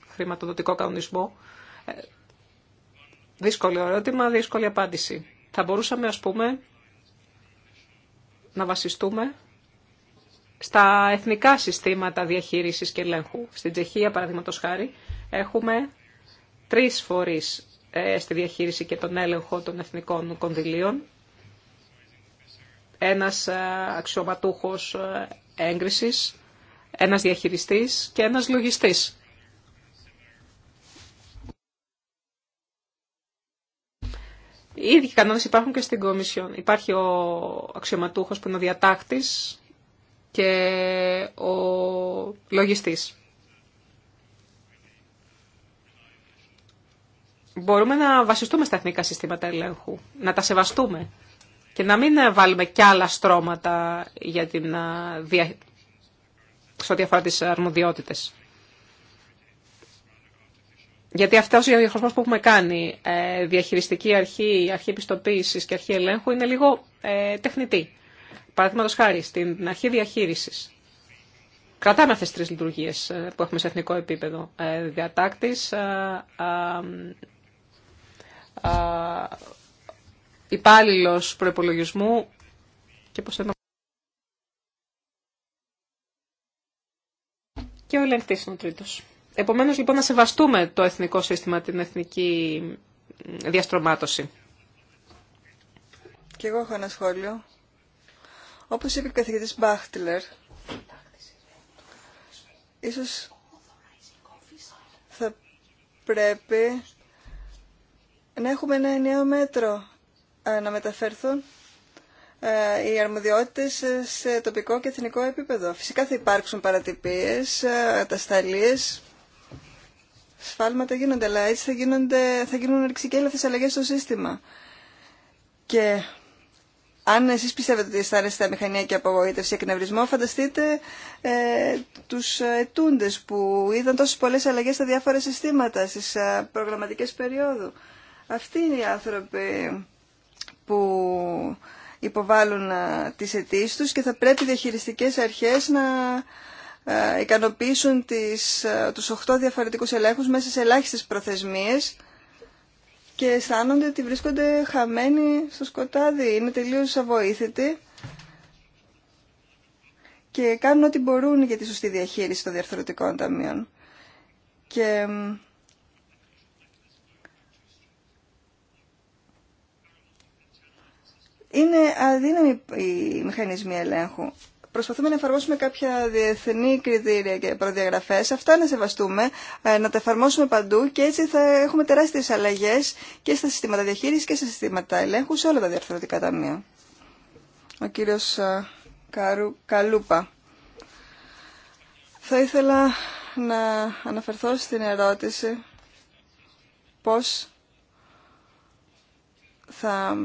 χρηματοδοτικό κανονισμό. Ε, δύσκολο ερώτημα, δύσκολη απάντηση. Θα μπορούσαμε, ας πούμε, να βασιστούμε στα εθνικά συστήματα διαχείρισης και ελέγχου. Στην Τσεχία, παραδείγματο χάρη, έχουμε τρεις φορείς ε, στη διαχείριση και τον έλεγχο των εθνικών κονδυλίων ένας ε, αξιωματούχος ε, έγκρισης, ένας διαχειριστής και ένας λογιστής. Οι ίδιοι κανόνες υπάρχουν και στην Κομισιόν. Υπάρχει ο αξιωματούχος που είναι ο διατάκτης και ο λογιστής. Μπορούμε να βασιστούμε στα εθνικά συστήματα ελέγχου, να τα σεβαστούμε και να μην ε, βάλουμε κι άλλα στρώματα για την, ε, σε ό,τι αφορά τις αρμοδιότητες. Γιατί αυτό ο διαχωρισμό που έχουμε κάνει, ε, διαχειριστική αρχή, αρχή επιστοποίηση και αρχή ελέγχου, είναι λίγο τεχνητή. Παραδείγματο χάρη, στην αρχή διαχείριση. Κρατάμε αυτέ τι τρει λειτουργίε που έχουμε σε εθνικό επίπεδο. Διατάκτη, υπάλληλο προπολογισμού και πώς ένα... Και ο ελεγκτή είναι ο τρίτος. Επομένως, λοιπόν, να σεβαστούμε το εθνικό σύστημα, την εθνική διαστρωμάτωση. Και εγώ έχω ένα σχόλιο. Όπως είπε ο καθηγητής Μπάχτλερ, ίσως θα πρέπει να έχουμε ένα ενιαίο μέτρο ε, να μεταφερθούν ε, οι αρμοδιότητες ε, σε τοπικό και εθνικό επίπεδο. Φυσικά θα υπάρξουν παρατυπίες, ατασταλίες, σφάλματα γίνονται, αλλά έτσι θα, γίνονται, θα γίνουν ρηξικέλευθες αλλαγές στο σύστημα. Και αν εσείς πιστεύετε ότι αισθάνεστε μηχανία και απογοήτευση, εκνευρισμό, φανταστείτε ε, τους ετούντες που είδαν τόσες πολλές αλλαγές στα διάφορα συστήματα, στις προγραμματικές περίοδου. Αυτοί είναι οι άνθρωποι που υποβάλλουν ε, τις αιτήσει τους και θα πρέπει οι διαχειριστικές αρχές να ε, ικανοποιήσουν τις, ε, τους 8 διαφορετικούς ελέγχους μέσα σε ελάχιστες προθεσμίες και αισθάνονται ότι βρίσκονται χαμένοι στο σκοτάδι, είναι τελείως αβοήθητοι και κάνουν ό,τι μπορούν για τη σωστή διαχείριση των διαρθρωτικών ταμείων. Και είναι αδύναμοι οι μηχανισμοί ελέγχου. Προσπαθούμε να εφαρμόσουμε κάποια διεθνή κριτήρια και προδιαγραφέ, αυτά να σεβαστούμε, ε, να τα εφαρμόσουμε παντού και έτσι θα έχουμε τεράστιες αλλαγέ και στα συστήματα διαχείρισης και στα συστήματα ελέγχου σε όλα τα διαρθρωτικά ταμεία. Ο κύριο ε, Καρου, Καλούπα. Θα ήθελα να αναφερθώ στην ερώτηση πώς θα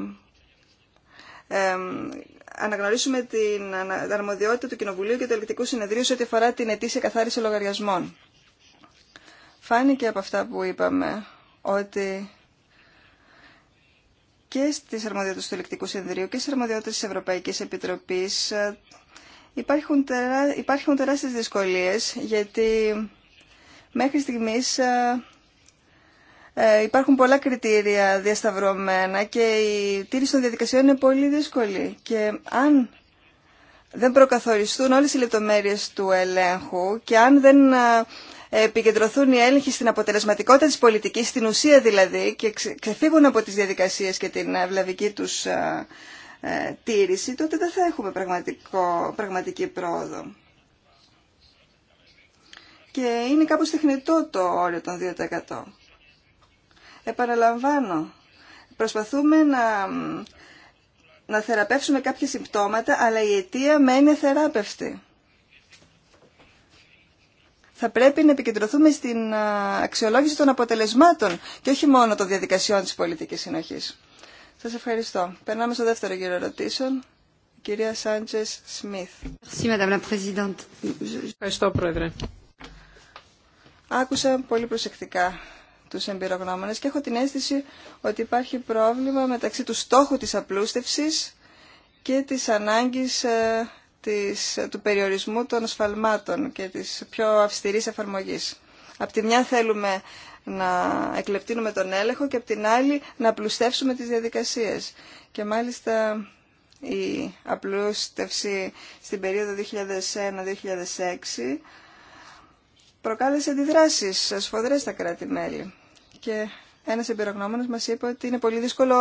αναγνωρίσουμε την αρμοδιότητα του Κοινοβουλίου και του Ελεκτικού Συνεδρίου σε ό,τι αφορά την ετήσια καθάριση λογαριασμών. Φάνηκε από αυτά που είπαμε ότι και στι αρμοδιότητες του Ελεκτικού Συνεδρίου και στι αρμοδιότητες της Ευρωπαϊκής Επιτροπής ε, υπάρχουν, τερά, υπάρχουν τεράστιες δυσκολίες γιατί μέχρι στιγμής ε, ε, υπάρχουν πολλά κριτήρια διασταυρωμένα και η τήρηση των διαδικασιών είναι πολύ δύσκολη. Και αν δεν προκαθοριστούν όλες οι λεπτομέρειες του ελέγχου και αν δεν ε, επικεντρωθούν οι έλεγχοι στην αποτελεσματικότητα της πολιτικής, στην ουσία δηλαδή, και ξεφύγουν από τις διαδικασίες και την ευλαβική τους ε, τήρηση, τότε δεν θα έχουμε πραγματική πρόοδο. Και είναι κάπως τεχνητό το όριο των 2%. Επαναλαμβάνω, προσπαθούμε να, να θεραπεύσουμε κάποια συμπτώματα, αλλά η αιτία μένει θεράπευτη. Θα πρέπει να επικεντρωθούμε στην αξιολόγηση των αποτελεσμάτων και όχι μόνο των διαδικασιών της πολιτικής συνοχής. Σας ευχαριστώ. Περνάμε στο δεύτερο γύρο ερωτήσεων. Κυρία Σάντζες Σμιθ. Ευχαριστώ, Πρόεδρε. Άκουσα πολύ προσεκτικά τους εμπειρογνώμονες και έχω την αίσθηση ότι υπάρχει πρόβλημα μεταξύ του στόχου της απλούστευσης και της ανάγκης ε, ε, του περιορισμού των σφαλμάτων και της πιο αυστηρής εφαρμογής. Απ' τη μια θέλουμε να εκλεπτύνουμε τον έλεγχο και απ' την άλλη να απλουστεύσουμε τις διαδικασίες. Και μάλιστα η απλούστευση στην περίοδο 2001-2006 προκάλεσε αντιδράσεις σφοδρές στα κράτη-μέλη και ένας εμπειρογνώμενος μας είπε ότι είναι πολύ δύσκολο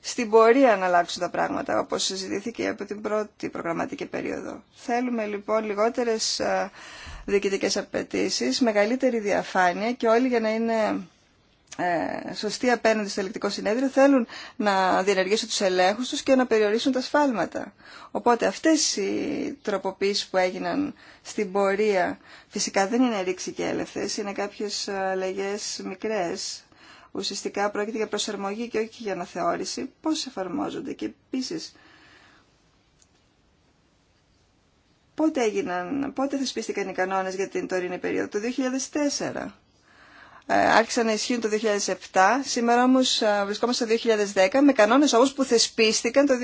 στην πορεία να αλλάξουν τα πράγματα, όπως συζητήθηκε από την πρώτη προγραμματική περίοδο. Θέλουμε λοιπόν λιγότερες ε, διοικητικές απαιτήσει, μεγαλύτερη διαφάνεια και όλοι για να είναι ε, σωστοί απέναντι στο ελεκτικό συνέδριο θέλουν να διενεργήσουν τους ελέγχους τους και να περιορίσουν τα σφάλματα. Οπότε αυτές οι τροποποίησεις που έγιναν στην πορεία φυσικά δεν είναι ρήξη και έλευθες, είναι κάποιες αλλαγέ μικρές. Ουσιαστικά πρόκειται για προσαρμογή και όχι για αναθεώρηση. Πώς εφαρμόζονται και επίση. Πότε έγιναν, πότε θεσπίστηκαν οι κανόνες για την τωρινή περίοδο, το 2004. Ε, άρχισαν να ισχύουν το 2007. Σήμερα όμως ε, βρισκόμαστε στο 2010 με κανόνες όμως που θεσπίστηκαν το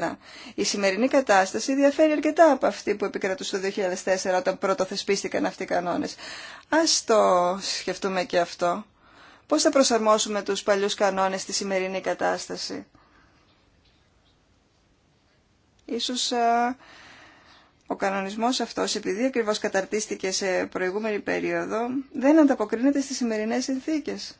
2004. Η σημερινή κατάσταση διαφέρει αρκετά από αυτή που επικρατούσε το 2004 όταν πρώτο θεσπίστηκαν αυτοί οι κανόνες. Ας το σκεφτούμε και αυτό. Πώς θα προσαρμόσουμε τους παλιούς κανόνες στη σημερινή κατάσταση. Ίσως ε, ο κανονισμός αυτός, επειδή ακριβώς καταρτίστηκε σε προηγούμενη περίοδο, δεν ανταποκρίνεται στις σημερινές συνθήκες.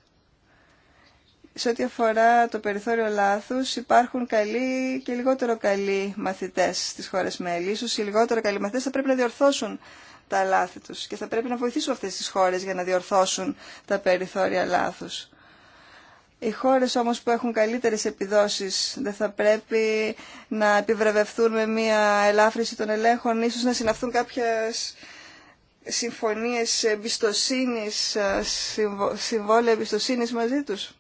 Σε ό,τι αφορά το περιθώριο λάθους, υπάρχουν καλοί και λιγότερο καλοί μαθητές στις χώρες μέλη. Ίσως οι λιγότερο καλοί μαθητές θα πρέπει να διορθώσουν τα λάθη τους και θα πρέπει να βοηθήσουν αυτές τις χώρες για να διορθώσουν τα περιθώρια λάθους. Οι χώρες όμως που έχουν καλύτερες επιδόσεις δεν θα πρέπει να επιβραβευθούν με μια ελάφρυση των ελέγχων, ίσως να συναυθούν κάποιες συμφωνίες εμπιστοσύνη, ε, συμβόλαια εμπιστοσύνη μαζί τους.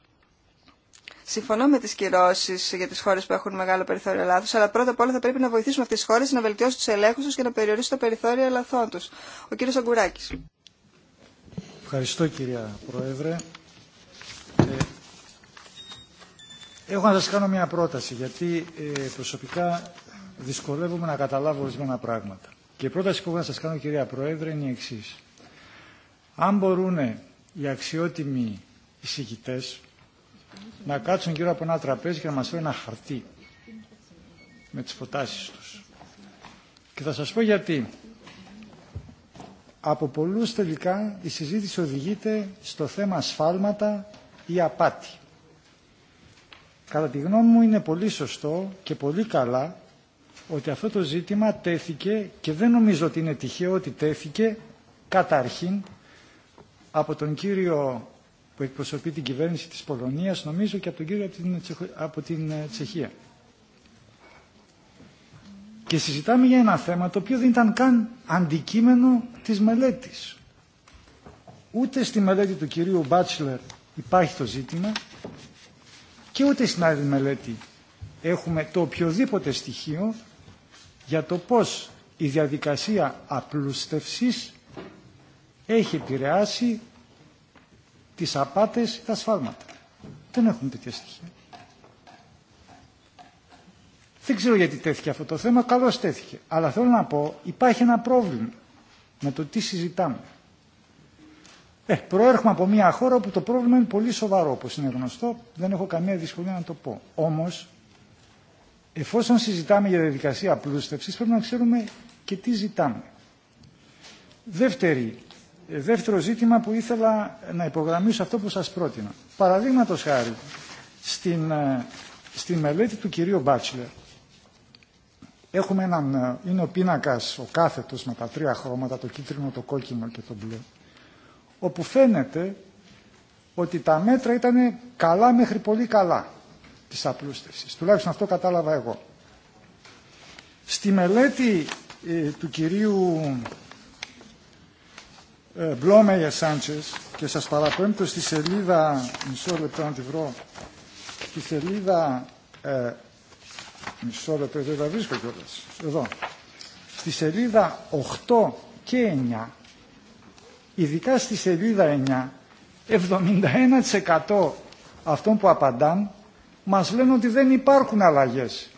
Συμφωνώ με τις κυρώσεις για τις χώρες που έχουν μεγάλο περιθώριο λάθους, αλλά πρώτα απ' όλα θα πρέπει να βοηθήσουμε αυτές τις χώρες να βελτιώσουν τους ελέγχους τους και να περιορίσουν το περιθώριο λαθών τους. Ο κύριος Αγκουράκης. Ευχαριστώ κυρία Πρόεδρε. Ε, Έχω να σας κάνω μια πρόταση, γιατί ε, προσωπικά δυσκολεύομαι να καταλάβω ορισμένα πράγματα. Και η πρόταση που έχω να σας κάνω, κυρία Πρόεδρε, είναι η εξή. Αν μπορούν οι αξιότιμοι εισηγητέ να κάτσουν γύρω από ένα τραπέζι και να μας φέρουν ένα χαρτί με τις φωτάσεις τους. Και θα σας πω γιατί. Από πολλούς τελικά η συζήτηση οδηγείται στο θέμα ασφάλματα ή απάτη. Κατά τη γνώμη μου είναι πολύ σωστό και πολύ καλά ότι αυτό το ζήτημα τέθηκε και δεν νομίζω ότι είναι τυχαίο ότι τέθηκε καταρχήν από τον κύριο που εκπροσωπεί την κυβέρνηση της Πολωνίας, νομίζω και από τον κύριο από την ε, Τσεχία. Και συζητάμε για ένα θέμα το οποίο δεν ήταν καν αντικείμενο της μελέτης. Ούτε στη μελέτη του κυρίου Μπάτσλερ υπάρχει το ζήτημα, και ούτε στην άλλη μελέτη έχουμε το οποιοδήποτε στοιχείο για το πώς η διαδικασία απλούστευσης έχει επηρεάσει τις απάτες και τα σφάλματα. Δεν έχουμε τέτοια στοιχεία. Δεν ξέρω γιατί τέθηκε αυτό το θέμα, καλώς τέθηκε. Αλλά θέλω να πω, υπάρχει ένα πρόβλημα με το τι συζητάμε. Ε, προέρχομαι από μια χώρα που το πρόβλημα είναι πολύ σοβαρό, όπως είναι γνωστό, δεν έχω καμία δυσκολία να το πω. Όμως, εφόσον συζητάμε για διαδικασία απλούστευσης, πρέπει να ξέρουμε και τι ζητάμε. Δεύτερη, ε, δεύτερο ζήτημα που ήθελα να υπογραμμίσω αυτό που σας πρότεινα. Παραδείγματο χάρη, στην, ε, στην μελέτη του κυρίου Μπάτσλερ, ε, είναι ο πίνακας, ο κάθετος με τα τρία χρώματα, το κίτρινο, το κόκκινο και το μπλε όπου φαίνεται ότι τα μέτρα ήταν καλά μέχρι πολύ καλά της απλούστευσης. Τουλάχιστον αυτό κατάλαβα εγώ. Στη μελέτη ε, του κυρίου ε, Μπλόμεγε Σάντσες και σας παραπέμπτω στη σελίδα μισό λεπτό τη βρω σελίδα ε, μισό λεπτό εδώ βρίσκω εδώ στη σελίδα 8 και 9 ειδικά στη σελίδα 9, 71% αυτών που απαντάν μας λένε ότι δεν υπάρχουν αλλαγές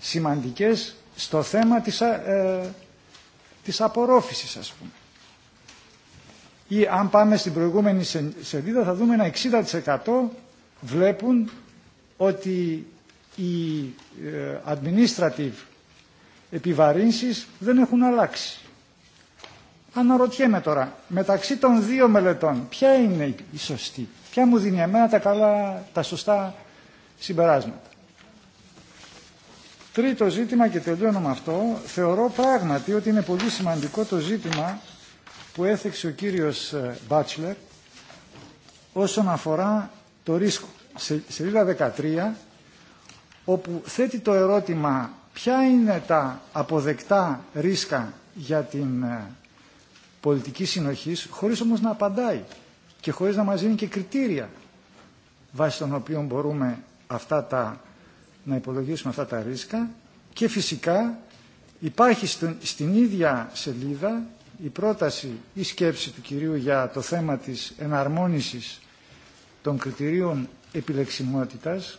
σημαντικές στο θέμα της, ε, της απορρόφησης ας πούμε. Ή αν πάμε στην προηγούμενη σελίδα θα δούμε ένα 60% βλέπουν ότι οι ε, administrative επιβαρύνσεις δεν έχουν αλλάξει. Αναρωτιέμαι τώρα, μεταξύ των δύο μελετών, ποια είναι η σωστή, ποια μου δίνει εμένα τα, καλά, τα σωστά συμπεράσματα. Τρίτο ζήτημα και τελειώνω με αυτό. Θεωρώ πράγματι ότι είναι πολύ σημαντικό το ζήτημα που έθεξε ο κύριος ε, Μπάτσλερ όσον αφορά το ρίσκο. Σε σελίδα 13 όπου θέτει το ερώτημα ποια είναι τα αποδεκτά ρίσκα για την ε, πολιτικής συνοχής χωρίς όμως να απαντάει και χωρί να μας δίνει και κριτήρια βάσει των οποίων μπορούμε αυτά τα, να υπολογίσουμε αυτά τα ρίσκα και φυσικά υπάρχει στην, στην ίδια σελίδα η πρόταση ή σκέψη του κυρίου για το θέμα της εναρμόνισης των κριτηρίων επιλεξιμότητας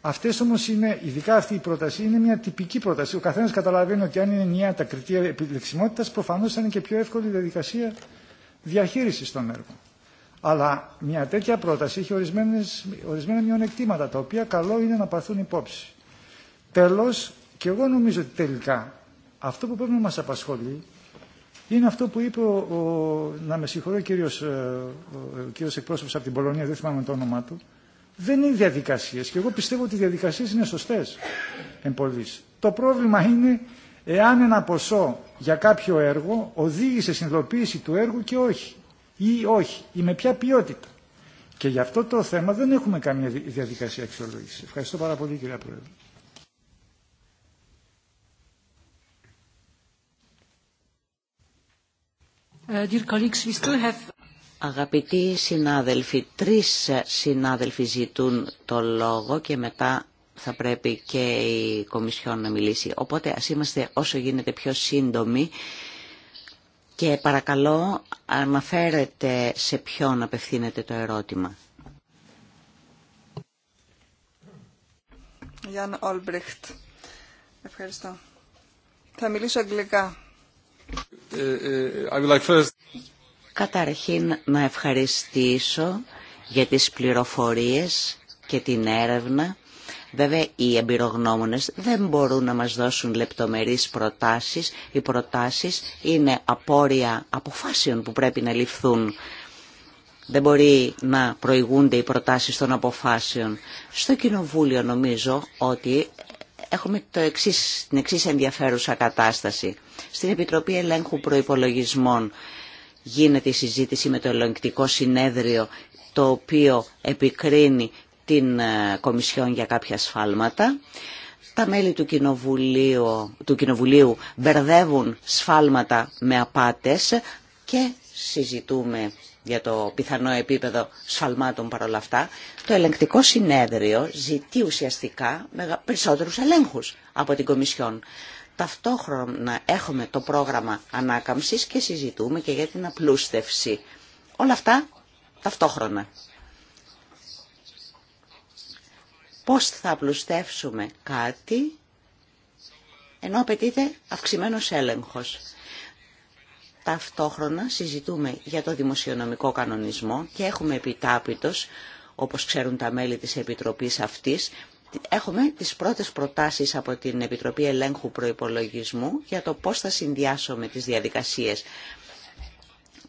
Αυτέ όμω είναι, ειδικά αυτή η πρόταση, είναι μια τυπική πρόταση. Ο καθένα καταλαβαίνει ότι αν είναι ενιαία τα κριτήρια επιλεξιμότητα, προφανώ θα είναι και πιο εύκολη η διαδικασία διαχείριση των έργων. Αλλά μια τέτοια πρόταση έχει ορισμένες, ορισμένα μειονεκτήματα, τα οποία καλό είναι να παθούν υπόψη. Τέλο, και εγώ νομίζω ότι τελικά αυτό που πρέπει να μα απασχολεί είναι αυτό που είπε ο, να με συγχωρεί ο κύριο ε, εκπρόσωπο από την Πολωνία, δεν θυμάμαι το όνομά του, δεν είναι διαδικασίε. Και εγώ πιστεύω ότι οι διαδικασίε είναι σωστέ εμπολή. Το πρόβλημα είναι εάν ένα ποσό για κάποιο έργο οδήγησε στην υλοποίηση του έργου και όχι. Ή όχι. Ή με ποια ποιότητα. Και γι' αυτό το θέμα δεν έχουμε καμία διαδικασία αξιολόγηση. Ευχαριστώ πάρα πολύ κυρία Πρόεδρε. Uh, dear colleagues, we still have... Αγαπητοί συνάδελφοι, τρεις συνάδελφοι ζητούν το λόγο και μετά θα πρέπει και η Κομισιόν να μιλήσει. Οπότε ας είμαστε όσο γίνεται πιο σύντομοι και παρακαλώ αναφέρετε σε ποιον απευθύνεται το ερώτημα. Γιάνν Ολμπριχτ. Ευχαριστώ. Θα μιλήσω αγγλικά. Ε, ε, I Καταρχήν να ευχαριστήσω για τις πληροφορίες και την έρευνα. Βέβαια οι εμπειρογνώμονες δεν μπορούν να μας δώσουν λεπτομερείς προτάσεις. Οι προτάσεις είναι απόρρια αποφάσεων που πρέπει να ληφθούν. Δεν μπορεί να προηγούνται οι προτάσεις των αποφάσεων. Στο Κοινοβούλιο νομίζω ότι έχουμε το εξής, την εξής ενδιαφέρουσα κατάσταση. Στην Επιτροπή Ελέγχου Προϋπολογισμών γίνεται η συζήτηση με το ελεγκτικό συνέδριο το οποίο επικρίνει την ε, Κομισιόν για κάποια σφάλματα. Τα μέλη του Κοινοβουλίου, του Κοινοβουλίου μπερδεύουν σφάλματα με απάτες και συζητούμε για το πιθανό επίπεδο σφαλμάτων παρόλα αυτά, το ελεγκτικό συνέδριο ζητεί ουσιαστικά περισσότερους ελέγχους από την Κομισιόν. Ταυτόχρονα έχουμε το πρόγραμμα ανάκαμψης και συζητούμε και για την απλούστευση. Όλα αυτά ταυτόχρονα. Πώς θα απλουστεύσουμε κάτι ενώ απαιτείται αυξημένος έλεγχος. Ταυτόχρονα συζητούμε για το δημοσιονομικό κανονισμό και έχουμε επιτάπητος, όπως ξέρουν τα μέλη της Επιτροπής αυτής, Έχουμε τις πρώτες προτάσεις από την Επιτροπή Ελέγχου Προϋπολογισμού για το πώς θα συνδυάσουμε τις διαδικασίες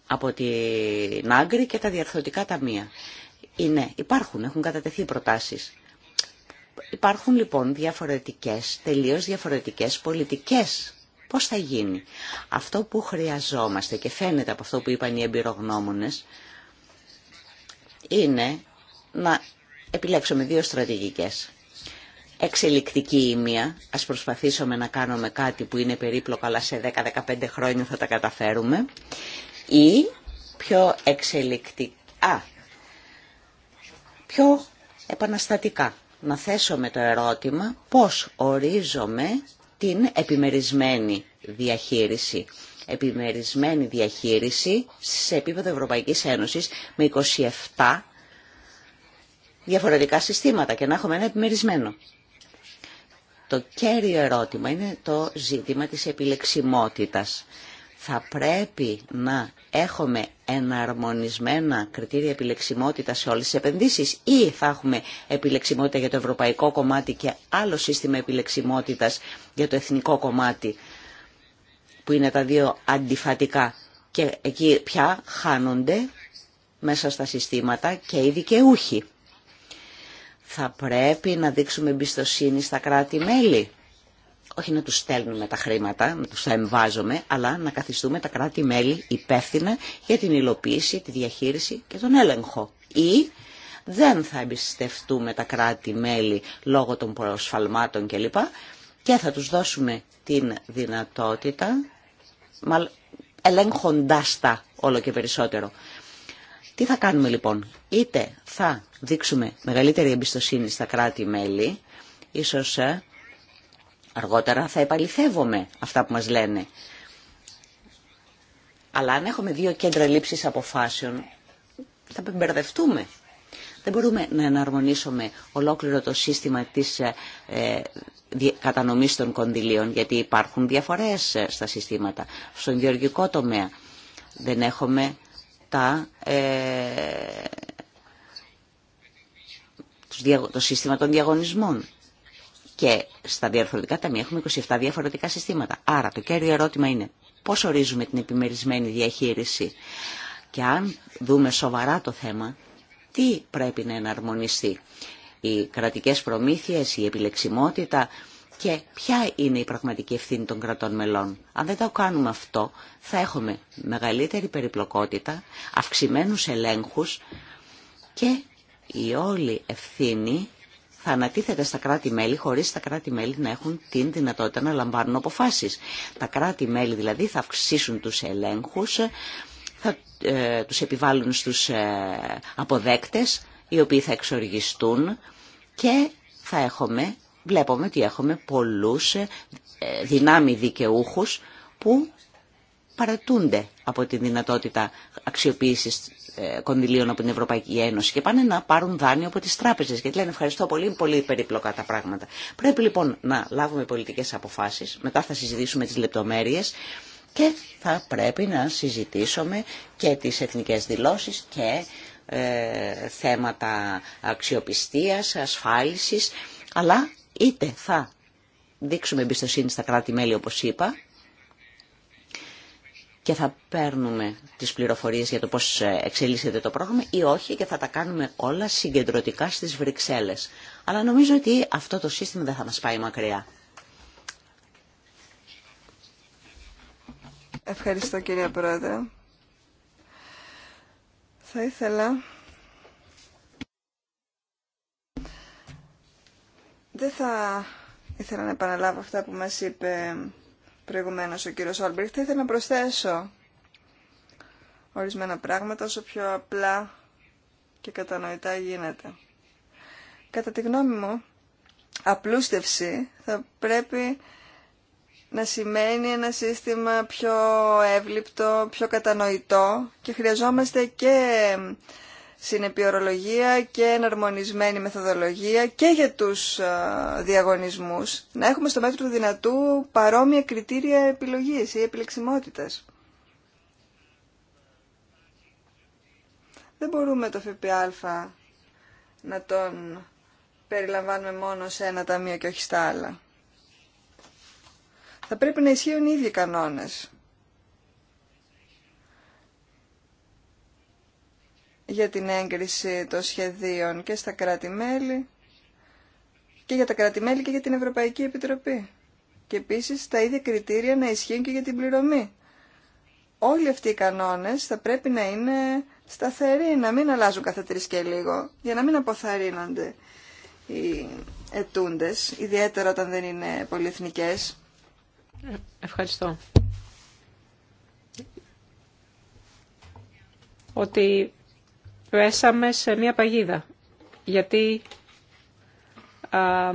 από την Άγκρη και τα διαρθρωτικά ταμεία. Είναι, υπάρχουν, έχουν κατατεθεί προτάσεις. Υπάρχουν λοιπόν διαφορετικές, τελείως διαφορετικές πολιτικές. Πώς θα γίνει. Αυτό που χρειαζόμαστε και φαίνεται από αυτό που είπαν οι εμπειρογνώμονες είναι να επιλέξουμε δύο στρατηγικές εξελικτική η μία. Ας προσπαθήσουμε να κάνουμε κάτι που είναι περίπλοκο, αλλά σε 10-15 χρόνια θα τα καταφέρουμε. Ή πιο εξελικτικά, πιο επαναστατικά. Να θέσουμε το ερώτημα πώς ορίζομαι την επιμερισμένη διαχείριση. Επιμερισμένη διαχείριση σε επίπεδο Ευρωπαϊκής Ένωσης με 27 διαφορετικά συστήματα και να έχουμε ένα επιμερισμένο. Το κέριο ερώτημα είναι το ζήτημα της επιλεξιμότητας. Θα πρέπει να έχουμε εναρμονισμένα κριτήρια επιλεξιμότητα σε όλες τις επενδύσεις ή θα έχουμε επιλεξιμότητα για το ευρωπαϊκό κομμάτι και άλλο σύστημα επιλεξιμότητας για το εθνικό κομμάτι που είναι τα δύο αντιφατικά και εκεί πια χάνονται μέσα στα συστήματα και οι δικαιούχοι. Θα πρέπει να δείξουμε εμπιστοσύνη στα κράτη-μέλη. Όχι να τους στέλνουμε τα χρήματα, να τους τα εμβάζουμε, αλλά να καθιστούμε τα κράτη-μέλη υπεύθυνα για την υλοποίηση, τη διαχείριση και τον έλεγχο. Ή δεν θα εμπιστευτούμε τα κράτη-μέλη λόγω των προσφαλμάτων κλπ. Και θα τους δώσουμε την δυνατότητα, ελέγχοντάς τα όλο και περισσότερο. Τι θα κάνουμε λοιπόν, είτε θα δείξουμε μεγαλύτερη εμπιστοσύνη στα κράτη-μέλη, ίσως ε, αργότερα θα επαληθεύουμε αυτά που μας λένε. Αλλά αν έχουμε δύο κέντρα λήψης αποφάσεων, θα μπερδευτούμε. Δεν μπορούμε να εναρμονίσουμε ολόκληρο το σύστημα της ε, ε, κατανομής των κονδυλίων, γιατί υπάρχουν διαφορές στα συστήματα. Στον γεωργικό τομέα δεν έχουμε ε, το σύστημα των διαγωνισμών. Και στα διαφορετικά ταμεία έχουμε 27 διαφορετικά συστήματα. Άρα το κέριο ερώτημα είναι πώς ορίζουμε την επιμερισμένη διαχείριση. Και αν δούμε σοβαρά το θέμα, τι πρέπει να εναρμονιστεί. Οι κρατικές προμήθειες, η επιλεξιμότητα, και ποια είναι η πραγματική ευθύνη των κρατών μελών. Αν δεν το κάνουμε αυτό, θα έχουμε μεγαλύτερη περιπλοκότητα, αυξημένους ελέγχους και η όλη ευθύνη θα ανατίθεται στα κράτη-μέλη χωρίς τα κράτη-μέλη να έχουν την δυνατότητα να λαμβάνουν αποφάσεις. Τα κράτη-μέλη δηλαδή θα αυξήσουν τους ελέγχους, θα ε, τους επιβάλλουν στους ε, αποδέκτες, οι οποίοι θα εξοργιστούν και θα έχουμε βλέπουμε ότι έχουμε πολλούς ε, δυνάμει δικαιούχους που παρατούνται από τη δυνατότητα αξιοποίησης ε, κονδυλίων από την Ευρωπαϊκή Ένωση και πάνε να πάρουν δάνειο από τις τράπεζες γιατί λένε ευχαριστώ πολύ, πολύ περίπλοκα τα πράγματα. Πρέπει λοιπόν να λάβουμε πολιτικές αποφάσεις, μετά θα συζητήσουμε τις λεπτομέρειες και θα πρέπει να συζητήσουμε και τις εθνικές δηλώσεις και ε, θέματα αξιοπιστίας, ασφάλισης αλλά Είτε θα δείξουμε εμπιστοσύνη στα κράτη-μέλη, όπως είπα, και θα παίρνουμε τις πληροφορίες για το πώς εξελίσσεται το πρόγραμμα ή όχι και θα τα κάνουμε όλα συγκεντρωτικά στις Βρυξέλλες. Αλλά νομίζω ότι αυτό το σύστημα δεν θα μας πάει μακριά. Ευχαριστώ κυρία Πρόεδρε. Θα ήθελα Δεν θα ήθελα να επαναλάβω αυτά που μας είπε προηγουμένως ο κύριος Όλμπριχτ. Θα ήθελα να προσθέσω ορισμένα πράγματα όσο πιο απλά και κατανοητά γίνεται. Κατά τη γνώμη μου, απλούστευση θα πρέπει να σημαίνει ένα σύστημα πιο εύληπτο, πιο κατανοητό και χρειαζόμαστε και συνεπιορολογία και εναρμονισμένη μεθοδολογία και για τους ε, διαγωνισμούς, να έχουμε στο μέτρο του δυνατού παρόμοια κριτήρια επιλογής ή επιλεξιμότητας. Δεν μπορούμε το ΦΠΑ να τον περιλαμβάνουμε μόνο σε ένα ταμείο και όχι στα άλλα. Θα πρέπει να ισχύουν οι ίδιοι κανόνες. για την έγκριση των σχεδίων και στα κράτη-μέλη και για τα κράτη-μέλη και για την Ευρωπαϊκή Επιτροπή. Και επίσης τα ίδια κριτήρια να ισχύουν και για την πληρωμή. Όλοι αυτοί οι κανόνες θα πρέπει να είναι σταθεροί, να μην αλλάζουν κάθε τρεις και λίγο, για να μην αποθαρρύνονται οι ετούντες, ιδιαίτερα όταν δεν είναι πολυεθνικές. Ε, ευχαριστώ. Ότι πέσαμε σε μία παγίδα. Γιατί α,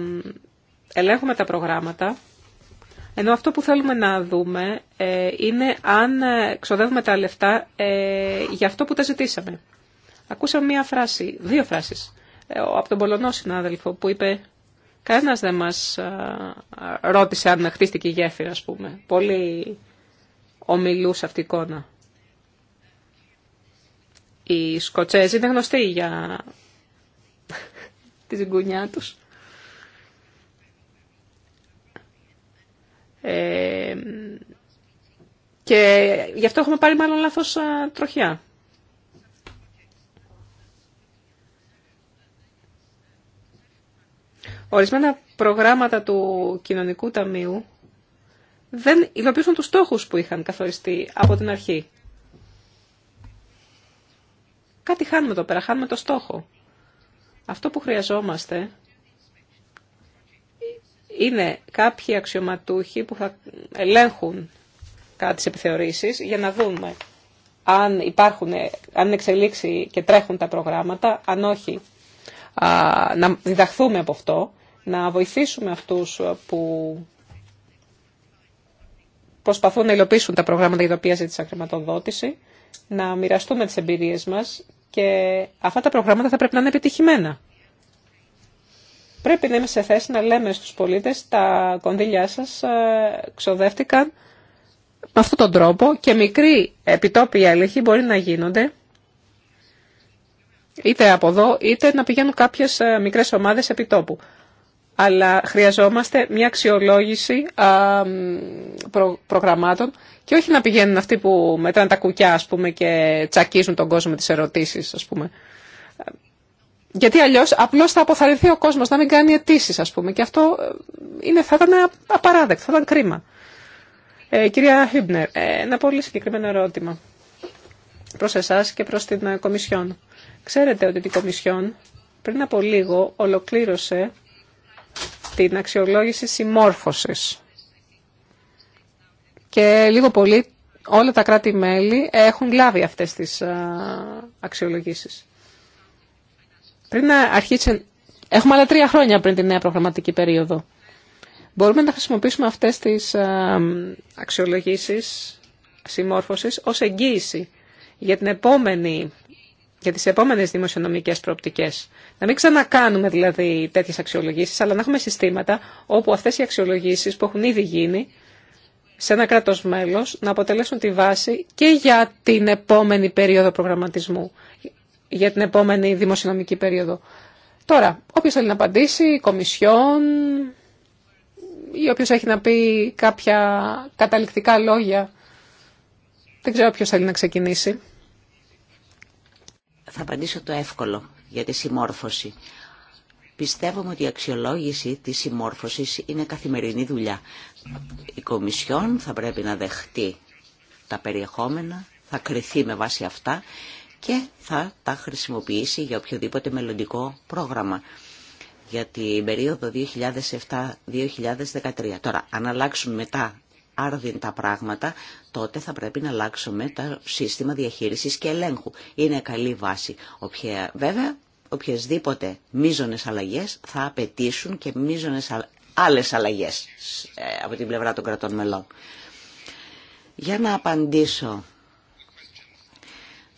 ελέγχουμε τα προγράμματα, ενώ αυτό που θέλουμε να δούμε ε, είναι αν ξοδεύουμε τα λεφτά ε, για αυτό που τα ζητήσαμε. Ακούσαμε μία φράση, δύο φράσεις, ε, από τον Πολωνό συνάδελφο που είπε «Κανένας δεν μας ρώτησε αν χτίστηκε η γέφυρα, ας πούμε». Πολύ ομιλούς αυτή η εικόνα. Οι Σκοτσέζοι είναι γνωστοί για τη ζυγκουνιά τους. Ε, και γι' αυτό έχουμε πάρει μάλλον λάθος τροχιά. Ορισμένα προγράμματα του κοινωνικού ταμείου δεν υλοποιούσαν τους στόχους που είχαν καθοριστεί από την αρχή. Κάτι χάνουμε εδώ πέρα, χάνουμε το στόχο. Αυτό που χρειαζόμαστε είναι κάποιοι αξιωματούχοι που θα ελέγχουν κάτι σε επιθεωρήσεις για να δούμε αν υπάρχουν, αν εξελίξει και τρέχουν τα προγράμματα, αν όχι, να διδαχθούμε από αυτό, να βοηθήσουμε αυτούς που προσπαθούν να υλοποιήσουν τα προγράμματα για τα οποία ζήτησα χρηματοδότηση, να μοιραστούμε τις εμπειρίες μας και αυτά τα προγράμματα θα πρέπει να είναι επιτυχημένα. Πρέπει να είμαι σε θέση να λέμε στους πολίτες τα κονδύλια σας ε, ξοδεύτηκαν με αυτόν τον τρόπο και μικροί επιτόπιοι έλεγχοι μπορεί να γίνονται είτε από εδώ είτε να πηγαίνουν κάποιες ε, μικρές ομάδες επιτόπου αλλά χρειαζόμαστε μια αξιολόγηση προγραμμάτων και όχι να πηγαίνουν αυτοί που μετράνε τα κουκιά ας πούμε, και τσακίζουν τον κόσμο με τις ερωτήσεις. Ας πούμε. Γιατί αλλιώς απλώς θα αποθαρρυνθεί ο κόσμος να μην κάνει αιτήσει, ας πούμε. Και αυτό ε, είναι, θα ήταν απαράδεκτο, θα ήταν κρίμα. Ε, κυρία Χίμπνερ, ε, ένα πολύ συγκεκριμένο ερώτημα προς εσάς και προς την ε, Κομισιόν. Ξέρετε ότι την Κομισιόν πριν από λίγο ολοκλήρωσε την αξιολόγηση συμμόρφωσης. Και λίγο πολύ όλα τα κράτη-μέλη έχουν λάβει αυτές τις αξιολογήσεις. Πριν να Έχουμε άλλα τρία χρόνια πριν την νέα προγραμματική περίοδο. Μπορούμε να χρησιμοποιήσουμε αυτές τις αξιολογήσεις συμμόρφωσης ως εγγύηση για την επόμενη για τις επόμενες δημοσιονομικές προοπτικές. Να μην ξανακάνουμε δηλαδή τέτοιες αξιολογήσεις, αλλά να έχουμε συστήματα όπου αυτές οι αξιολογήσεις που έχουν ήδη γίνει σε ένα κράτος μέλος να αποτελέσουν τη βάση και για την επόμενη περίοδο προγραμματισμού, για την επόμενη δημοσιονομική περίοδο. Τώρα, όποιο θέλει να απαντήσει, η Κομισιόν ή οποιο έχει να πει κάποια καταληκτικά λόγια, δεν ξέρω ποιο θέλει να ξεκινήσει. Θα απαντήσω το εύκολο για τη συμμόρφωση. Πιστεύω ότι η αξιολόγηση της συμμόρφωσης είναι καθημερινή δουλειά. Η Κομισιόν θα πρέπει να δεχτεί τα περιεχόμενα, θα κριθεί με βάση αυτά και θα τα χρησιμοποιήσει για οποιοδήποτε μελλοντικό πρόγραμμα για την περίοδο 2007-2013. Τώρα, αν αλλάξουν μετά άρδιν τα πράγματα, τότε θα πρέπει να αλλάξουμε το σύστημα διαχείρισης και ελέγχου. Είναι καλή βάση. Οποια... Βέβαια, οποιασδήποτε μίζονες αλλαγές θα απαιτήσουν και μίζονες άλλες αλλαγές ε, από την πλευρά των κρατών μελών. Για να απαντήσω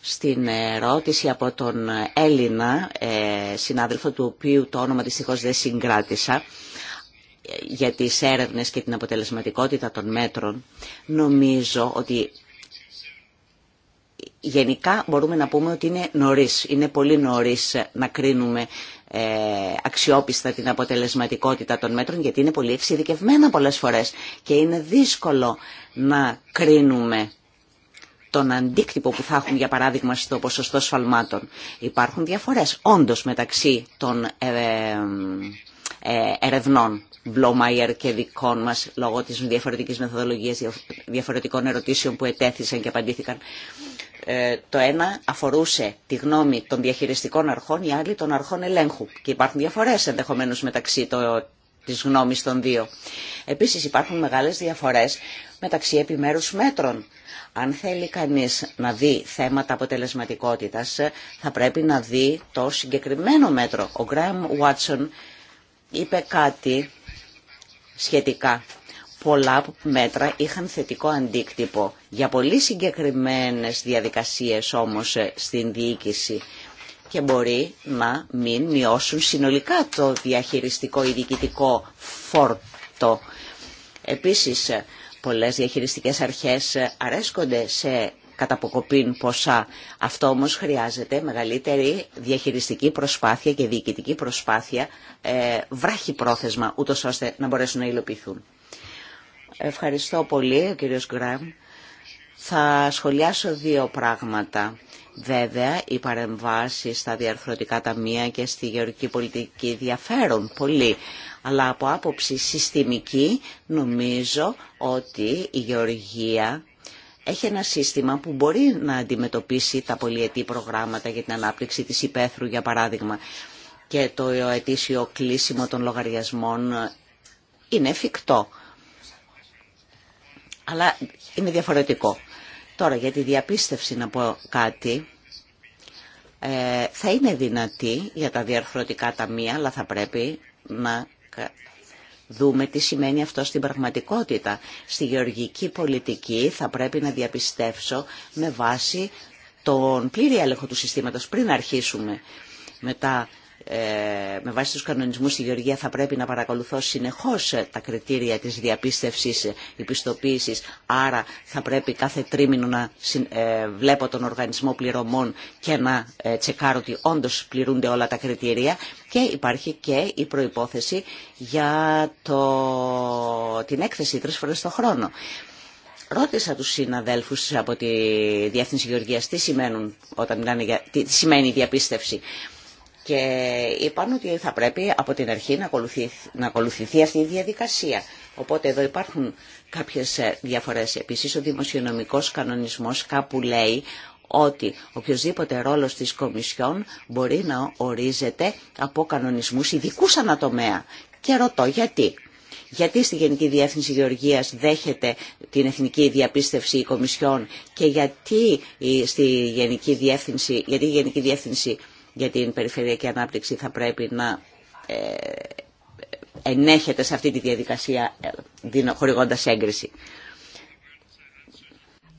στην ερώτηση από τον Έλληνα ε, συνάδελφο του οποίου το όνομα δυστυχώς δεν συγκράτησα για τις έρευνες και την αποτελεσματικότητα των μέτρων, νομίζω ότι γενικά μπορούμε να πούμε ότι είναι νωρίς, είναι πολύ νωρίς να κρίνουμε ε, αξιόπιστα την αποτελεσματικότητα των μέτρων γιατί είναι πολύ εξειδικευμένα πολλές φορές και είναι δύσκολο να κρίνουμε τον αντίκτυπο που θα έχουν για παράδειγμα στο ποσοστό σφαλμάτων. Υπάρχουν διαφορές όντως μεταξύ των ε, ε, ερευνών. Μπλόμαϊερ και δικών μας λόγω της διαφορετικής μεθοδολογίας διαφορετικών ερωτήσεων που ετέθησαν και απαντήθηκαν. Ε, το ένα αφορούσε τη γνώμη των διαχειριστικών αρχών, η άλλη των αρχών ελέγχου. Και υπάρχουν διαφορές ενδεχομένως μεταξύ το, της γνώμης των δύο. Επίσης υπάρχουν μεγάλες διαφορές μεταξύ επιμέρους μέτρων. Αν θέλει κανείς να δει θέματα αποτελεσματικότητας, θα πρέπει να δει το συγκεκριμένο μέτρο. Ο Γκραμ Βάτσον είπε κάτι σχετικά. Πολλά μέτρα είχαν θετικό αντίκτυπο για πολύ συγκεκριμένες διαδικασίες όμως ε, στην διοίκηση και μπορεί να μην μειώσουν συνολικά το διαχειριστικό ή διοικητικό φόρτο. Επίσης, ε, πολλές διαχειριστικές αρχές ε, αρέσκονται σε καταποκοπήν ποσά. Αυτό όμως χρειάζεται μεγαλύτερη διαχειριστική προσπάθεια και διοικητική προσπάθεια ε, βράχη πρόθεσμα, ούτως ώστε να μπορέσουν να υλοποιηθούν. Ευχαριστώ πολύ, ο κύριος Γκραμ. Θα σχολιάσω δύο πράγματα. Βέβαια, οι παρεμβάσει στα διαρθρωτικά ταμεία και στη γεωργική πολιτική διαφέρουν πολύ. Αλλά από άποψη συστημική νομίζω ότι η γεωργία έχει ένα σύστημα που μπορεί να αντιμετωπίσει τα πολυετή προγράμματα για την ανάπτυξη της υπαίθρου, για παράδειγμα, και το ετήσιο κλείσιμο των λογαριασμών είναι εφικτό. Αλλά είναι διαφορετικό. Τώρα για τη διαπίστευση να πω κάτι. Ε, θα είναι δυνατή για τα διαρθρωτικά ταμεία, αλλά θα πρέπει να δούμε τι σημαίνει αυτό στην πραγματικότητα. Στη γεωργική πολιτική θα πρέπει να διαπιστέψω με βάση τον πλήρη έλεγχο του συστήματος πριν αρχίσουμε. Μετά ε, με βάση τους κανονισμούς στη Γεωργία θα πρέπει να παρακολουθώ συνεχώς ε, τα κριτήρια της διαπίστευσης ε, υπιστοποίησης. Άρα θα πρέπει κάθε τρίμηνο να βλέπω τον οργανισμό πληρωμών και να τσεκάρω ότι όντως πληρούνται όλα τα κριτήρια. Και υπάρχει και η προϋπόθεση για το... την έκθεση τρεις φορές το χρόνο. Ρώτησα τους συναδέλφους από τη Διεύθυνση Γεωργίας τι σημαίνει η διαπίστευση και είπαν ότι θα πρέπει από την αρχή να ακολουθηθεί, να ακολουθηθεί αυτή η διαδικασία. Οπότε εδώ υπάρχουν κάποιες ε, διαφορές. Επίσης ο δημοσιονομικός κανονισμός κάπου λέει ότι οποιοδήποτε ρόλος της Κομισιόν μπορεί να ορίζεται από κανονισμούς ειδικού ανατομέα. Και ρωτώ γιατί. Γιατί στη Γενική Διεύθυνση Γεωργίας δέχεται την Εθνική Διαπίστευση Κομισιόν και γιατί στη Γενική Διεύθυνση, γιατί η Γενική Διεύθυνση για την περιφερειακή ανάπτυξη θα πρέπει να ε, ενέχεται σε αυτή τη διαδικασία ε, χορηγώντας έγκριση.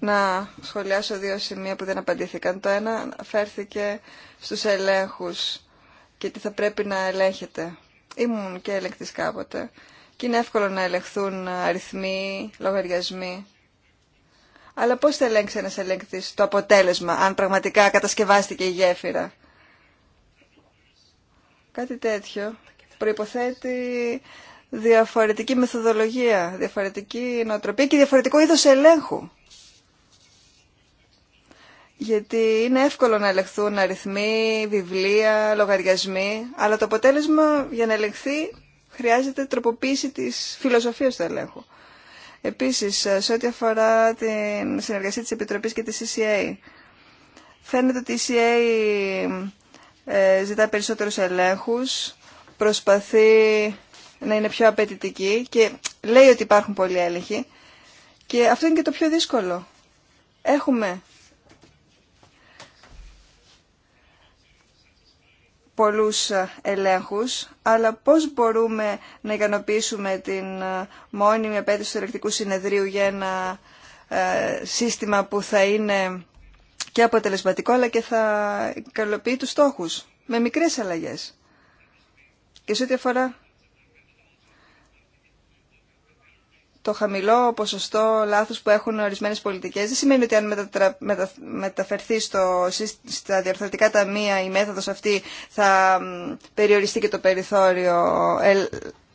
Να σχολιάσω δύο σημεία που δεν απαντήθηκαν. Το ένα φέρθηκε στους ελέγχους και τι θα πρέπει να ελέγχεται. Ήμουν και ελέγχτης κάποτε και είναι εύκολο να ελεγχθούν αριθμοί, λογαριασμοί. Αλλά πώς θα ελέγξει ένας ελέγχτης το αποτέλεσμα, αν πραγματικά κατασκευάστηκε η γέφυρα. Κάτι τέτοιο προϋποθέτει διαφορετική μεθοδολογία, διαφορετική νοοτροπία και διαφορετικό είδος ελέγχου. Γιατί είναι εύκολο να ελεγχθούν αριθμοί, βιβλία, λογαριασμοί, αλλά το αποτέλεσμα για να ελεγχθεί χρειάζεται τροποποίηση της φιλοσοφίας του ελέγχου. Επίσης, σε ό,τι αφορά την συνεργασία της Επιτροπής και της CCA, φαίνεται ότι η CCA ε, ζητά περισσότερους ελέγχους, προσπαθεί να είναι πιο απαιτητική και λέει ότι υπάρχουν πολλοί έλεγχοι. Και αυτό είναι και το πιο δύσκολο. Έχουμε πολλούς ελέγχους, αλλά πώς μπορούμε να ικανοποιήσουμε την μόνιμη απέτηση του ελεκτικού συνεδρίου για ένα ε, σύστημα που θα είναι και αποτελεσματικό αλλά και θα καλοποιεί τους στόχους με μικρές αλλαγές. Και σε ό,τι αφορά το χαμηλό ποσοστό λάθους που έχουν ορισμένες πολιτικές δεν σημαίνει ότι αν μετα... μεταφερθεί στο... στα διαρθρωτικά ταμεία η μέθοδος αυτή θα περιοριστεί και το περιθώριο ε...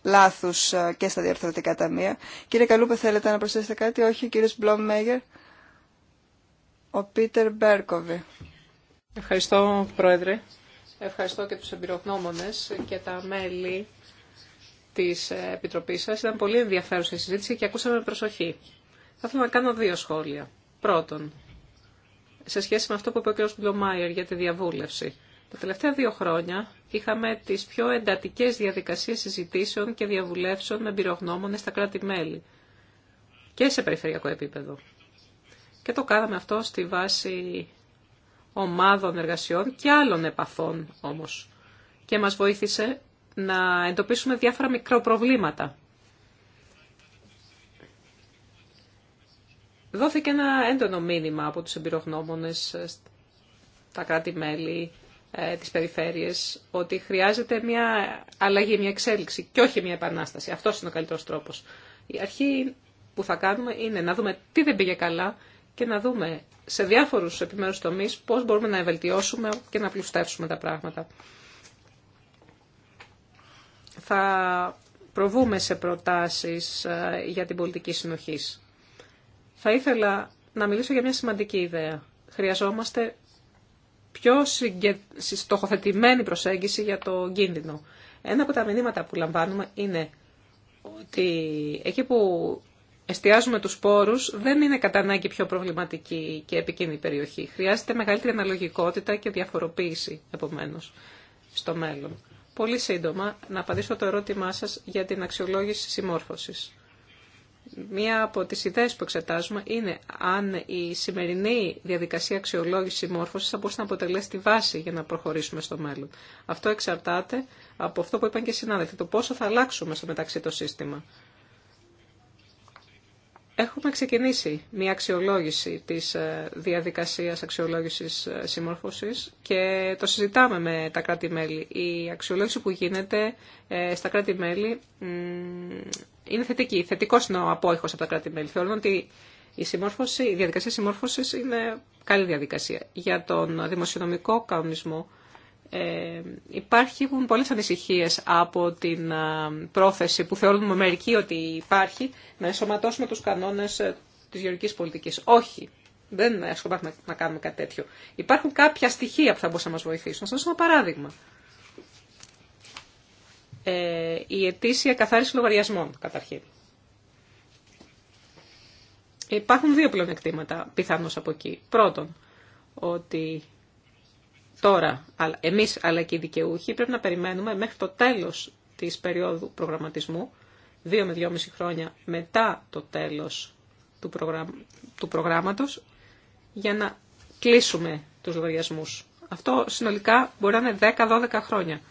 λάθους ε, και στα διαρθρωτικά ταμεία. Κύριε Καλούπε θέλετε να προσθέσετε κάτι, όχι, κύριε Μπλομ Μέγερ. Ο Πίτερ Μπέρκοβι. Ευχαριστώ, Πρόεδρε. Ευχαριστώ και τους εμπειρογνώμονες και τα μέλη της Επιτροπής σας. Ήταν πολύ ενδιαφέρουσα η συζήτηση και ακούσαμε με προσοχή. Θα ήθελα να κάνω δύο σχόλια. Πρώτον, σε σχέση με αυτό που είπε ο κ. Μπλομάιερ για τη διαβούλευση. Τα τελευταία δύο χρόνια είχαμε τις πιο εντατικές διαδικασίες συζητήσεων και διαβουλεύσεων με εμπειρογνώμονες στα κράτη-μέλη και σε περιφερειακό επίπεδο. Και το κάναμε αυτό στη βάση ομάδων εργασιών και άλλων επαθών όμως. Και μας βοήθησε να εντοπίσουμε διάφορα μικροπροβλήματα. Δόθηκε ένα έντονο μήνυμα από τους εμπειρογνώμονες, ε, τα κράτη-μέλη, της ε, τις ότι χρειάζεται μια αλλαγή, μια εξέλιξη και όχι μια επανάσταση. Αυτός είναι ο καλύτερος τρόπος. Η αρχή που θα κάνουμε είναι να δούμε τι δεν πήγε καλά και να δούμε σε διάφορους επιμέρους τομείς πώς μπορούμε να βελτιώσουμε και να πλουστεύσουμε τα πράγματα. Θα προβούμε σε προτάσεις ε, για την πολιτική συνοχής. Θα ήθελα να μιλήσω για μια σημαντική ιδέα. Χρειαζόμαστε πιο στοχοθετημένη προσέγγιση για το κίνδυνο. Ένα από τα μηνύματα που λαμβάνουμε είναι ότι εκεί που εστιάζουμε τους σπόρους. δεν είναι κατά ανάγκη πιο προβληματική και επικίνδυνη περιοχή. Χρειάζεται μεγαλύτερη αναλογικότητα και διαφοροποίηση, επομένω στο μέλλον. Πολύ σύντομα, να απαντήσω το ερώτημά σας για την αξιολόγηση συμμόρφωσης. Μία από τις ιδέες που εξετάζουμε είναι αν η σημερινή διαδικασία αξιολόγησης συμμόρφωσης θα μπορούσε να αποτελέσει τη βάση για να προχωρήσουμε στο μέλλον. Αυτό εξαρτάται από αυτό που είπαν και οι συνάδελφοι, το πόσο θα αλλάξουμε στο μεταξύ το σύστημα. Έχουμε ξεκινήσει μια αξιολόγηση της ε, διαδικασίας αξιολόγησης ε, συμμόρφωσης και το συζητάμε με τα κράτη-μέλη. Η αξιολόγηση που γίνεται ε, στα κράτη-μέλη είναι θετική. Θετικός είναι ο απόϊχος από τα κράτη-μέλη. Θεωρώ ότι η, η διαδικασία συμμόρφωσης είναι καλή διαδικασία. Για τον δημοσιονομικό κανονισμό ε, υπάρχουν πολλές ανησυχίες από την ε, πρόθεση που θεωρούμε μερικοί ότι υπάρχει να ενσωματώσουμε τους κανόνες ε, της γεωργικής πολιτικής. Όχι, δεν ασχολούμαστε να κάνουμε κάτι τέτοιο. Υπάρχουν κάποια στοιχεία που θα μπορούσαν να μας βοηθήσουν. Να σας δώσω ένα παράδειγμα. Ε, η ετήσια καθάριση λογαριασμών, καταρχήν. Υπάρχουν δύο πλεονεκτήματα πιθανώς από εκεί. Πρώτον, ότι τώρα, εμείς αλλά και οι δικαιούχοι, πρέπει να περιμένουμε μέχρι το τέλος της περίοδου προγραμματισμού, δύο με δυόμιση χρόνια μετά το τέλος του, προγραμ... του προγράμματος, για να κλείσουμε τους λογαριασμούς. Αυτό συνολικά μπορεί να είναι 10-12 χρόνια.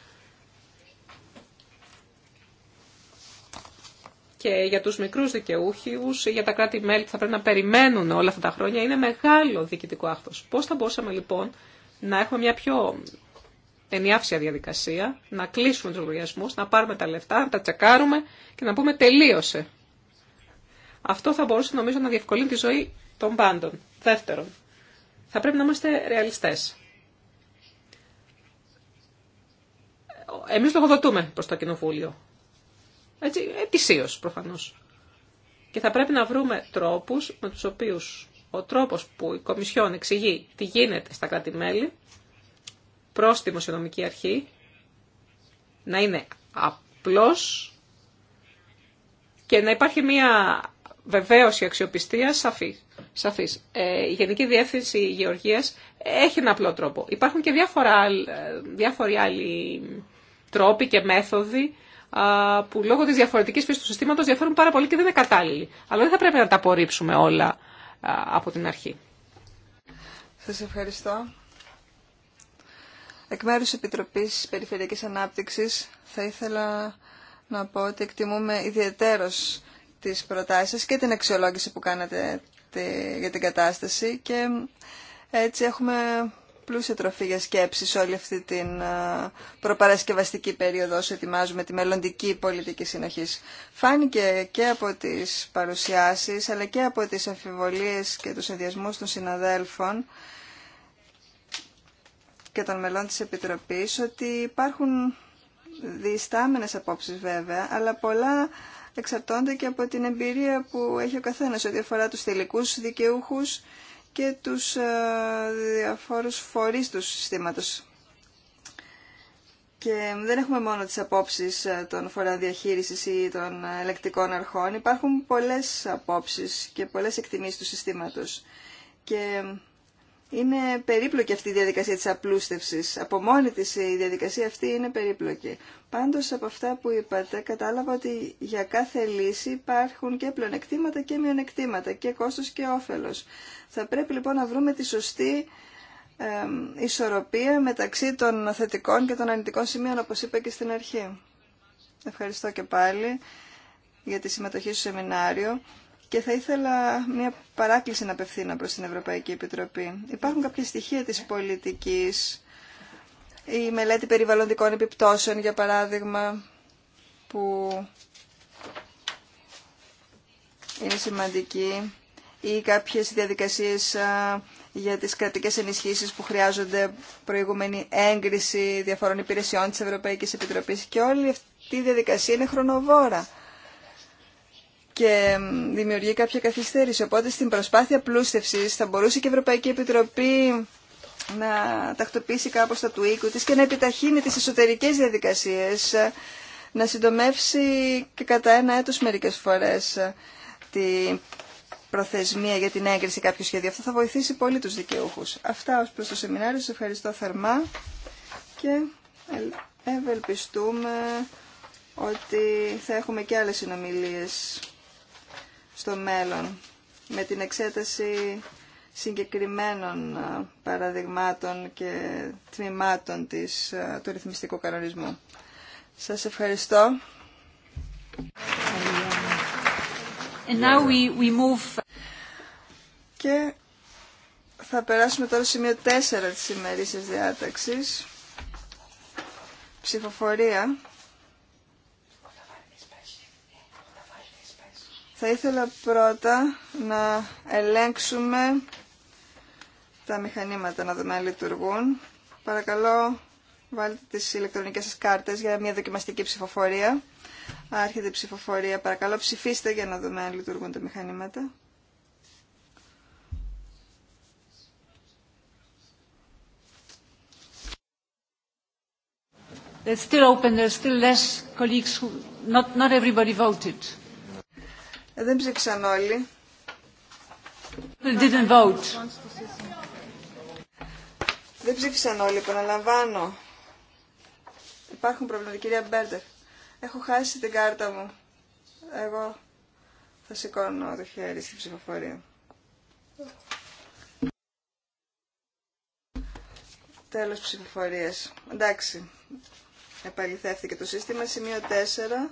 Και για τους μικρούς δικαιούχους, για τα κράτη-μέλη που θα πρέπει να περιμένουν όλα αυτά τα χρόνια, είναι μεγάλο διοικητικό άχθος. Πώς θα μπορούσαμε λοιπόν να έχουμε μια πιο ενιάυσια διαδικασία, να κλείσουμε τους λογαριασμούς, να πάρουμε τα λεφτά, να τα τσεκάρουμε και να πούμε τελείωσε. Αυτό θα μπορούσε νομίζω να διευκολύνει τη ζωή των πάντων. Δεύτερον, θα πρέπει να είμαστε ρεαλιστές. Εμείς λογοδοτούμε προς το Κοινοβούλιο. Έτσι, ετησίως προφανώς. Και θα πρέπει να βρούμε τρόπους με τους οποίους ο τρόπος που η Κομισιόν εξηγεί τι γίνεται στα κράτη-μέλη προς δημοσιονομική αρχή να είναι απλός και να υπάρχει μια βεβαίωση αξιοπιστία σαφής. Ε, η Γενική Διεύθυνση Γεωργίας έχει ένα απλό τρόπο. Υπάρχουν και διάφορα, ε, διάφοροι άλλοι τρόποι και μέθοδοι που λόγω της διαφορετικής φύσης του συστήματος διαφέρουν πάρα πολύ και δεν είναι κατάλληλοι. Αλλά δεν θα πρέπει να τα απορρίψουμε όλα από την αρχή. Σας ευχαριστώ. Εκ μέρους της Επιτροπής Περιφερειακής Ανάπτυξης θα ήθελα να πω ότι εκτιμούμε ιδιαιτέρως τις προτάσεις και την αξιολόγηση που κάνατε για την κατάσταση και ε, έτσι έχουμε πλούσια τροφή για σκέψη όλη αυτή την ε, προπαρασκευαστική περίοδο όσο ετοιμάζουμε τη μελλοντική πολιτική συνοχή. Φάνηκε και από τι παρουσιάσει αλλά και από τι αμφιβολίε και του ενδιασμού των συναδέλφων και των μελών της Επιτροπής ότι υπάρχουν διστάμενες απόψεις βέβαια, αλλά πολλά εξαρτώνται και από την εμπειρία που έχει ο καθένας ό,τι αφορά τους τελικού και τους ε, διαφόρους φορείς του συστήματος. Και δεν έχουμε μόνο τις απόψεις ε, των φορέων διαχείρισης ή των ελεκτικών αρχών. Υπάρχουν πολλές απόψεις και πολλές εκτιμήσεις του συστήματος. Και είναι περίπλοκη αυτή η διαδικασία της απλούστευσης. Από μόνη της η διαδικασία αυτή είναι περίπλοκη. Πάντως από αυτά που είπατε κατάλαβα ότι για κάθε λύση υπάρχουν και πλεονεκτήματα και μειονεκτήματα και κόστος και όφελος. Θα πρέπει λοιπόν να βρούμε τη σωστή ε, ισορροπία μεταξύ των θετικών και των αρνητικών σημείων όπως είπα και στην αρχή. Ευχαριστώ και πάλι για τη συμμετοχή στο σεμινάριο και θα ήθελα μια παράκληση να απευθύνω προς την Ευρωπαϊκή Επιτροπή. Υπάρχουν κάποια στοιχεία της πολιτικής, η μελέτη περιβαλλοντικών επιπτώσεων, για παράδειγμα, που είναι σημαντική, ή κάποιες διαδικασίες για τις κρατικές ενισχύσεις που χρειάζονται προηγούμενη έγκριση διαφορών υπηρεσιών της Ευρωπαϊκής Επιτροπής και όλη αυτή η διαδικασία είναι χρονοβόρα και δημιουργεί κάποια καθυστέρηση. Οπότε στην προσπάθεια πλούστευσης θα μπορούσε και η Ευρωπαϊκή Επιτροπή να τακτοποιήσει κάπως τα του οίκου της και να επιταχύνει τις εσωτερικές διαδικασίες, να συντομεύσει και κατά ένα έτος μερικές φορές την προθεσμία για την έγκριση κάποιου σχεδίου. Αυτό θα βοηθήσει πολύ τους δικαιούχους. Αυτά ως προς το σεμινάριο. Σας ευχαριστώ θερμά και ευελπιστούμε ότι θα έχουμε και άλλες συνομιλίες στο μέλλον με την εξέταση συγκεκριμένων παραδειγμάτων και τμήματων της, του ρυθμιστικού κανονισμού. Σας ευχαριστώ. And now we, we move... Και θα περάσουμε τώρα στο σημείο 4 της ημερήσιας διάταξης. Ψηφοφορία. Θα ήθελα πρώτα να ελέγξουμε τα μηχανήματα, να δούμε αν λειτουργούν. Παρακαλώ βάλτε τις ηλεκτρονικές σας κάρτες για μια δοκιμαστική ψηφοφορία. Άρχεται η ψηφοφορία. Παρακαλώ ψηφίστε για να δούμε αν λειτουργούν τα μηχανήματα. still open. There's still less colleagues who not not everybody voted. Ε, δεν ψήφισαν όλοι. Didn't vote. Δεν ψήφισαν όλοι, επαναλαμβάνω. Υπάρχουν προβλήματα, κυρία Μπέρτερ, Έχω χάσει την κάρτα μου. Εγώ θα σηκώνω το χέρι στην ψηφοφορία. Τέλος ψηφοφορίας. Εντάξει, επαληθεύτηκε το σύστημα. Σημείο 4.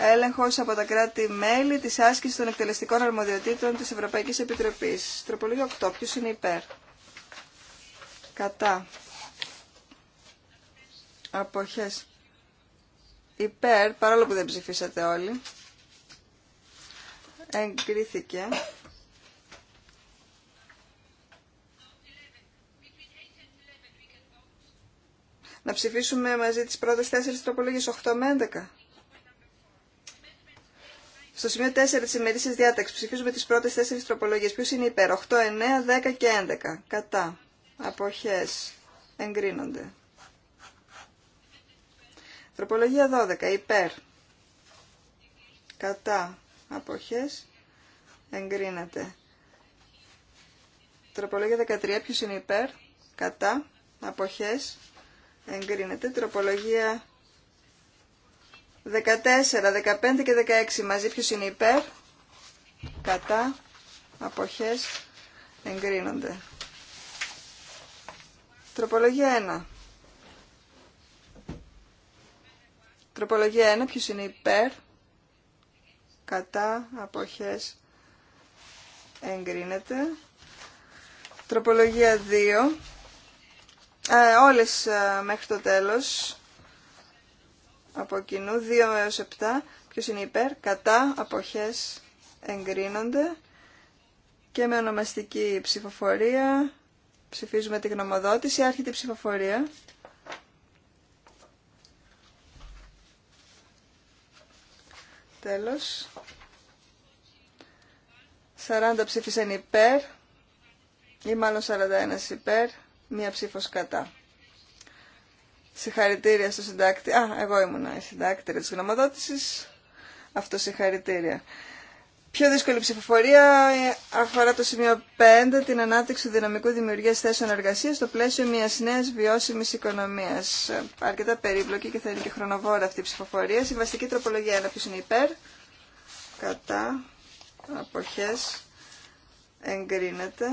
Έλεγχο από τα κράτη-μέλη τη άσκηση των εκτελεστικών αρμοδιοτήτων της Ευρωπαϊκής Επιτροπής. Τροπολογία 8. Ποιο είναι υπέρ. Κατά. Αποχές. Υπέρ, παρόλο που δεν ψηφίσατε όλοι. Εγκρίθηκε. Να ψηφίσουμε μαζί τις πρώτες τέσσερις τροπολογίες 8 με 11. Στο σημείο 4 τη ημερήσιας διάταξης ψηφίζουμε τις πρώτες 4 τροπολογίες. Ποιο είναι υπέρ. 8, 9, 10 και 11. Κατά. Αποχές. Εγκρίνονται. Τροπολογία 12. Υπέρ. Κατά. Αποχές. Εγκρίνεται. Τροπολογία 13. Ποιο είναι υπέρ. Κατά. Αποχές. Εγκρίνεται. Τροπολογία 14, 15 και 16 μαζί ποιος είναι υπέρ, κατά, αποχές, εγκρίνονται. Τροπολογία 1. Τροπολογία 1, ποιος είναι υπέρ, κατά, αποχές, εγκρίνεται. Τροπολογία 2. Ε, όλες ε, μέχρι το τέλος από κοινού 2 έως 7 ποιος είναι υπέρ κατά αποχές εγκρίνονται και με ονομαστική ψηφοφορία ψηφίζουμε τη γνωμοδότηση άρχεται η ψηφοφορία τέλος 40 ψήφισαν υπέρ ή μάλλον 41 υπέρ μία ψήφος κατά Συγχαρητήρια στο συντάκτη. Α, εγώ ήμουνα η συντάκτηρα της γνωμοδότησης. Αυτό συγχαρητήρια. Πιο δύσκολη ψηφοφορία ε, αφορά το σημείο 5, την ανάπτυξη δυναμικού δημιουργία θέσεων εργασία στο πλαίσιο μια νέα βιώσιμη οικονομία. Αρκετά περίπλοκη και θα είναι και χρονοβόρα αυτή η ψηφοφορία. Συμβαστική τροπολογία 1. Ποιο είναι υπέρ, κατά, αποχέ, εγκρίνεται.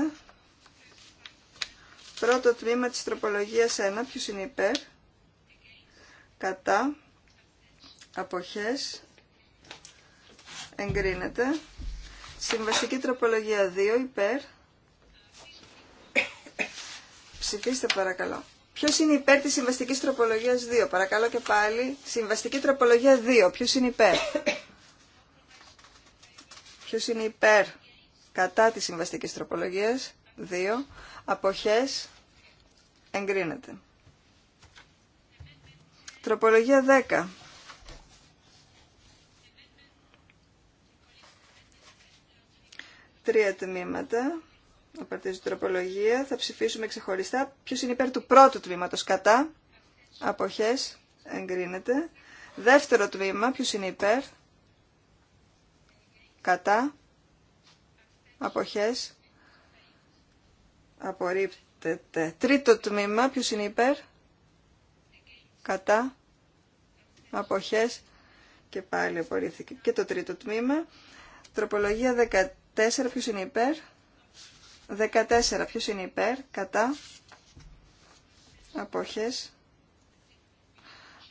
Πρώτο τμήμα τη τροπολογία 1. Ποιο είναι υπέρ, κατά αποχές εγκρίνεται. Συμβαστική τροπολογία 2 υπέρ. Ψηφίστε παρακαλώ. Ποιο είναι υπέρ τη συμβαστική τροπολογία 2. Παρακαλώ και πάλι. Συμβαστική τροπολογία 2. Ποιο είναι υπέρ. Ποιο είναι υπέρ κατά τη συμβαστική τροπολογία 2. Αποχές, εγκρίνεται. Τροπολογία 10. Τρία τμήματα. Απαρτίζει τροπολογία. Θα ψηφίσουμε ξεχωριστά. Ποιος είναι υπέρ του πρώτου τμήματος. Κατά. Αποχές. Εγκρίνεται. Δεύτερο τμήμα. Ποιος είναι υπέρ. Κατά. Αποχές. Απορρίπτεται. Τρίτο τμήμα. Ποιος είναι υπέρ. Κατά αποχές και πάλι απορρίφθηκε. Και το τρίτο τμήμα, τροπολογία 14, ποιος είναι υπέρ, 14, ποιος είναι υπέρ, κατά, αποχές,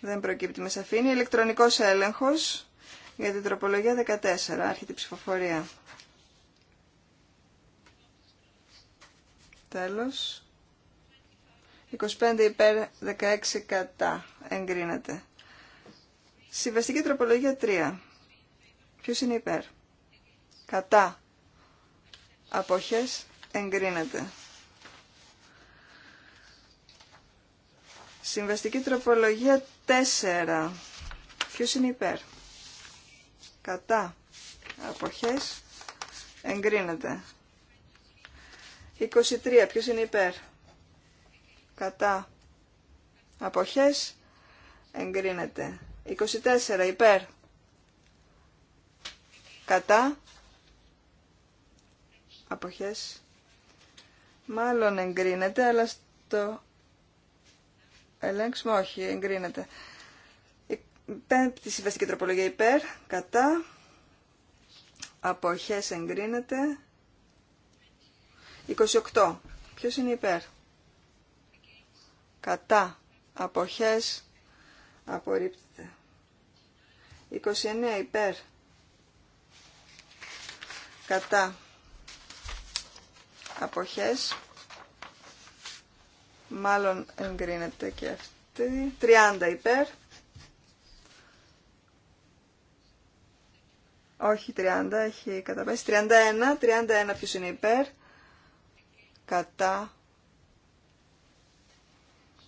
δεν προκύπτει με σαφήνεια, ηλεκτρονικός έλεγχος για την τροπολογία 14, άρχεται η ψηφοφορία. Τέλος. 25 υπέρ 16 κατά εγκρίνεται. Συμβαστική τροπολογία 3. Ποιος είναι υπέρ. Κατά. Αποχές εγκρίνεται. Συμβαστική τροπολογία 4. Ποιος είναι υπέρ. Κατά. Αποχές εγκρίνεται. 23. Ποιος είναι υπέρ. Κατά. Αποχές εγκρίνεται. 24 υπέρ. Κατά. Αποχές. Μάλλον εγκρίνεται, αλλά στο ελέγξουμε όχι, εγκρίνεται. Η πέμπτη συμβαστική τροπολογία υπέρ. Κατά. Αποχές εγκρίνεται. 28. Ποιος είναι υπέρ. Κατά. Αποχές απορρίπτει. 29 υπέρ. Κατά. Αποχές. Μάλλον εγκρίνεται και αυτή. 30 υπέρ. Όχι 30, έχει καταπέσει. 31, 31 ποιος είναι υπέρ. Κατά.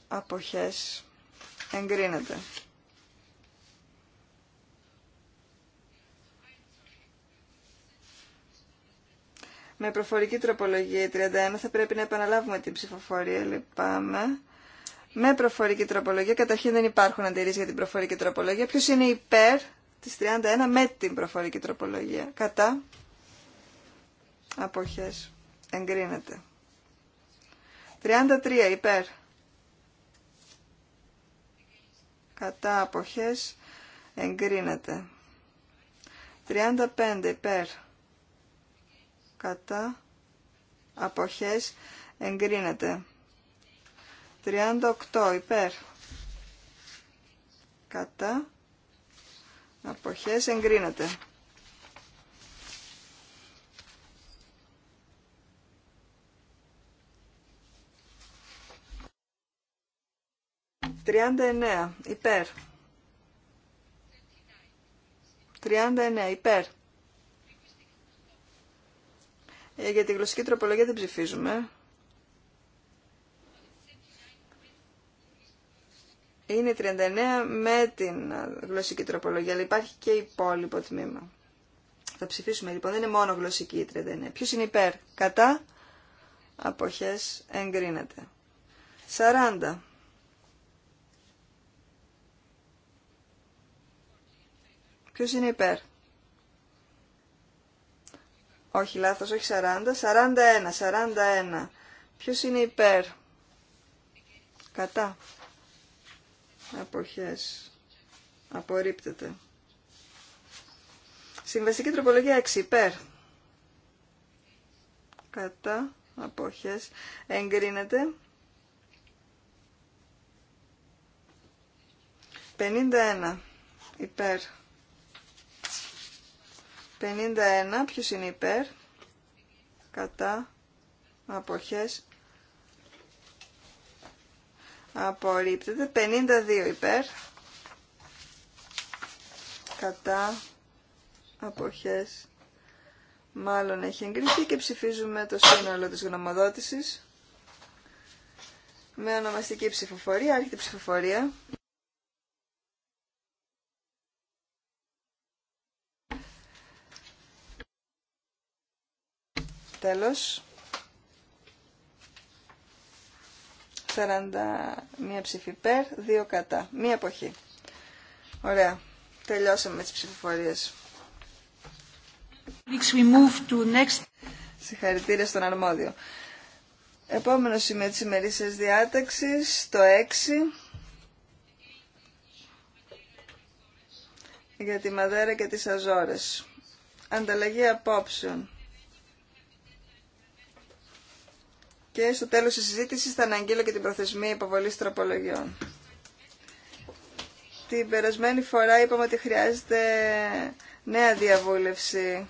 Αποχές. Εγκρίνεται. με προφορική τροπολογία 31. Θα πρέπει να επαναλάβουμε την ψηφοφορία, λυπάμαι. Με προφορική τροπολογία, καταρχήν δεν υπάρχουν αντιρρήσεις για την προφορική τροπολογία. Ποιος είναι υπέρ της 31 με την προφορική τροπολογία. Κατά. Αποχές. Εγκρίνεται. 33 υπέρ. Κατά αποχές εγκρίνεται. 35 υπέρ κατά αποχές εγκρίνεται. 38 υπέρ κατά αποχές εγκρίνεται. 39. υπέρ. 39. εννέα, υπέρ. Ε, για τη γλωσσική τροπολογία δεν ψηφίζουμε. Είναι 39 με την γλωσσική τροπολογία, αλλά υπάρχει και υπόλοιπο τμήμα. Θα ψηφίσουμε λοιπόν, δεν είναι μόνο γλωσσική η 39. Ποιος είναι υπέρ, κατά, αποχές, εγκρίνεται. 40. Ποιος είναι υπέρ, όχι λάθος, όχι 40. 41, 41. Ποιος είναι υπέρ. Κατά. Αποχές. Απορρίπτεται. Συμβαστική τροπολογία 6 υπέρ. Κατά. Αποχές. Εγκρίνεται. 51 υπέρ. 51. Ποιος είναι υπέρ. Κατά. Αποχές. Απορρίπτεται. 52 υπέρ. Κατά. Αποχές. Μάλλον έχει εγκριθεί και ψηφίζουμε το σύνολο της γνωμοδότησης. Με ονομαστική ψηφοφορία. Άρχεται ψηφοφορία. Τέλος. 41 ψήφι υπέρ, 2 κατά. Μία εποχή. Ωραία. Τελειώσαμε με τις ψηφοφορίες. Συγχαρητήρια στον αρμόδιο. Επόμενο σημείο της ημερήσιας διάταξης, το 6. για τη Μαδέρα και τις Αζόρες. Ανταλλαγή απόψεων. και στο τέλος της συζήτησης θα αναγγείλω και την προθεσμία υποβολής τροπολογιών. Την περασμένη φορά είπαμε ότι χρειάζεται νέα διαβούλευση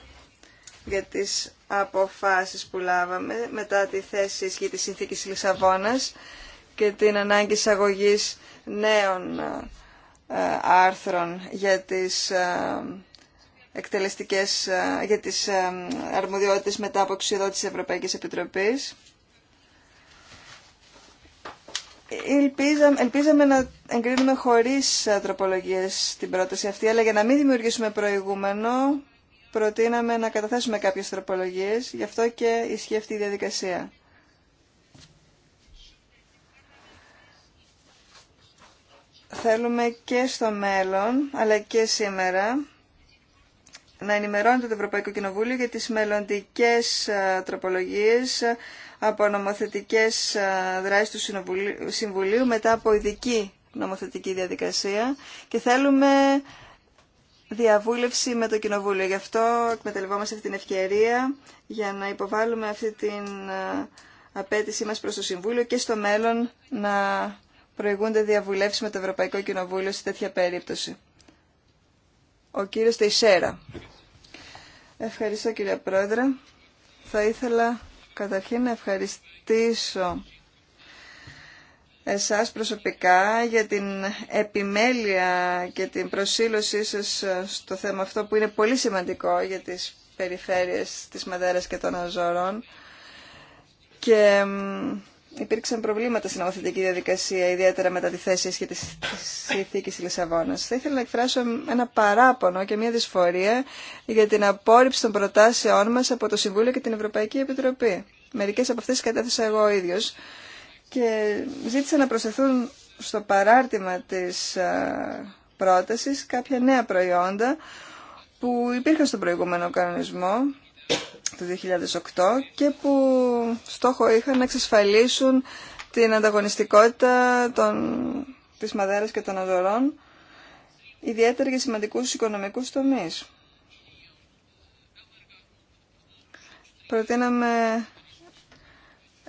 για τις αποφάσεις που λάβαμε μετά τη θέση ισχύ της Συνθήκης Λισαβόνας και την ανάγκη εισαγωγή νέων ε, άρθρων για τις ε, εκτελεστικές, ε, για τις αρμοδιότητες μετά από εξουδότηση της Ευρωπαϊκής Επιτροπής. Ελπίζαμε, να εγκρίνουμε χωρίς ε, τροπολογίες την πρόταση αυτή, αλλά για να μην δημιουργήσουμε προηγούμενο, προτείναμε να καταθέσουμε κάποιες τροπολογίες, γι' αυτό και ισχύει αυτή η διαδικασία. Θέλουμε και στο μέλλον, αλλά και σήμερα, να ενημερώνεται το Ευρωπαϊκό Κοινοβούλιο για τις μελλοντικές ε, τροπολογίες ε, από νομοθετικές ε, δράσεις του Συμβουλίου μετά από ειδική νομοθετική διαδικασία και θέλουμε διαβούλευση με το Κοινοβούλιο. Γι' αυτό εκμεταλλευόμαστε αυτή την ευκαιρία για να υποβάλουμε αυτή την απέτησή μας προς το Συμβούλιο και στο μέλλον να προηγούνται διαβουλεύσεις με το Ευρωπαϊκό Κοινοβούλιο σε τέτοια περίπτωση ο κύριος Τεϊσέρα. Ευχαριστώ κύριε Πρόεδρε. Θα ήθελα καταρχήν να ευχαριστήσω εσάς προσωπικά για την επιμέλεια και την προσήλωσή σας στο θέμα αυτό που είναι πολύ σημαντικό για τις περιφέρειες της Μαδέρας και των Αζωρών και υπήρξαν προβλήματα στην νομοθετική διαδικασία, ιδιαίτερα μετά τη θέση και τη συνθήκη τη Λισαβόνα. Θα ήθελα να εκφράσω ένα παράπονο και μια δυσφορία για την απόρριψη των προτάσεών μα από το Συμβούλιο και την Ευρωπαϊκή Επιτροπή. Μερικέ από αυτέ κατέθεσα εγώ ο ίδιο και ζήτησα να προσθεθούν στο παράρτημα τη πρόταση κάποια νέα προϊόντα που υπήρχαν στον προηγούμενο κανονισμό του 2008 και που στόχο είχαν να εξασφαλίσουν την ανταγωνιστικότητα των, της Μαδέρας και των αγορών ιδιαίτερα για σημαντικούς οικονομικούς τομείς. Προτείναμε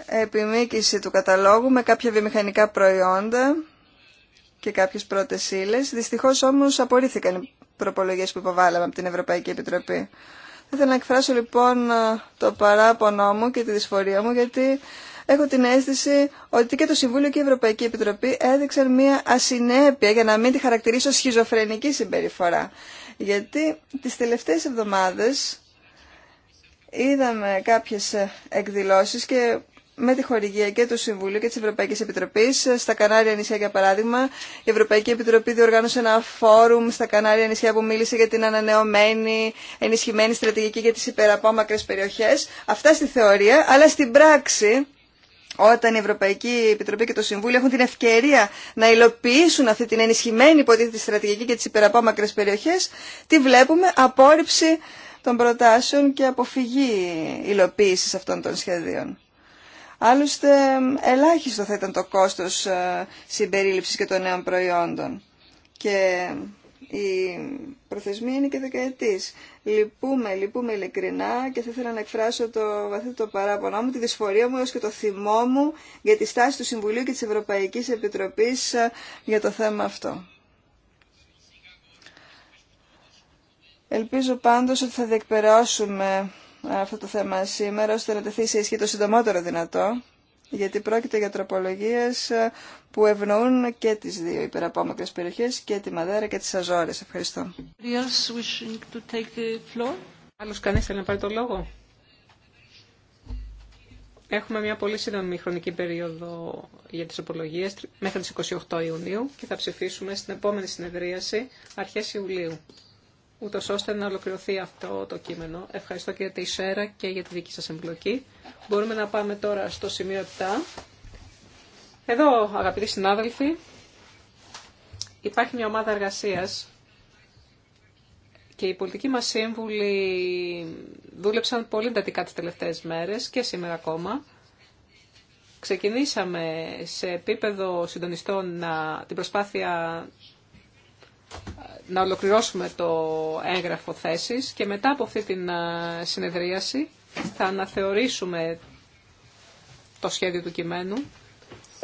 επιμήκυση του καταλόγου με κάποια βιομηχανικά προϊόντα και κάποιες πρώτες ύλες. Δυστυχώς όμως απορρίθηκαν οι προπολογίες που υποβάλαμε από την Ευρωπαϊκή Επιτροπή. Θα ήθελα να εκφράσω λοιπόν ε, το παράπονό μου και τη δυσφορία μου γιατί έχω την αίσθηση ότι και το Συμβούλιο και η Ευρωπαϊκή Επιτροπή έδειξαν μια ασυνέπεια για να μην τη χαρακτηρίσω σχιζοφρενική συμπεριφορά. Γιατί τις τελευταίες εβδομάδες είδαμε κάποιες ε, εκδηλώσεις και με τη χορηγία και του Συμβουλίου και τη Ευρωπαϊκή Επιτροπή. Στα Κανάρια νησιά, για παράδειγμα, η Ευρωπαϊκή Επιτροπή διοργάνωσε ένα φόρουμ στα Κανάρια νησιά που μίλησε για την ανανεωμένη, ενισχυμένη στρατηγική για τι υπεραπόμακρε περιοχέ, Αυτά στη θεωρία, αλλά στην πράξη όταν η Ευρωπαϊκή Επιτροπή και το Συμβούλιο έχουν την ευκαιρία να υλοποιήσουν αυτή την ενισχυμένη υποτίθεται στρατηγική και τι υπεραπόμακρε περιοχέ, τι βλέπουμε, απόρριψη των προτάσεων και αποφυγή υλοποίησης αυτών των σχεδίων. Άλλωστε, ελάχιστο θα ήταν το κόστος ε, συμπερίληψης και των νέων προϊόντων. Και η προθεσμία είναι και δεκαετής. Λυπούμε, λυπούμε ειλικρινά και θα ήθελα να εκφράσω το βαθύτερο παράπονο μου, τη δυσφορία μου έως και το θυμό μου για τη στάση του Συμβουλίου και της Ευρωπαϊκής Επιτροπής ε, για το θέμα αυτό. Ελπίζω πάντως ότι θα αυτό το θέμα σήμερα, ώστε να τεθεί σε ισχύ το συντομότερο δυνατό, γιατί πρόκειται για τροπολογίες ε, που ευνοούν και τις δύο υπεραπόμακρες περιοχές, και τη Μαδέρα και τις αζόρε. Ευχαριστώ. Άλλος κανείς θέλει να πάρει το λόγο. Έχουμε μια πολύ σύντομη χρονική περίοδο για τις απολογίες μέχρι τις 28 Ιουνίου και θα ψηφίσουμε στην επόμενη συνεδρίαση αρχές Ιουλίου ούτως ώστε να ολοκληρωθεί αυτό το κείμενο. Ευχαριστώ και για τη ΣΕΡΑ και για τη δική σας εμπλοκή. Μπορούμε να πάμε τώρα στο σημείο 7. Εδώ, αγαπητοί συνάδελφοι, υπάρχει μια ομάδα εργασίας και οι πολιτικοί μας σύμβουλοι δούλεψαν πολύ εντατικά τις τελευταίες μέρες και σήμερα ακόμα. Ξεκινήσαμε σε επίπεδο συντονιστών την προσπάθεια να ολοκληρώσουμε το έγγραφο θέσης και μετά από αυτή την συνεδρίαση θα αναθεωρήσουμε το σχέδιο του κειμένου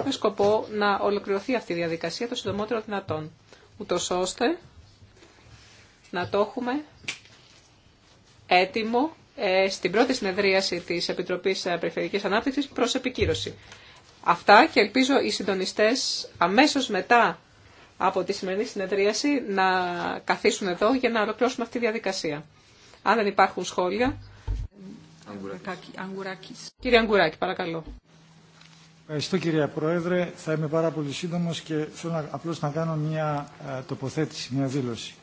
με σκοπό να ολοκληρωθεί αυτή η διαδικασία το συντομότερο δυνατόν, ούτω ώστε να το έχουμε έτοιμο ε, στην πρώτη συνεδρίαση της Επιτροπής ε, Περιφερειακής Ανάπτυξης προς επικύρωση. Αυτά και ελπίζω οι συντονιστές αμέσως μετά από τη σημερινή συνεδρίαση να καθίσουν εδώ για να ολοκληρώσουμε αυτή τη διαδικασία. Αν δεν υπάρχουν σχόλια. Κύριε Αγγουράκη. Κύριε Αγκουράκη, παρακαλώ. Ευχαριστώ κύριε Πρόεδρε. Θα είμαι πάρα πολύ σύντομο και θέλω απλώ να κάνω μια ε, τοποθέτηση, μια δήλωση.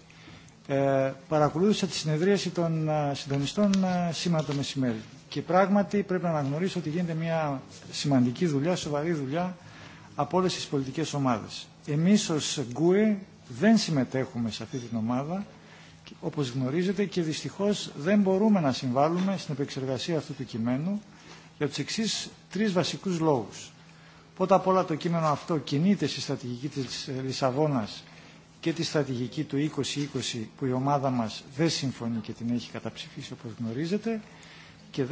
Ε, παρακολούθησα τη συνεδρίαση των ε, συντονιστών ε, σήμερα το μεσημέρι. Και πράγματι πρέπει να αναγνωρίσω ότι γίνεται μια σημαντική δουλειά, σοβαρή δουλειά από όλε τι πολιτικέ ομάδε. Εμείς ως Γκουε δεν συμμετέχουμε σε αυτή την ομάδα, όπως γνωρίζετε, και δυστυχώς δεν μπορούμε να συμβάλλουμε στην επεξεργασία αυτού του κειμένου για τους εξής τρεις βασικούς λόγους. Πρώτα απ' όλα το κείμενο αυτό κινείται στη στρατηγική της Λισαβόνας και τη στρατηγική του 2020 που η ομάδα μας δεν συμφωνεί και την έχει καταψηφίσει όπως γνωρίζετε